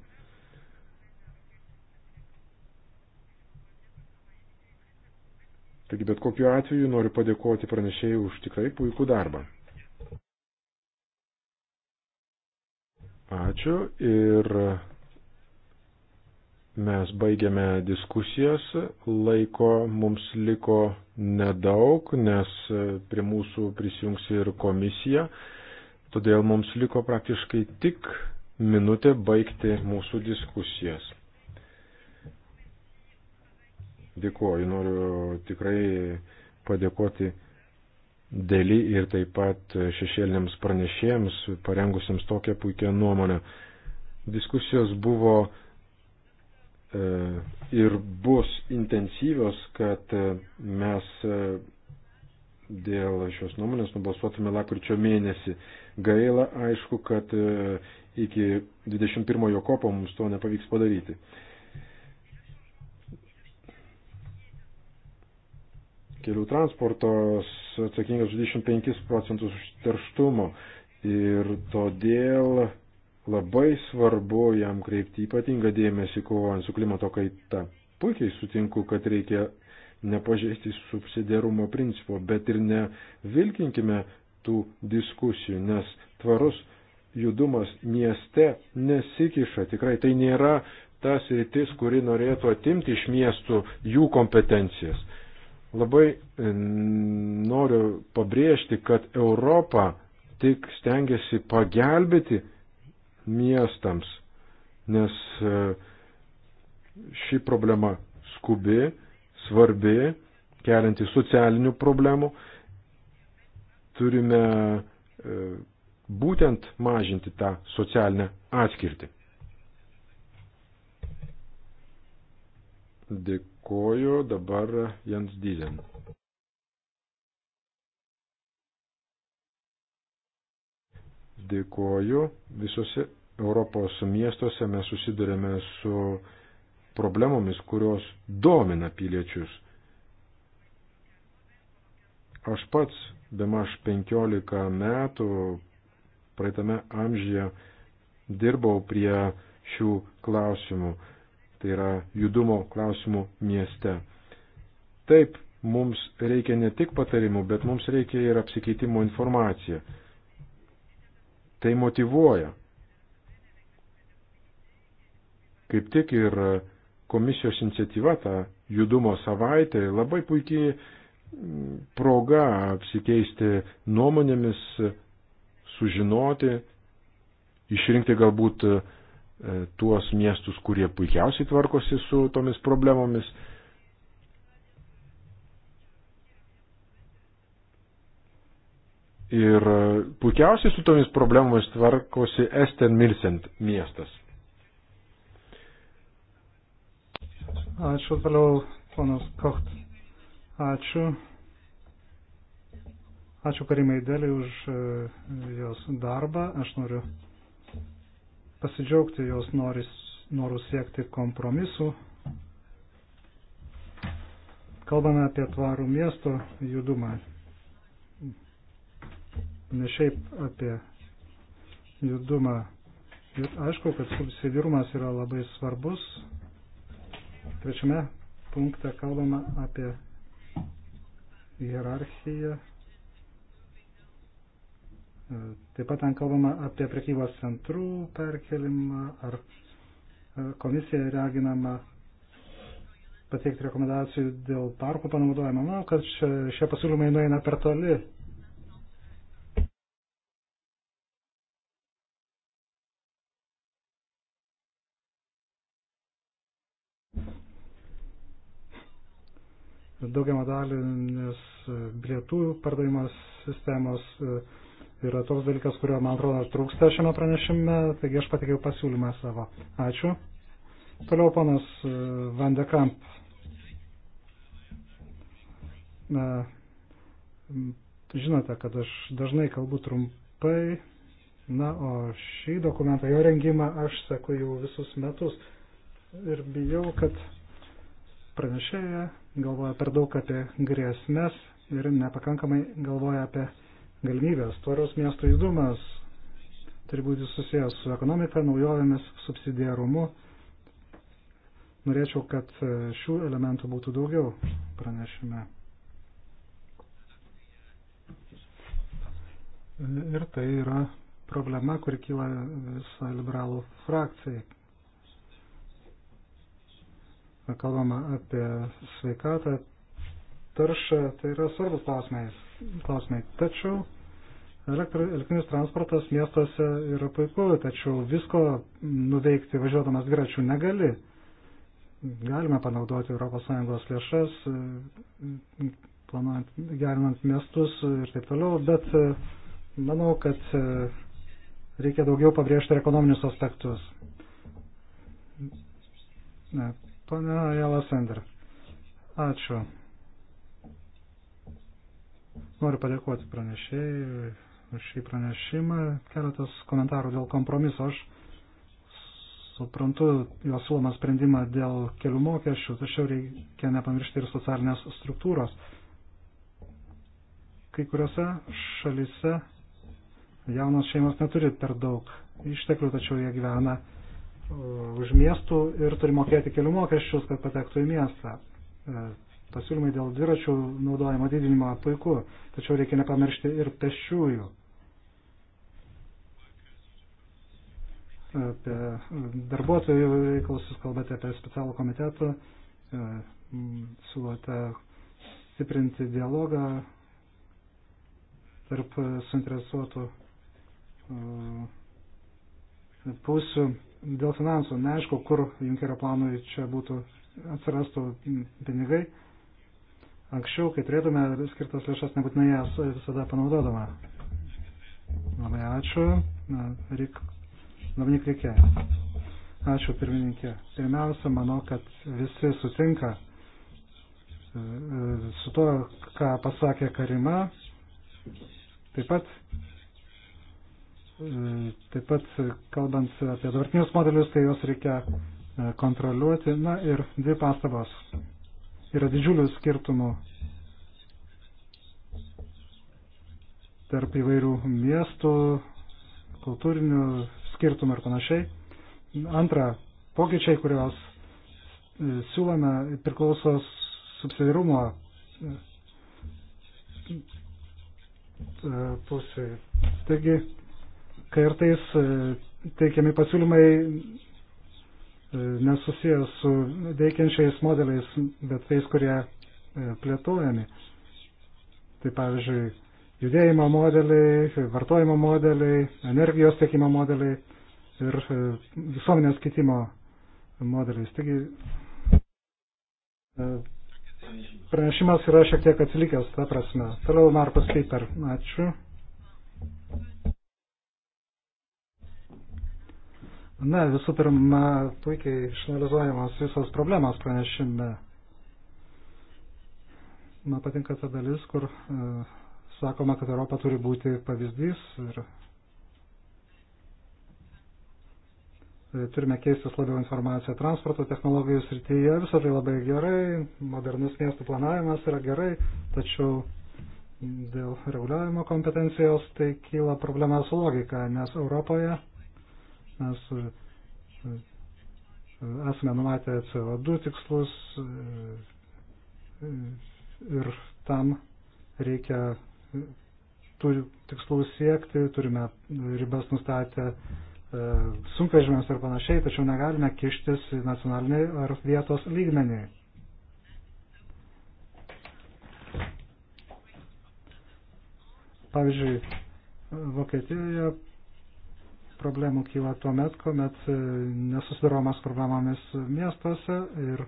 Taigi bet kokiu atveju noriu padėkoti pranešėjai už tikrai puikų darbą. Ačiū ir Mes baigėme diskusijas, laiko mums liko nedaug, nes prie mūsų prisijungs ir komisija, todėl mums liko praktiškai tik minutė baigti mūsų diskusijas. Dėkuoju, noriu tikrai padėkoti dėlį ir taip pat šešėliniams pranešėjams, parengusiems tokią puikią nuomonę. Diskusijos buvo E, ir bus intensyvios, kad e, mes e, dėl šios nuomonės nubalsuotume lakryčio mėnesį. Gaila, aišku, kad iki 21 kopo mums to nepavyks padaryti. Kelių transportos atsakingas 25 procentus užterštumo ir todėl Labai svarbu jam kreipti ypatingą dėmesį kovojant su klimato kaita. Puikiai sutinku, kad reikia nepažeisti subsidiarumo principo, bet ir nevilkinkime tų diskusijų, nes tvarus judumas mieste nesikiša. Tikrai tai nėra tas rytis, kuri norėtų atimti iš miestų jų kompetencijas. Labai e, noriu pabrėžti, kad Europa tik stengiasi pagelbėti miestams, nes e, ši problema skubi, svarbi, kelianti socialinių problemų. Turime e, būtent mažinti tą socialinę atskirtį. Dėkoju dabar Jans Dyzen. Dėkoju visose Europos miestuose mes susidurėme su problemomis, kurios domina piliečius. Aš pats bemaž 15 metų praeitame amžyje dirbau prie šių klausimų, tai yra judumo klausimų mieste. Taip, mums reikia ne tik patarimų, bet mums reikia ir apsikeitimo informaciją. Tai motivuoja Kaip tik ir komisijos iniciatyva, ta judumo savaitė, labai puikiai mm, proga apsikeisti nuomonėmis, sužinoti, išrinkti galbūt e, tuos miestus, kurie puikiausiai tvarkosi su tomis problemomis. Ir puikiausiai su tomis problemomis tvarkosi Esten Milsent miestas. Ačiū toliau, ponas Kocht. Ačiū. Ačiū Karimai Dėlį už e, jos darbą. Aš noriu pasidžiaugti jos noris, norų siekti kompromisų. Kalbame apie tvarų miesto judumą. Ne šiaip apie judumą. Ir aišku, kad subsidirumas yra labai svarbus Trečiame punkte kalbama apie hierarchiją. E, taip pat ten kalbama apie prekybos centrų perkelimą ar e, komisija reginama pateikti rekomendacijų dėl parkų panaudojimo. Manau, kad šie pasiūlymai nueina per toli daugiamadalinės bilietų e, pardavimas sistemos e, yra toks dalykas, kurio, man atrodo, trūksta šiame pranešime, taigi aš pateikiau pasiūlymą savo. Ačiū. Toliau ponas e, Van de Kamp. Na, žinote, kad aš dažnai kalbu trumpai, na, o šį dokumentą, jo rengimą aš seku jau visus metus ir bijau, kad pranešėja galvoja per daug apie grėsmės ir nepakankamai galvoja apie galimybės. Tvarus miestų įdumas turi būti susijęs su ekonomika, naujovėmis, subsidiarumu. Norėčiau, kad šių elementų būtų daugiau pranešime. Ir tai yra problema, kuri kyla visai liberalų frakcijai kalbama apie sveikatą, taršą, tai yra svarbus klausimai. klausimai. Tačiau elektrinis transportas miestuose yra puiku, tačiau visko nuveikti važiuodamas dviračių negali. Galime panaudoti ES lėšas, planuojant, gerinant miestus ir taip toliau, bet manau, kad reikia daugiau pabrėžti ir ekonominius aspektus. Pane Jala Sender, ačiū. Noriu padėkoti pranešėjai už šį pranešimą. Keletas komentarų dėl kompromiso. Aš suprantu jo siūlomą sprendimą dėl kelių mokesčių, tačiau reikia nepamiršti ir socialinės struktūros. Kai kuriuose šalise jaunos šeimos neturi per daug išteklių, tačiau jie gyvena Uh, už miestų ir turi mokėti kelių mokesčius, kad patektų į miestą. Uh, pasiūlymai dėl dviračių naudojimo didinimo puiku, tačiau reikia nepamiršti ir pešiųjų. Apie uh, darbuotojų reikalus jūs kalbate apie specialų komitetą, siūlote stiprinti dialogą tarp suinteresuotų pusių dėl finansų neaišku, kur Junkerio planui čia būtų atsirastų pinigai. Anksčiau, kai turėtume skirtas lėšas, nebūtinai jas visada panaudodama. Labai ačiū. Na, Rik, Dominik Rikė. Ačiū pirmininkė. Pirmiausia, manau, kad visi sutinka e, e, su to, ką pasakė Karima. Taip pat Taip pat kalbant apie dabartinius modelius, tai juos reikia e, kontroliuoti. Na ir dvi pastabos. Yra didžiulių skirtumų tarp įvairių miestų, kultūrinių skirtumų ir panašiai. Antra, pokyčiai, kuriuos e, siūlome, priklauso subsidirumo e, pusė. Taigi, Kartais e, teikiami pasiūlymai e, nesusijęs su veikiančiais modeliais, bet tais, kurie e, plėtojami. Tai pavyzdžiui, judėjimo modeliai, vartojimo modeliai, energijos tiekimo modeliai ir visuomenės kitimo modeliais. Taigi, pranešimas yra šiek tiek atsilikęs, ta prasme. Toliau Markas Piper. Ačiū. Na, visų pirma, puikiai išanalizuojamos visos problemos pranešime. Man patinka ta dalis, kur uh, sakoma, kad Europa turi būti pavyzdys ir e, turime keistis labiau informaciją transporto technologijų srityje. Visą tai labai gerai, modernus miestų planavimas yra gerai, tačiau dėl reguliavimo kompetencijos tai kyla problema su logika, nes Europoje mes e, e, esame numatę CO2 tikslus e, ir tam reikia turi tikslų siekti, turime ribas nustatę sunkvežimėms ir panašiai, tačiau negalime kištis į nacionalinį ar vietos lygmenį. Pavyzdžiui, Vokietijoje problemų kyla tuo met, kuomet e, nesusidaromas problemomis miestuose ir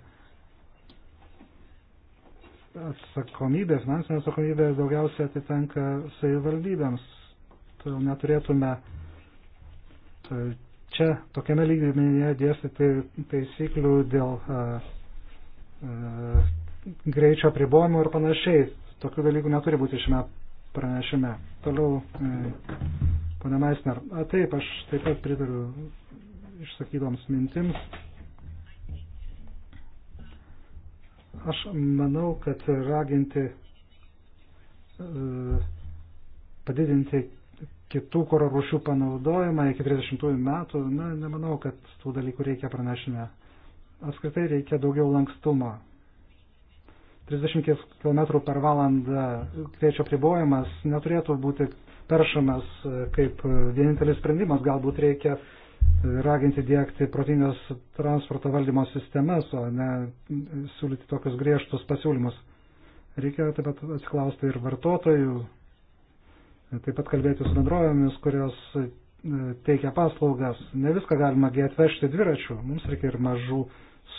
atsakomybė, finansinė atsakomybė daugiausiai atitenka savivaldybėms. Todėl neturėtume e, čia tokiame lygmenyje dėstyti taisyklių dėl a, e, a, greičio pribojimų ir panašiai. Tokių dalykų neturi būti šiame pranešime. Toliau e, Pone Maisner, a, taip, aš taip pat pritariu išsakytoms mintims. Aš manau, kad raginti e, padidinti kitų koro rūšių panaudojimą iki 30 metų, na, nemanau, kad tų dalykų reikia pranešime. Apskritai reikia daugiau lankstumo. 30 km per valandą greičio pribojimas neturėtų būti peršamas kaip vienintelis sprendimas. Galbūt reikia e, raginti dėkti protingas transporto valdymo sistemas, o ne siūlyti tokius griežtus pasiūlymus. Reikia taip pat atsiklausti ir vartotojų, taip pat kalbėti su bendrovėmis, kurios e, teikia paslaugas. Ne viską galima atvežti dviračių, mums reikia ir mažų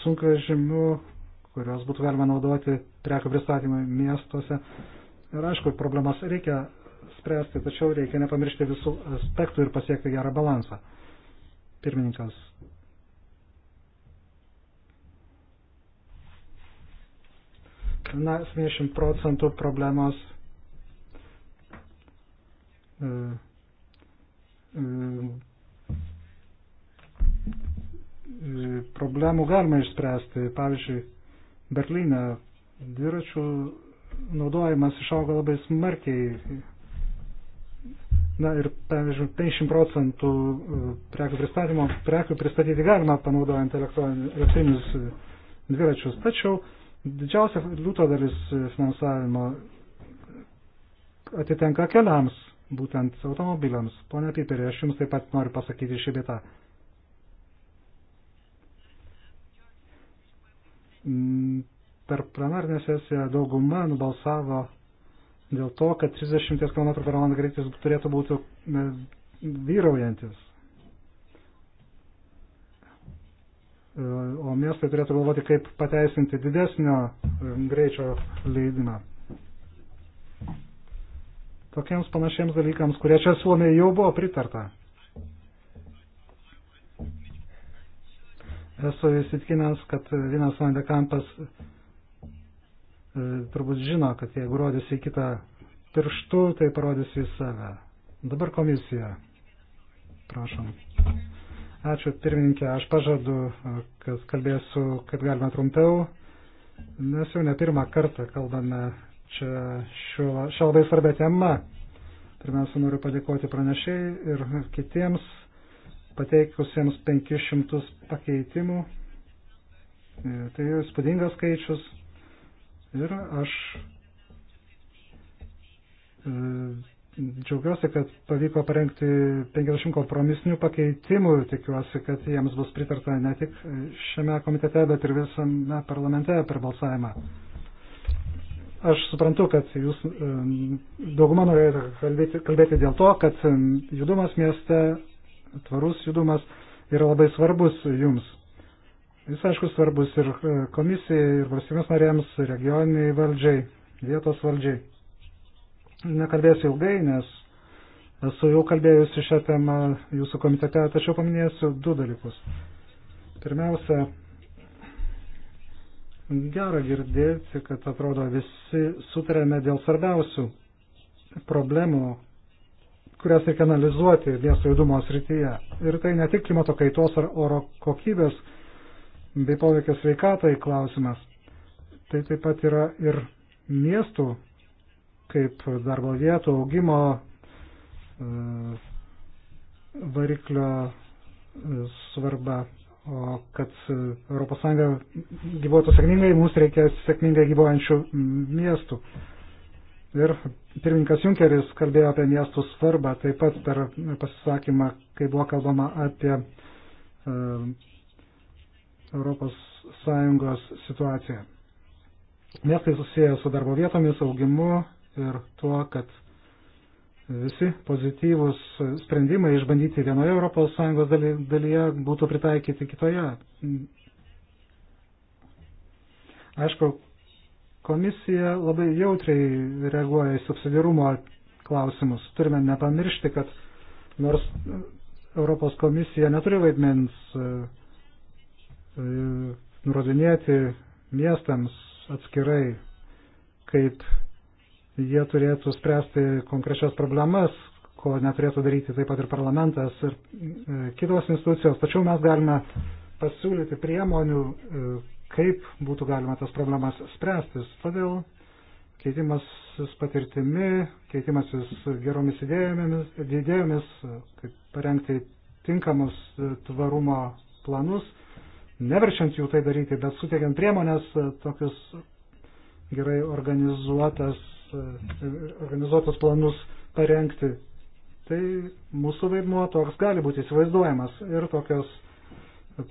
sunkvežimių, kurios būtų galima naudoti prekių pristatymui miestuose. Ir aišku, problemas reikia spręsti, tačiau reikia nepamiršti visų aspektų ir pasiekti gerą balansą. Pirmininkas. Na, 70 procentų problemos e, e, e, problemų galima išspręsti. Pavyzdžiui, Berlyne dviračių naudojimas išaugo labai smarkiai Na ir, pavyzdžiui, 50 procentų e, prekių pristatymo, prekių pristatyti galima panaudojant elektrinius e, dviračius, tačiau didžiausia liūto dalis e, finansavimo atitenka keliams, būtent automobiliams. Pone Piperė, aš Jums taip pat noriu pasakyti šį bitą. Mm, per plenarinę sesiją dauguma nubalsavo dėl to, kad 30 km per valandą greitis turėtų būti e, vyraujantis. E, o miestai turėtų galvoti, kaip pateisinti didesnio e, greičio leidimą. Tokiems panašiems dalykams, kurie čia suomi, jau buvo pritarta. Esu įsitikinęs, kad Vinas Vandekampas Kampas E, turbūt žino, kad jeigu rodys į kitą pirštų, tai parodys į save. Dabar komisija. Prašom. Ačiū pirmininkė, aš pažadu, e, kad kalbėsiu, kad galima trumpiau, nes jau ne pirmą kartą kalbame čia šią labai svarbę temą. Pirmiausia, noriu padėkoti pranešėjai ir kitiems pateikusiems 500 pakeitimų. E, tai jau spūdingas skaičius. Ir aš e, džiaugiuosi, kad pavyko parengti 50 kompromisinių pakeitimų. Tikiuosi, kad jiems bus pritarta ne tik šiame komitete, bet ir visame parlamente per balsavimą. Aš suprantu, kad jūs e, dauguma norėjote kalbėti, kalbėti dėl to, kad judumas mieste, tvarus judumas yra labai svarbus jums. Jis, aišku, svarbus ir e, komisijai, ir valstybės narėms, regioniniai valdžiai, vietos valdžiai. Nekalbėsiu ilgai, nes esu jau kalbėjusi šią temą jūsų komitete, tačiau paminėsiu du dalykus. Pirmiausia, gera girdėti, kad atrodo visi sutarėme dėl svarbiausių problemų, kurias reikia analizuoti miesto judumo srityje. Ir tai ne tik klimato kaitos ar oro kokybės bei poveikio sveikatai klausimas. Tai taip pat yra ir miestų kaip darbo vietų augimo e, variklio e, svarba, o kad ES gyvuotų sėkmingai, mums reikia sėkmingai gyvuojančių miestų. Ir pirmininkas Junkeris kalbėjo apie miestų svarbą, taip pat per pasisakymą, kai buvo kalbama apie e, ES situaciją. Miestai susiję su darbo vietomis, augimu ir tuo, kad visi pozityvūs sprendimai išbandyti vienoje ES dalyje būtų pritaikyti kitoje. Aišku, komisija labai jautriai reaguoja į subsidirumo klausimus. Turime nepamiršti, kad nors Europos komisija neturi vaidmens uh, E, nurodinėti miestams atskirai, kaip jie turėtų spręsti konkrečias problemas, ko neturėtų daryti taip pat ir parlamentas ir e, kitos institucijos. Tačiau mes galime pasiūlyti priemonių, e, kaip būtų galima tas problemas spręstis. Todėl keitimasis patirtimi, keitimasis geromis idėjomis, idėjomis kaip parengti tinkamus tvarumo planus neverčiant jų tai daryti, bet suteikiant priemonės e, tokius gerai organizuotas, e, organizuotus planus parengti. Tai mūsų vaidmuo toks gali būti įsivaizduojamas ir tokios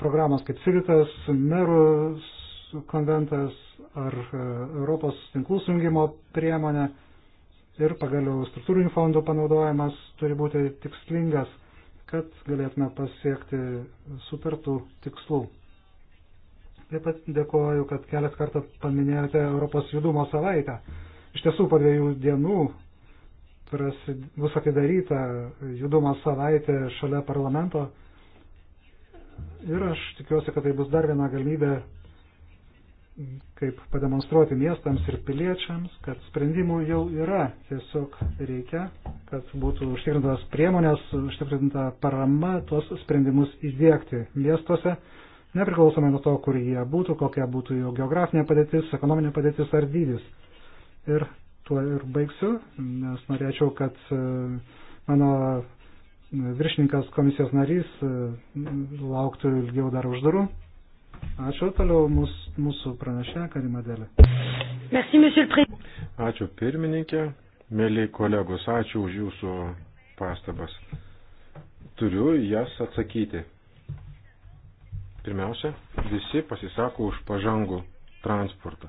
programos kaip Civitas, Merų konventas ar e, Europos tinklų sujungimo priemonė ir pagaliau struktūrinių fondų panaudojimas turi būti tikslingas, kad galėtume pasiekti sutartų tikslų. Taip pat dėkoju, kad kelias kartą paminėjote Europos judumo savaitę. Iš tiesų, po dviejų dienų prasid... bus atidaryta judumo savaitė šalia parlamento. Ir aš tikiuosi, kad tai bus dar viena galimybė, kaip pademonstruoti miestams ir piliečiams, kad sprendimų jau yra. Tiesiog reikia, kad būtų užtikrintas priemonės, užtikrinta parama tuos sprendimus įdėkti miestuose nepriklausomai nuo to, kur jie būtų, kokia būtų jų geografinė padėtis, ekonominė padėtis ar dydis. Ir tuo ir baigsiu, nes norėčiau, kad e, mano viršininkas komisijos narys e, lauktų ilgiau dar už durų. Ačiū toliau mūs, mūsų pranešė Karimadėlė. Ačiū pirmininkė, mėly kolegos, ačiū už jūsų pastabas. Turiu jas atsakyti. Pirmiausia, visi pasisako už pažangų transportą.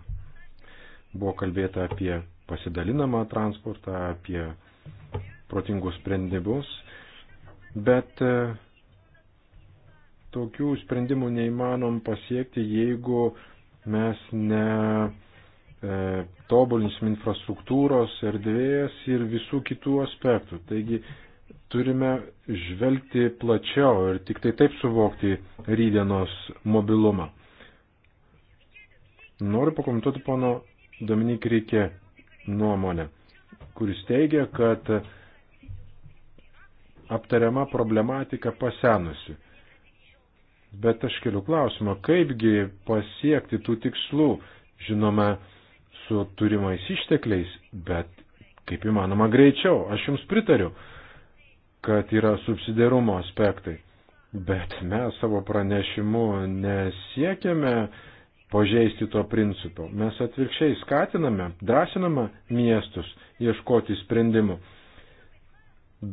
Buvo kalbėta apie pasidalinamą transportą, apie protingus sprendimus, bet e, tokių sprendimų neįmanom pasiekti, jeigu mes ne e, tobulinsim infrastruktūros, erdvės ir visų kitų aspektų. Taigi turime žvelgti plačiau ir tik tai taip suvokti rydienos mobilumą. Noriu pakomentuoti pono Dominik Reikė nuomonę, kuris teigia, kad aptariama problematika pasenusi. Bet aš keliu klausimą, kaipgi pasiekti tų tikslų, žinome, su turimais ištekliais, bet kaip įmanoma greičiau. Aš jums pritariu kad yra subsidiarumo aspektai. Bet mes savo pranešimu nesiekėme pažeisti to principo. Mes atvirkščiai skatiname, drąsiname miestus ieškoti sprendimų.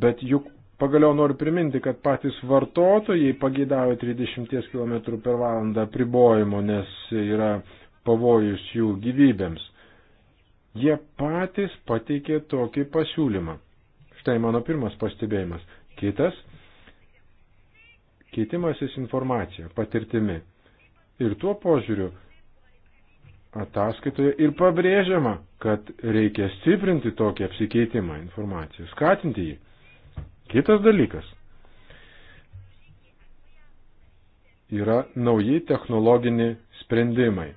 Bet juk pagaliau noriu priminti, kad patys vartotojai pageidavo 30 km per valandą pribojimo, nes yra pavojus jų gyvybėms. Jie patys pateikė tokį pasiūlymą. Štai mano pirmas pastebėjimas. Kitas - keitimasis informacija, patirtimi. Ir tuo požiūriu ataskaitoje ir pabrėžiama, kad reikia stiprinti tokį apsikeitimą informaciją, skatinti jį. Kitas dalykas yra nauji technologiniai sprendimai.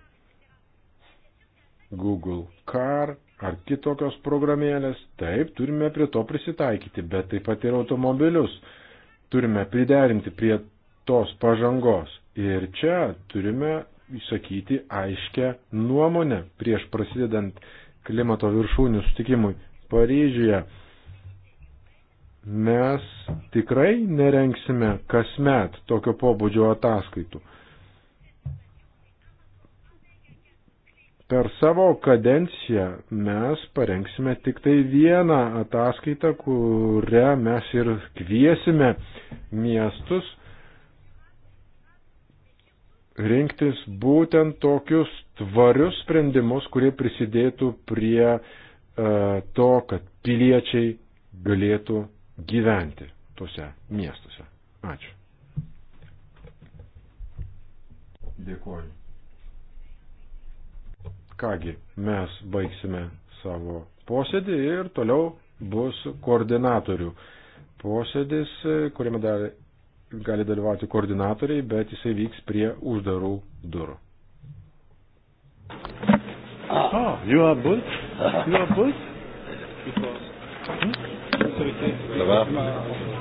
Google Car, ar kitokios programėlės. Taip, turime prie to prisitaikyti, bet taip pat ir automobilius turime priderinti prie tos pažangos. Ir čia turime įsakyti aiškę nuomonę prieš prasidedant klimato viršūnių sutikimui Paryžiuje. Mes tikrai nerenksime kasmet tokio pobūdžio ataskaitų. Per savo kadenciją mes parengsime tik tai vieną ataskaitą, kurią mes ir kviesime miestus rinktis būtent tokius tvarius sprendimus, kurie prisidėtų prie e, to, kad piliečiai galėtų gyventi tuose miestuose. Ačiū. Dėkuoju. Kągi, mes baigsime savo posėdį ir toliau bus koordinatorių posėdis, kuriame dar gali dalyvauti koordinatoriai, bet jisai vyks prie uždarų durų. Ah, oh, you are both? You are both? Because... Hmm? Ça va